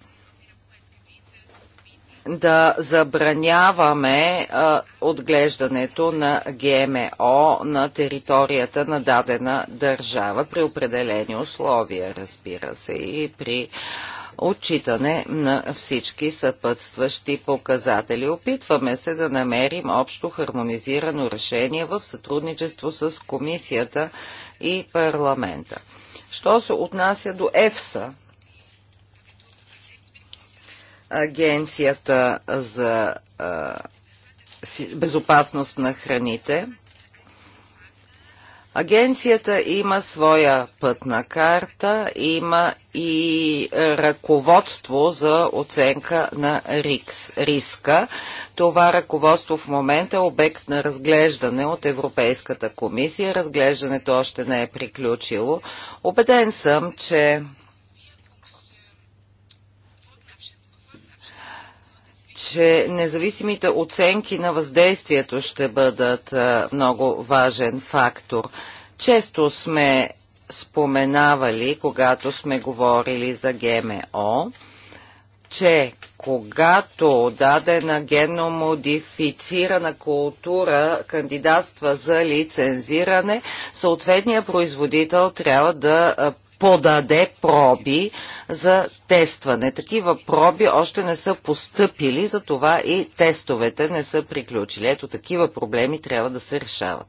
да забраняваме а, отглеждането на ГМО на територията на дадена държава при определени условия, разбира се, и при отчитане на всички съпътстващи показатели. Опитваме се да намерим общо хармонизирано решение в сътрудничество с комисията и парламента. Що се отнася до ЕФСА, Агенцията за безопасност на храните. Агенцията има своя пътна карта, има и ръководство за оценка на риска. Това ръководство в момента е обект на разглеждане от Европейската комисия. Разглеждането още не е приключило. Обеден съм, че че независимите оценки на въздействието ще бъдат е, много важен фактор. Често сме споменавали, когато сме говорили за ГМО, че когато дадена генномодифицирана култура кандидатства за лицензиране, съответният производител трябва да е, подаде проби за тестване. Такива проби още не са постъпили, затова и тестовете не са приключили. Ето такива проблеми трябва да се решават.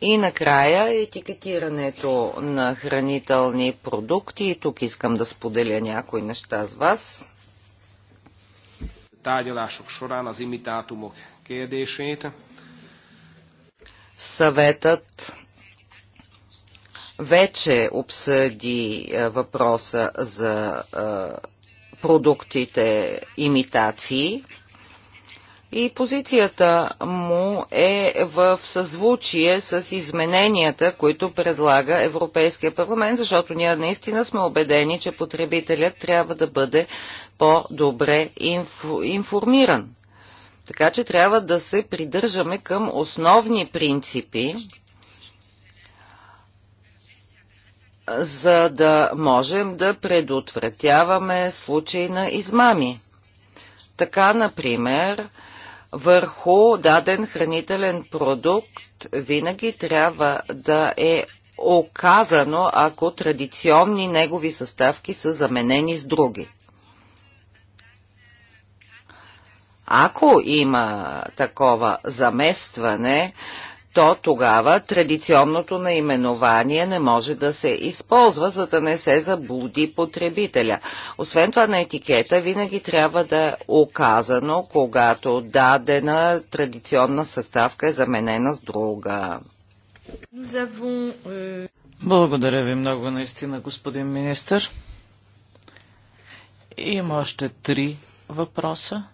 И накрая етикетирането на хранителни продукти. И тук искам да споделя някои неща с вас. Съветът вече обсъди е, въпроса за е, продуктите имитации и позицията му е в съзвучие с измененията, които предлага Европейския парламент, защото ние наистина сме убедени, че потребителят трябва да бъде по-добре информиран. Така че трябва да се придържаме към основни принципи, за да можем да предотвратяваме случаи на измами. Така, например, върху даден хранителен продукт винаги трябва да е оказано, ако традиционни негови съставки са заменени с други. Ако има такова заместване, то тогава традиционното наименование не може да се използва, за да не се заблуди потребителя. Освен това на етикета винаги трябва да е оказано, когато дадена традиционна съставка е заменена с друга. Euh, Благодаря ви много наистина, господин министр. Има още три въпроса.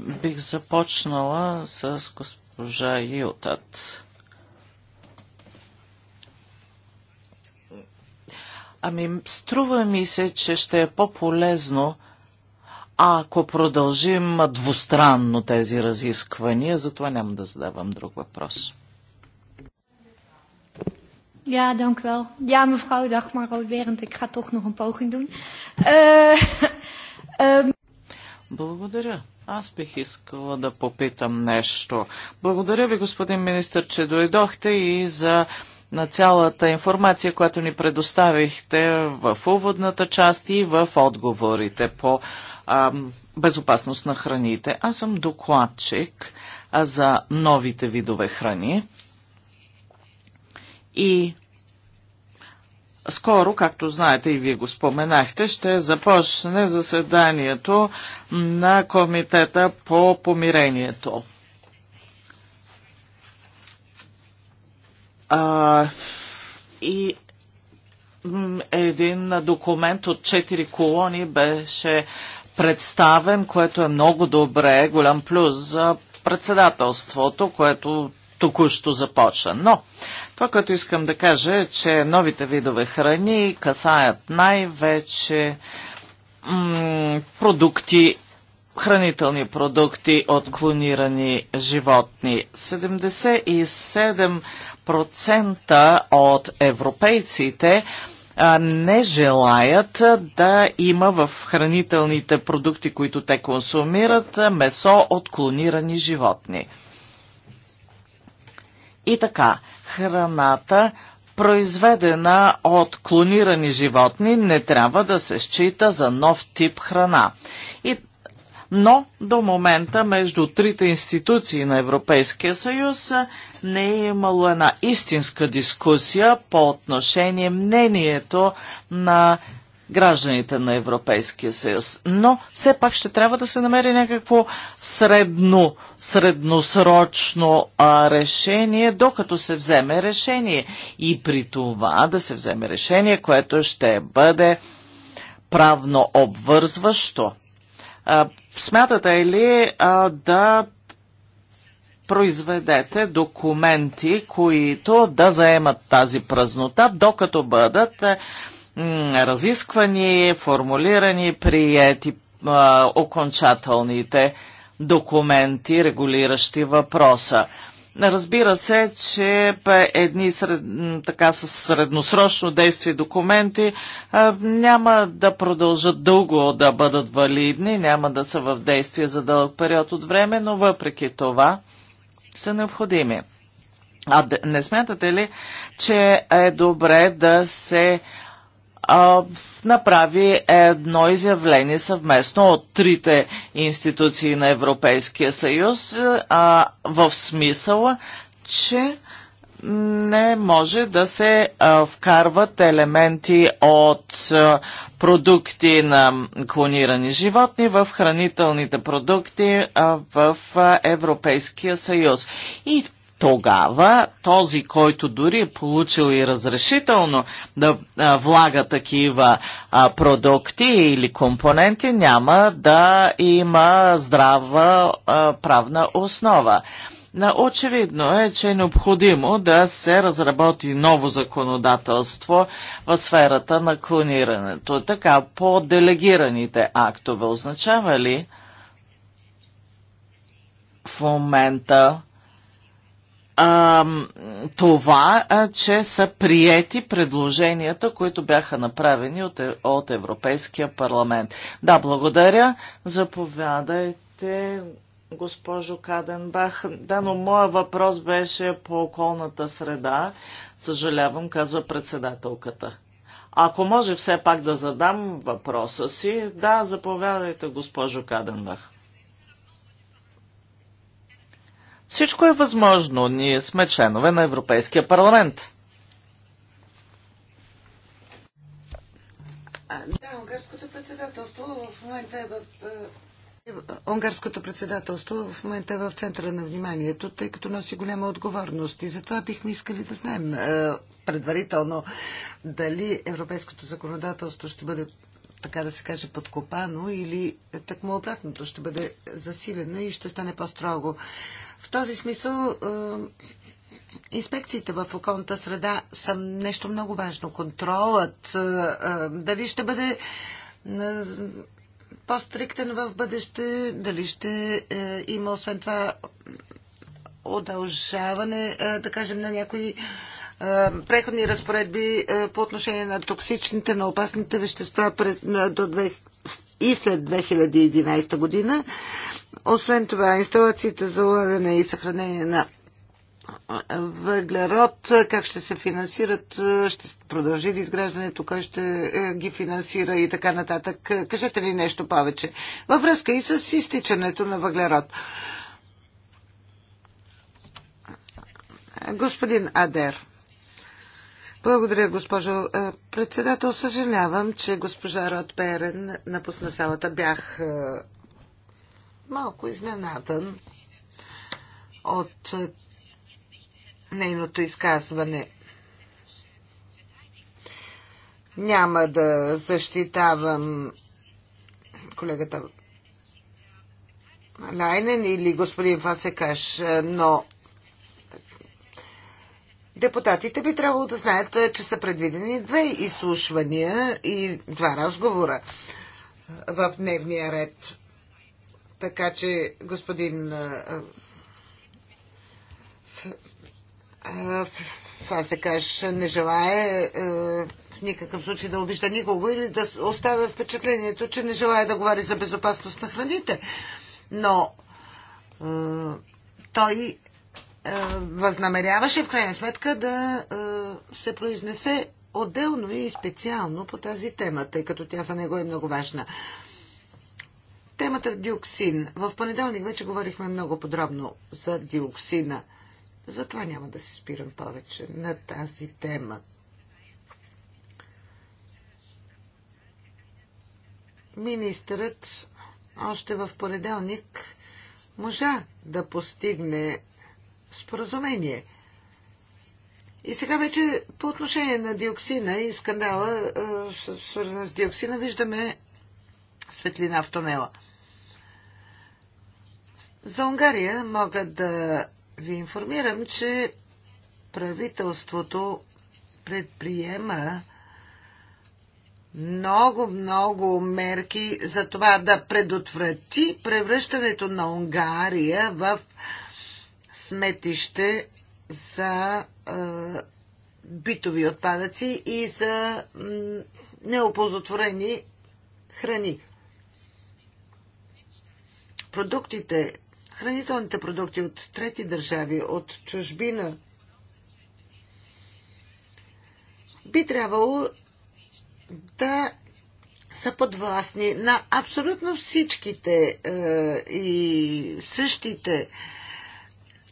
Бих започнала с госпожа Ютат. Ами, струва ми се, че ще е по-полезно, ако продължим двустранно тези разисквания, затова няма да задавам друг въпрос. Ja, dank u wel. Ja, mevrouw Dagmar rood ik ga toch nog een poging doen. Uh, um... Благодаря. Аз бих искала да попитам нещо. Благодаря ви, господин министр, че дойдохте и за на цялата информация, която ни предоставихте в уводната част и в отговорите по а, безопасност на храните. Аз съм докладчик а, за новите видове храни и скоро, както знаете и вие го споменахте, ще започне заседанието на Комитета по помирението. А, и един документ от четири колони беше представен, което е много добре, голям плюс за председателството, което току-що започна. Но това, което искам да кажа е, че новите видове храни касаят най-вече продукти, хранителни продукти от клонирани животни. 77% от европейците не желаят да има в хранителните продукти, които те консумират, месо от клонирани животни. И така, храната, произведена от клонирани животни, не трябва да се счита за нов тип храна. И но до момента между трите институции на Европейския съюз не е имало една истинска дискусия по отношение мнението на гражданите на Европейския съюз. Но все пак ще трябва да се намери някакво средно, средносрочно а, решение, докато се вземе решение. И при това да се вземе решение, което ще бъде правно обвързващо. А, смятате ли а, да произведете документи, които да заемат тази празнота, докато бъдат а, разисквани, формулирани, приети а, окончателните документи, регулиращи въпроса. Разбира се, че едни сред, така с средносрочно действие документи а, няма да продължат дълго да бъдат валидни, няма да са в действие за дълъг период от време, но въпреки това са необходими. А не смятате ли, че е добре да се а, направи едно изявление съвместно от трите институции на Европейския съюз а, в смисъл, че не може да се а, вкарват елементи от а, продукти на клонирани животни в хранителните продукти а, в а, Европейския съюз. И тогава този, който дори е получил и разрешително да влага такива продукти или компоненти, няма да има здрава правна основа. Очевидно е, че е необходимо да се разработи ново законодателство в сферата на клонирането. Така, по делегираните актове означава ли в момента а, това, а, че са приети предложенията, които бяха направени от, от Европейския парламент. Да, благодаря. Заповядайте, госпожо Каденбах. Да, но моя въпрос беше по околната среда. Съжалявам, казва председателката. Ако може все пак да задам въпроса си, да, заповядайте, госпожо Каденбах. Всичко е възможно. Ние сме членове на Европейския парламент. Да, унгарското председателство в момента е в е, е, Унгарското председателство в момента е в центъра на вниманието, тъй като носи голяма отговорност. И затова бихме искали да знаем е, предварително дали европейското законодателство ще бъде така да се каже, подкопано или так му обратното ще бъде засилено и ще стане по-строго. В този смисъл е, Инспекциите в околната среда са нещо много важно. Контролът е, е, дали ще бъде по-стриктен в бъдеще, дали ще има освен това удължаване, да кажем, на някои преходни разпоредби по отношение на токсичните, на опасните вещества до и след 2011 година. Освен това, инсталациите за лавене и съхранение на въглерод, как ще се финансират, ще продължи ли изграждането, кой ще е, ги финансира и така нататък. Кажете ли нещо повече във връзка и с изтичането на въглерод? Господин Адер. Благодаря, госпожо председател. Съжалявам, че госпожа Род Перен напусна салата. Бях малко изненадан от е, нейното изказване. Няма да защитавам колегата Лайнен или господин Фасекаш, е, но депутатите би трябвало да знаят, е, че са предвидени две изслушвания и два разговора в дневния ред. Така че, господин Фасекаш не желая в никакъв случай да обижда никого или да оставя впечатлението, че не желая да говори за безопасност на храните. Но той възнамеряваше в крайна сметка да се произнесе отделно и специално по тази тема, тъй като тя за него е много важна. Темата диоксин. В понеделник вече говорихме много подробно за диоксина. Затова няма да се спирам повече на тази тема. Министърът още в понеделник можа да постигне споразумение. И сега вече по отношение на диоксина и скандала, свързан с диоксина, виждаме светлина в тунела. За Унгария мога да ви информирам, че правителството предприема много, много мерки за това да предотврати превръщането на Унгария в сметище за е, битови отпадъци и за неопозотворени храни продуктите, хранителните продукти от трети държави, от чужбина, би трябвало да са подвластни на абсолютно всичките е, и същите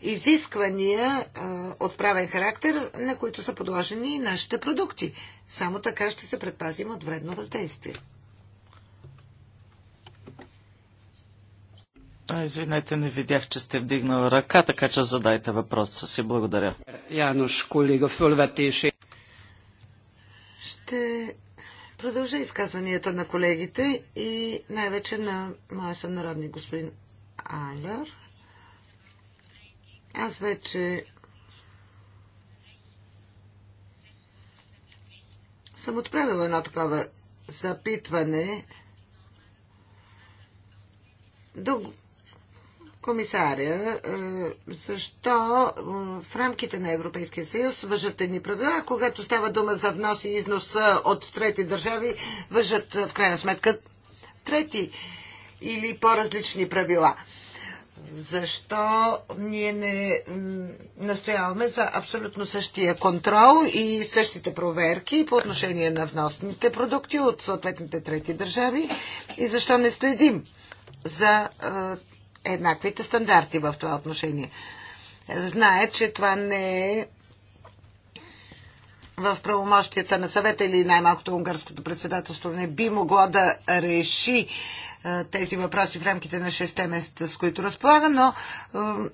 изисквания е, от правен характер, на които са подложени и нашите продукти. Само така ще се предпазим от вредно въздействие. А, извинете, не видях, че сте вдигнал ръка, така че задайте въпроса си. Благодаря. Януш, колега Фулватиши. Ще продължа изказванията на колегите и най-вече на моя сънародник господин Айлер. Аз вече съм отправила едно такова запитване до комисаря, е, защо в рамките на Европейския съюз въжат едни правила, когато става дума за внос и износ е, от трети държави, въжат е, в крайна сметка трети или по-различни правила. Защо ние не настояваме за абсолютно същия контрол и същите проверки по отношение на вносните продукти от съответните трети държави и защо не следим за еднаквите стандарти в това отношение. Знае, че това не е в правомощията на съвета или най-малкото унгарското председателство не би могло да реши е, тези въпроси в рамките на 6 месеца, с които разполага, но е,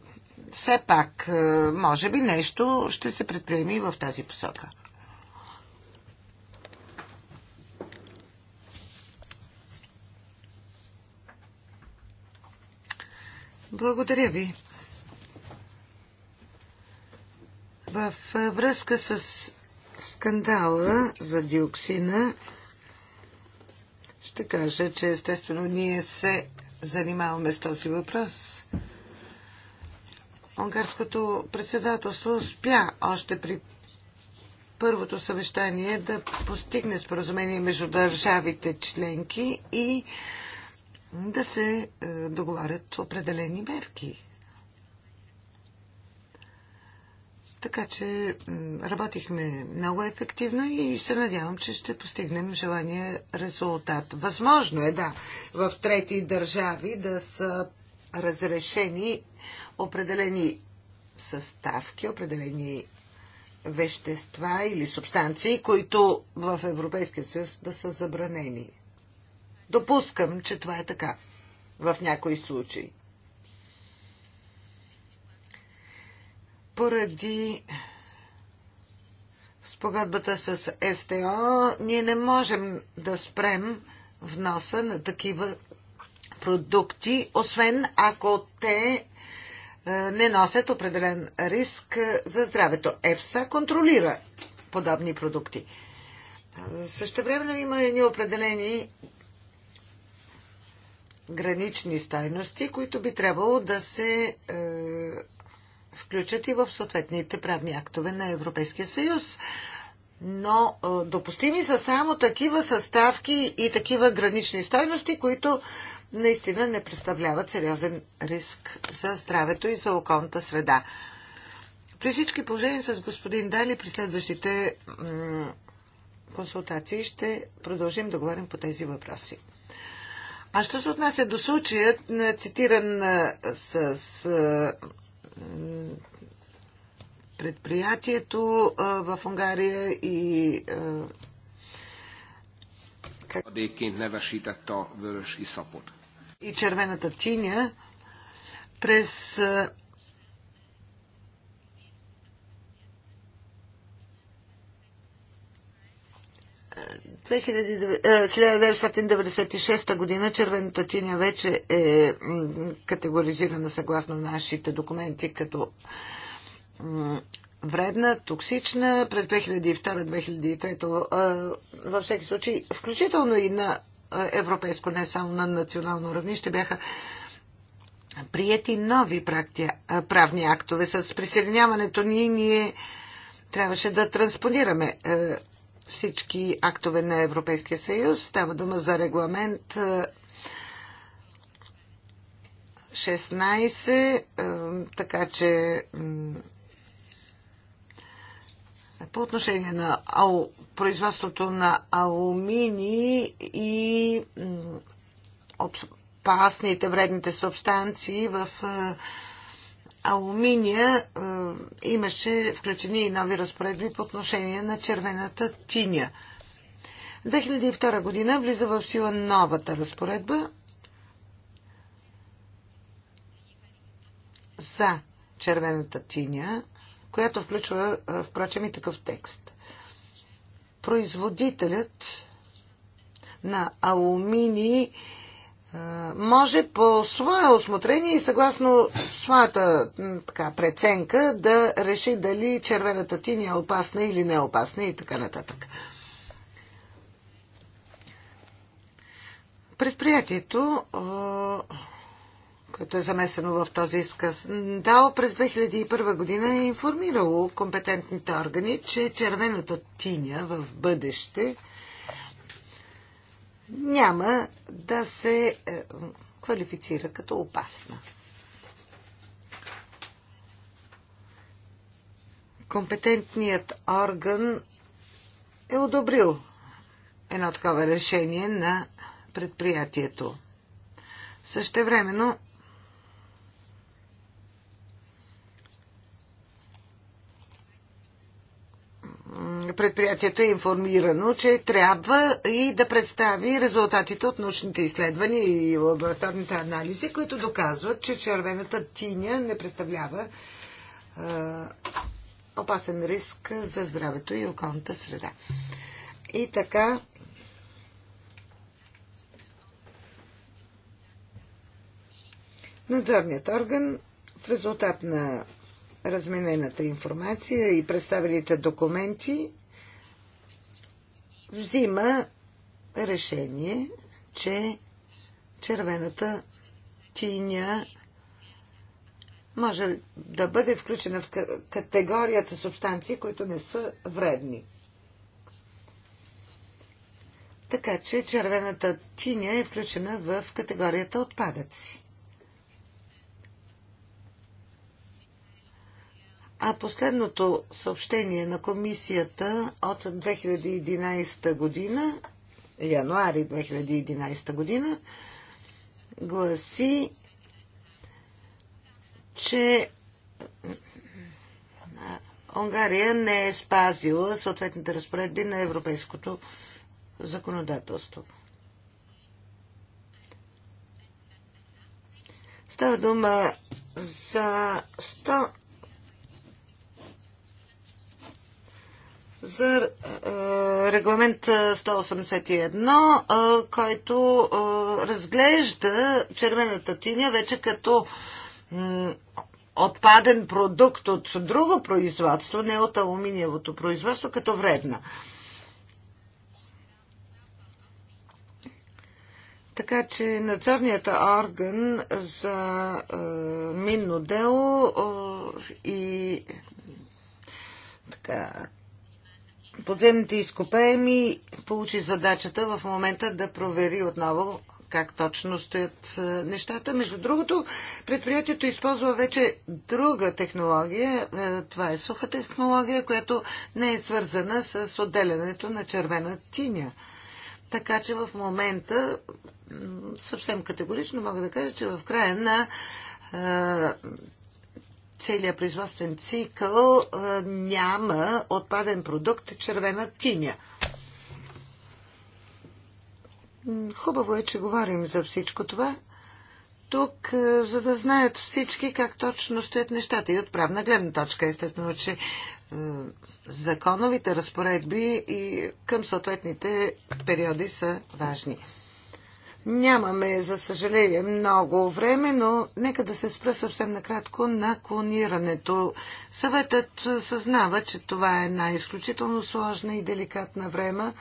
все пак, е, може би нещо ще се предприеми в тази посока. Благодаря ви. В връзка с скандала за диоксина ще кажа, че естествено ние се занимаваме с този въпрос. Унгарското председателство успя още при първото съвещание да постигне споразумение между държавите членки и да се е, договарят определени мерки. Така че работихме много ефективно и се надявам, че ще постигнем желания резултат. Възможно е, да, в трети държави да са разрешени определени съставки, определени вещества или субстанции, които в Европейския съюз да са забранени. Допускам, че това е така в някои случаи. Поради спогодбата с СТО, ние не можем да спрем вноса на такива продукти, освен ако те е, не носят определен риск за здравето. ЕФСА контролира подобни продукти. Е, Също време има и определени гранични стойности, които би трябвало да се е, включат и в съответните правни актове на Европейския съюз. Но е, допустими са само такива съставки и такива гранични стойности, които наистина не представляват сериозен риск за здравето и за околната среда. При всички положения с господин Дали при следващите консултации ще продължим да говорим по тези въпроси. А що се отнася до случая, е, цитиран е, с, с е, предприятието в Унгария и И червената тиня през 1996 година червената тиня вече е категоризирана съгласно нашите документи като вредна, токсична. През 2002-2003 е, във всеки случай, включително и на е, европейско, не само на национално равнище, бяха приети нови е, правни актове. С присъединяването ни ние трябваше да транспонираме всички актове на Европейския съюз. Става дума за регламент 16, е, е, така че по отношение на производството на алумини и опасните вредните субстанции в е, алуминия е, имаше включени и нови разпоредби по отношение на червената тиня. 2002 година влиза в сила новата разпоредба за червената тиня, която включва, е, впрочем, и такъв текст. Производителят на алуминий може по свое осмотрение и съгласно своята така, преценка да реши дали червената тиня е опасна или не е опасна и така нататък. Предприятието, което е замесено в този изказ, дал през 2001 година е информирало компетентните органи, че червената тиня в бъдеще – няма да се е, квалифицира като опасна. Компетентният орган е одобрил едно такова решение на предприятието. Същевременно предприятието е информирано, че трябва и да представи резултатите от научните изследвания и лабораторните анализи, които доказват, че червената тиня не представлява а, е, опасен риск за здравето и околната среда. И така, надзорният орган в резултат на разменената информация и представените документи взима решение, че червената тиня може да бъде включена в категорията субстанции, които не са вредни. Така че червената тиня е включена в категорията отпадъци. А последното съобщение на комисията от 2011 година, януари 2011 година, гласи, че Унгария не е спазила съответните разпоредби на европейското законодателство. Става дума за 100 за е, регламент 181, е, е, който разглежда червената тиня вече като отпаден продукт от друго производство, не от алуминиевото производство, като вредна. Така че надзорният орган за е, минно дело е, и така, подземните изкопаеми получи задачата в момента да провери отново как точно стоят е, нещата. Между другото, предприятието използва вече друга технология. Е, това е суха технология, която не е свързана с отделянето на червена тиня. Така че в момента съвсем категорично мога да кажа, че в края на е, целият производствен цикъл няма отпаден продукт червена тиня. Хубаво е, че говорим за всичко това тук, за да знаят всички как точно стоят нещата. И от правна гледна точка, естествено, че законовите разпоредби и към съответните периоди са важни. Нямаме, за съжаление, много време, но нека да се спра съвсем накратко на клонирането. Съветът съзнава, че това е една изключително сложна и деликатна време,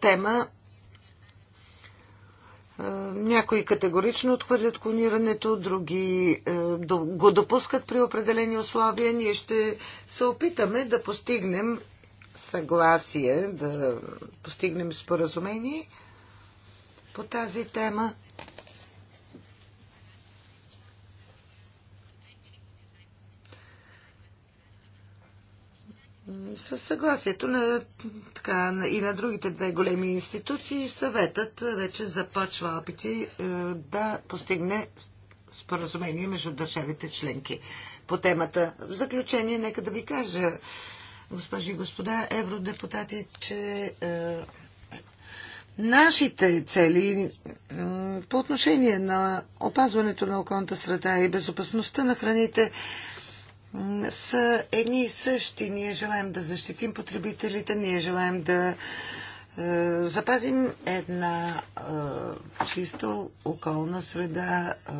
тема. Някои категорично отхвърлят клонирането, други го допускат при определени условия. Ние ще се опитаме да постигнем съгласие, да постигнем споразумение – по тази тема. Със съгласието на, така, и на другите две големи институции, съветът вече започва опити е, да постигне споразумение между държавите членки по темата. В заключение, нека да ви кажа, госпожи и господа евродепутати, че е, нашите цели по отношение на опазването на околната среда и безопасността на храните са едни и същи. Ние желаем да защитим потребителите, ние желаем да е, запазим една е, чиста околна среда е,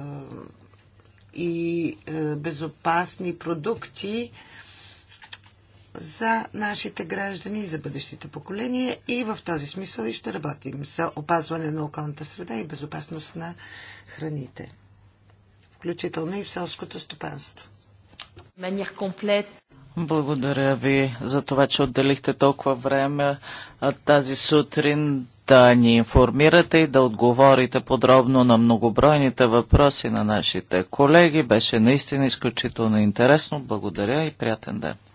и е, безопасни продукти за нашите граждани и за бъдещите поколения и в този смисъл и ще работим за опазване на околната среда и безопасност на храните, включително и в селското стопанство. Благодаря ви за това, че отделихте толкова време тази сутрин да ни информирате и да отговорите подробно на многобройните въпроси на нашите колеги. Беше наистина изключително интересно. Благодаря и приятен ден.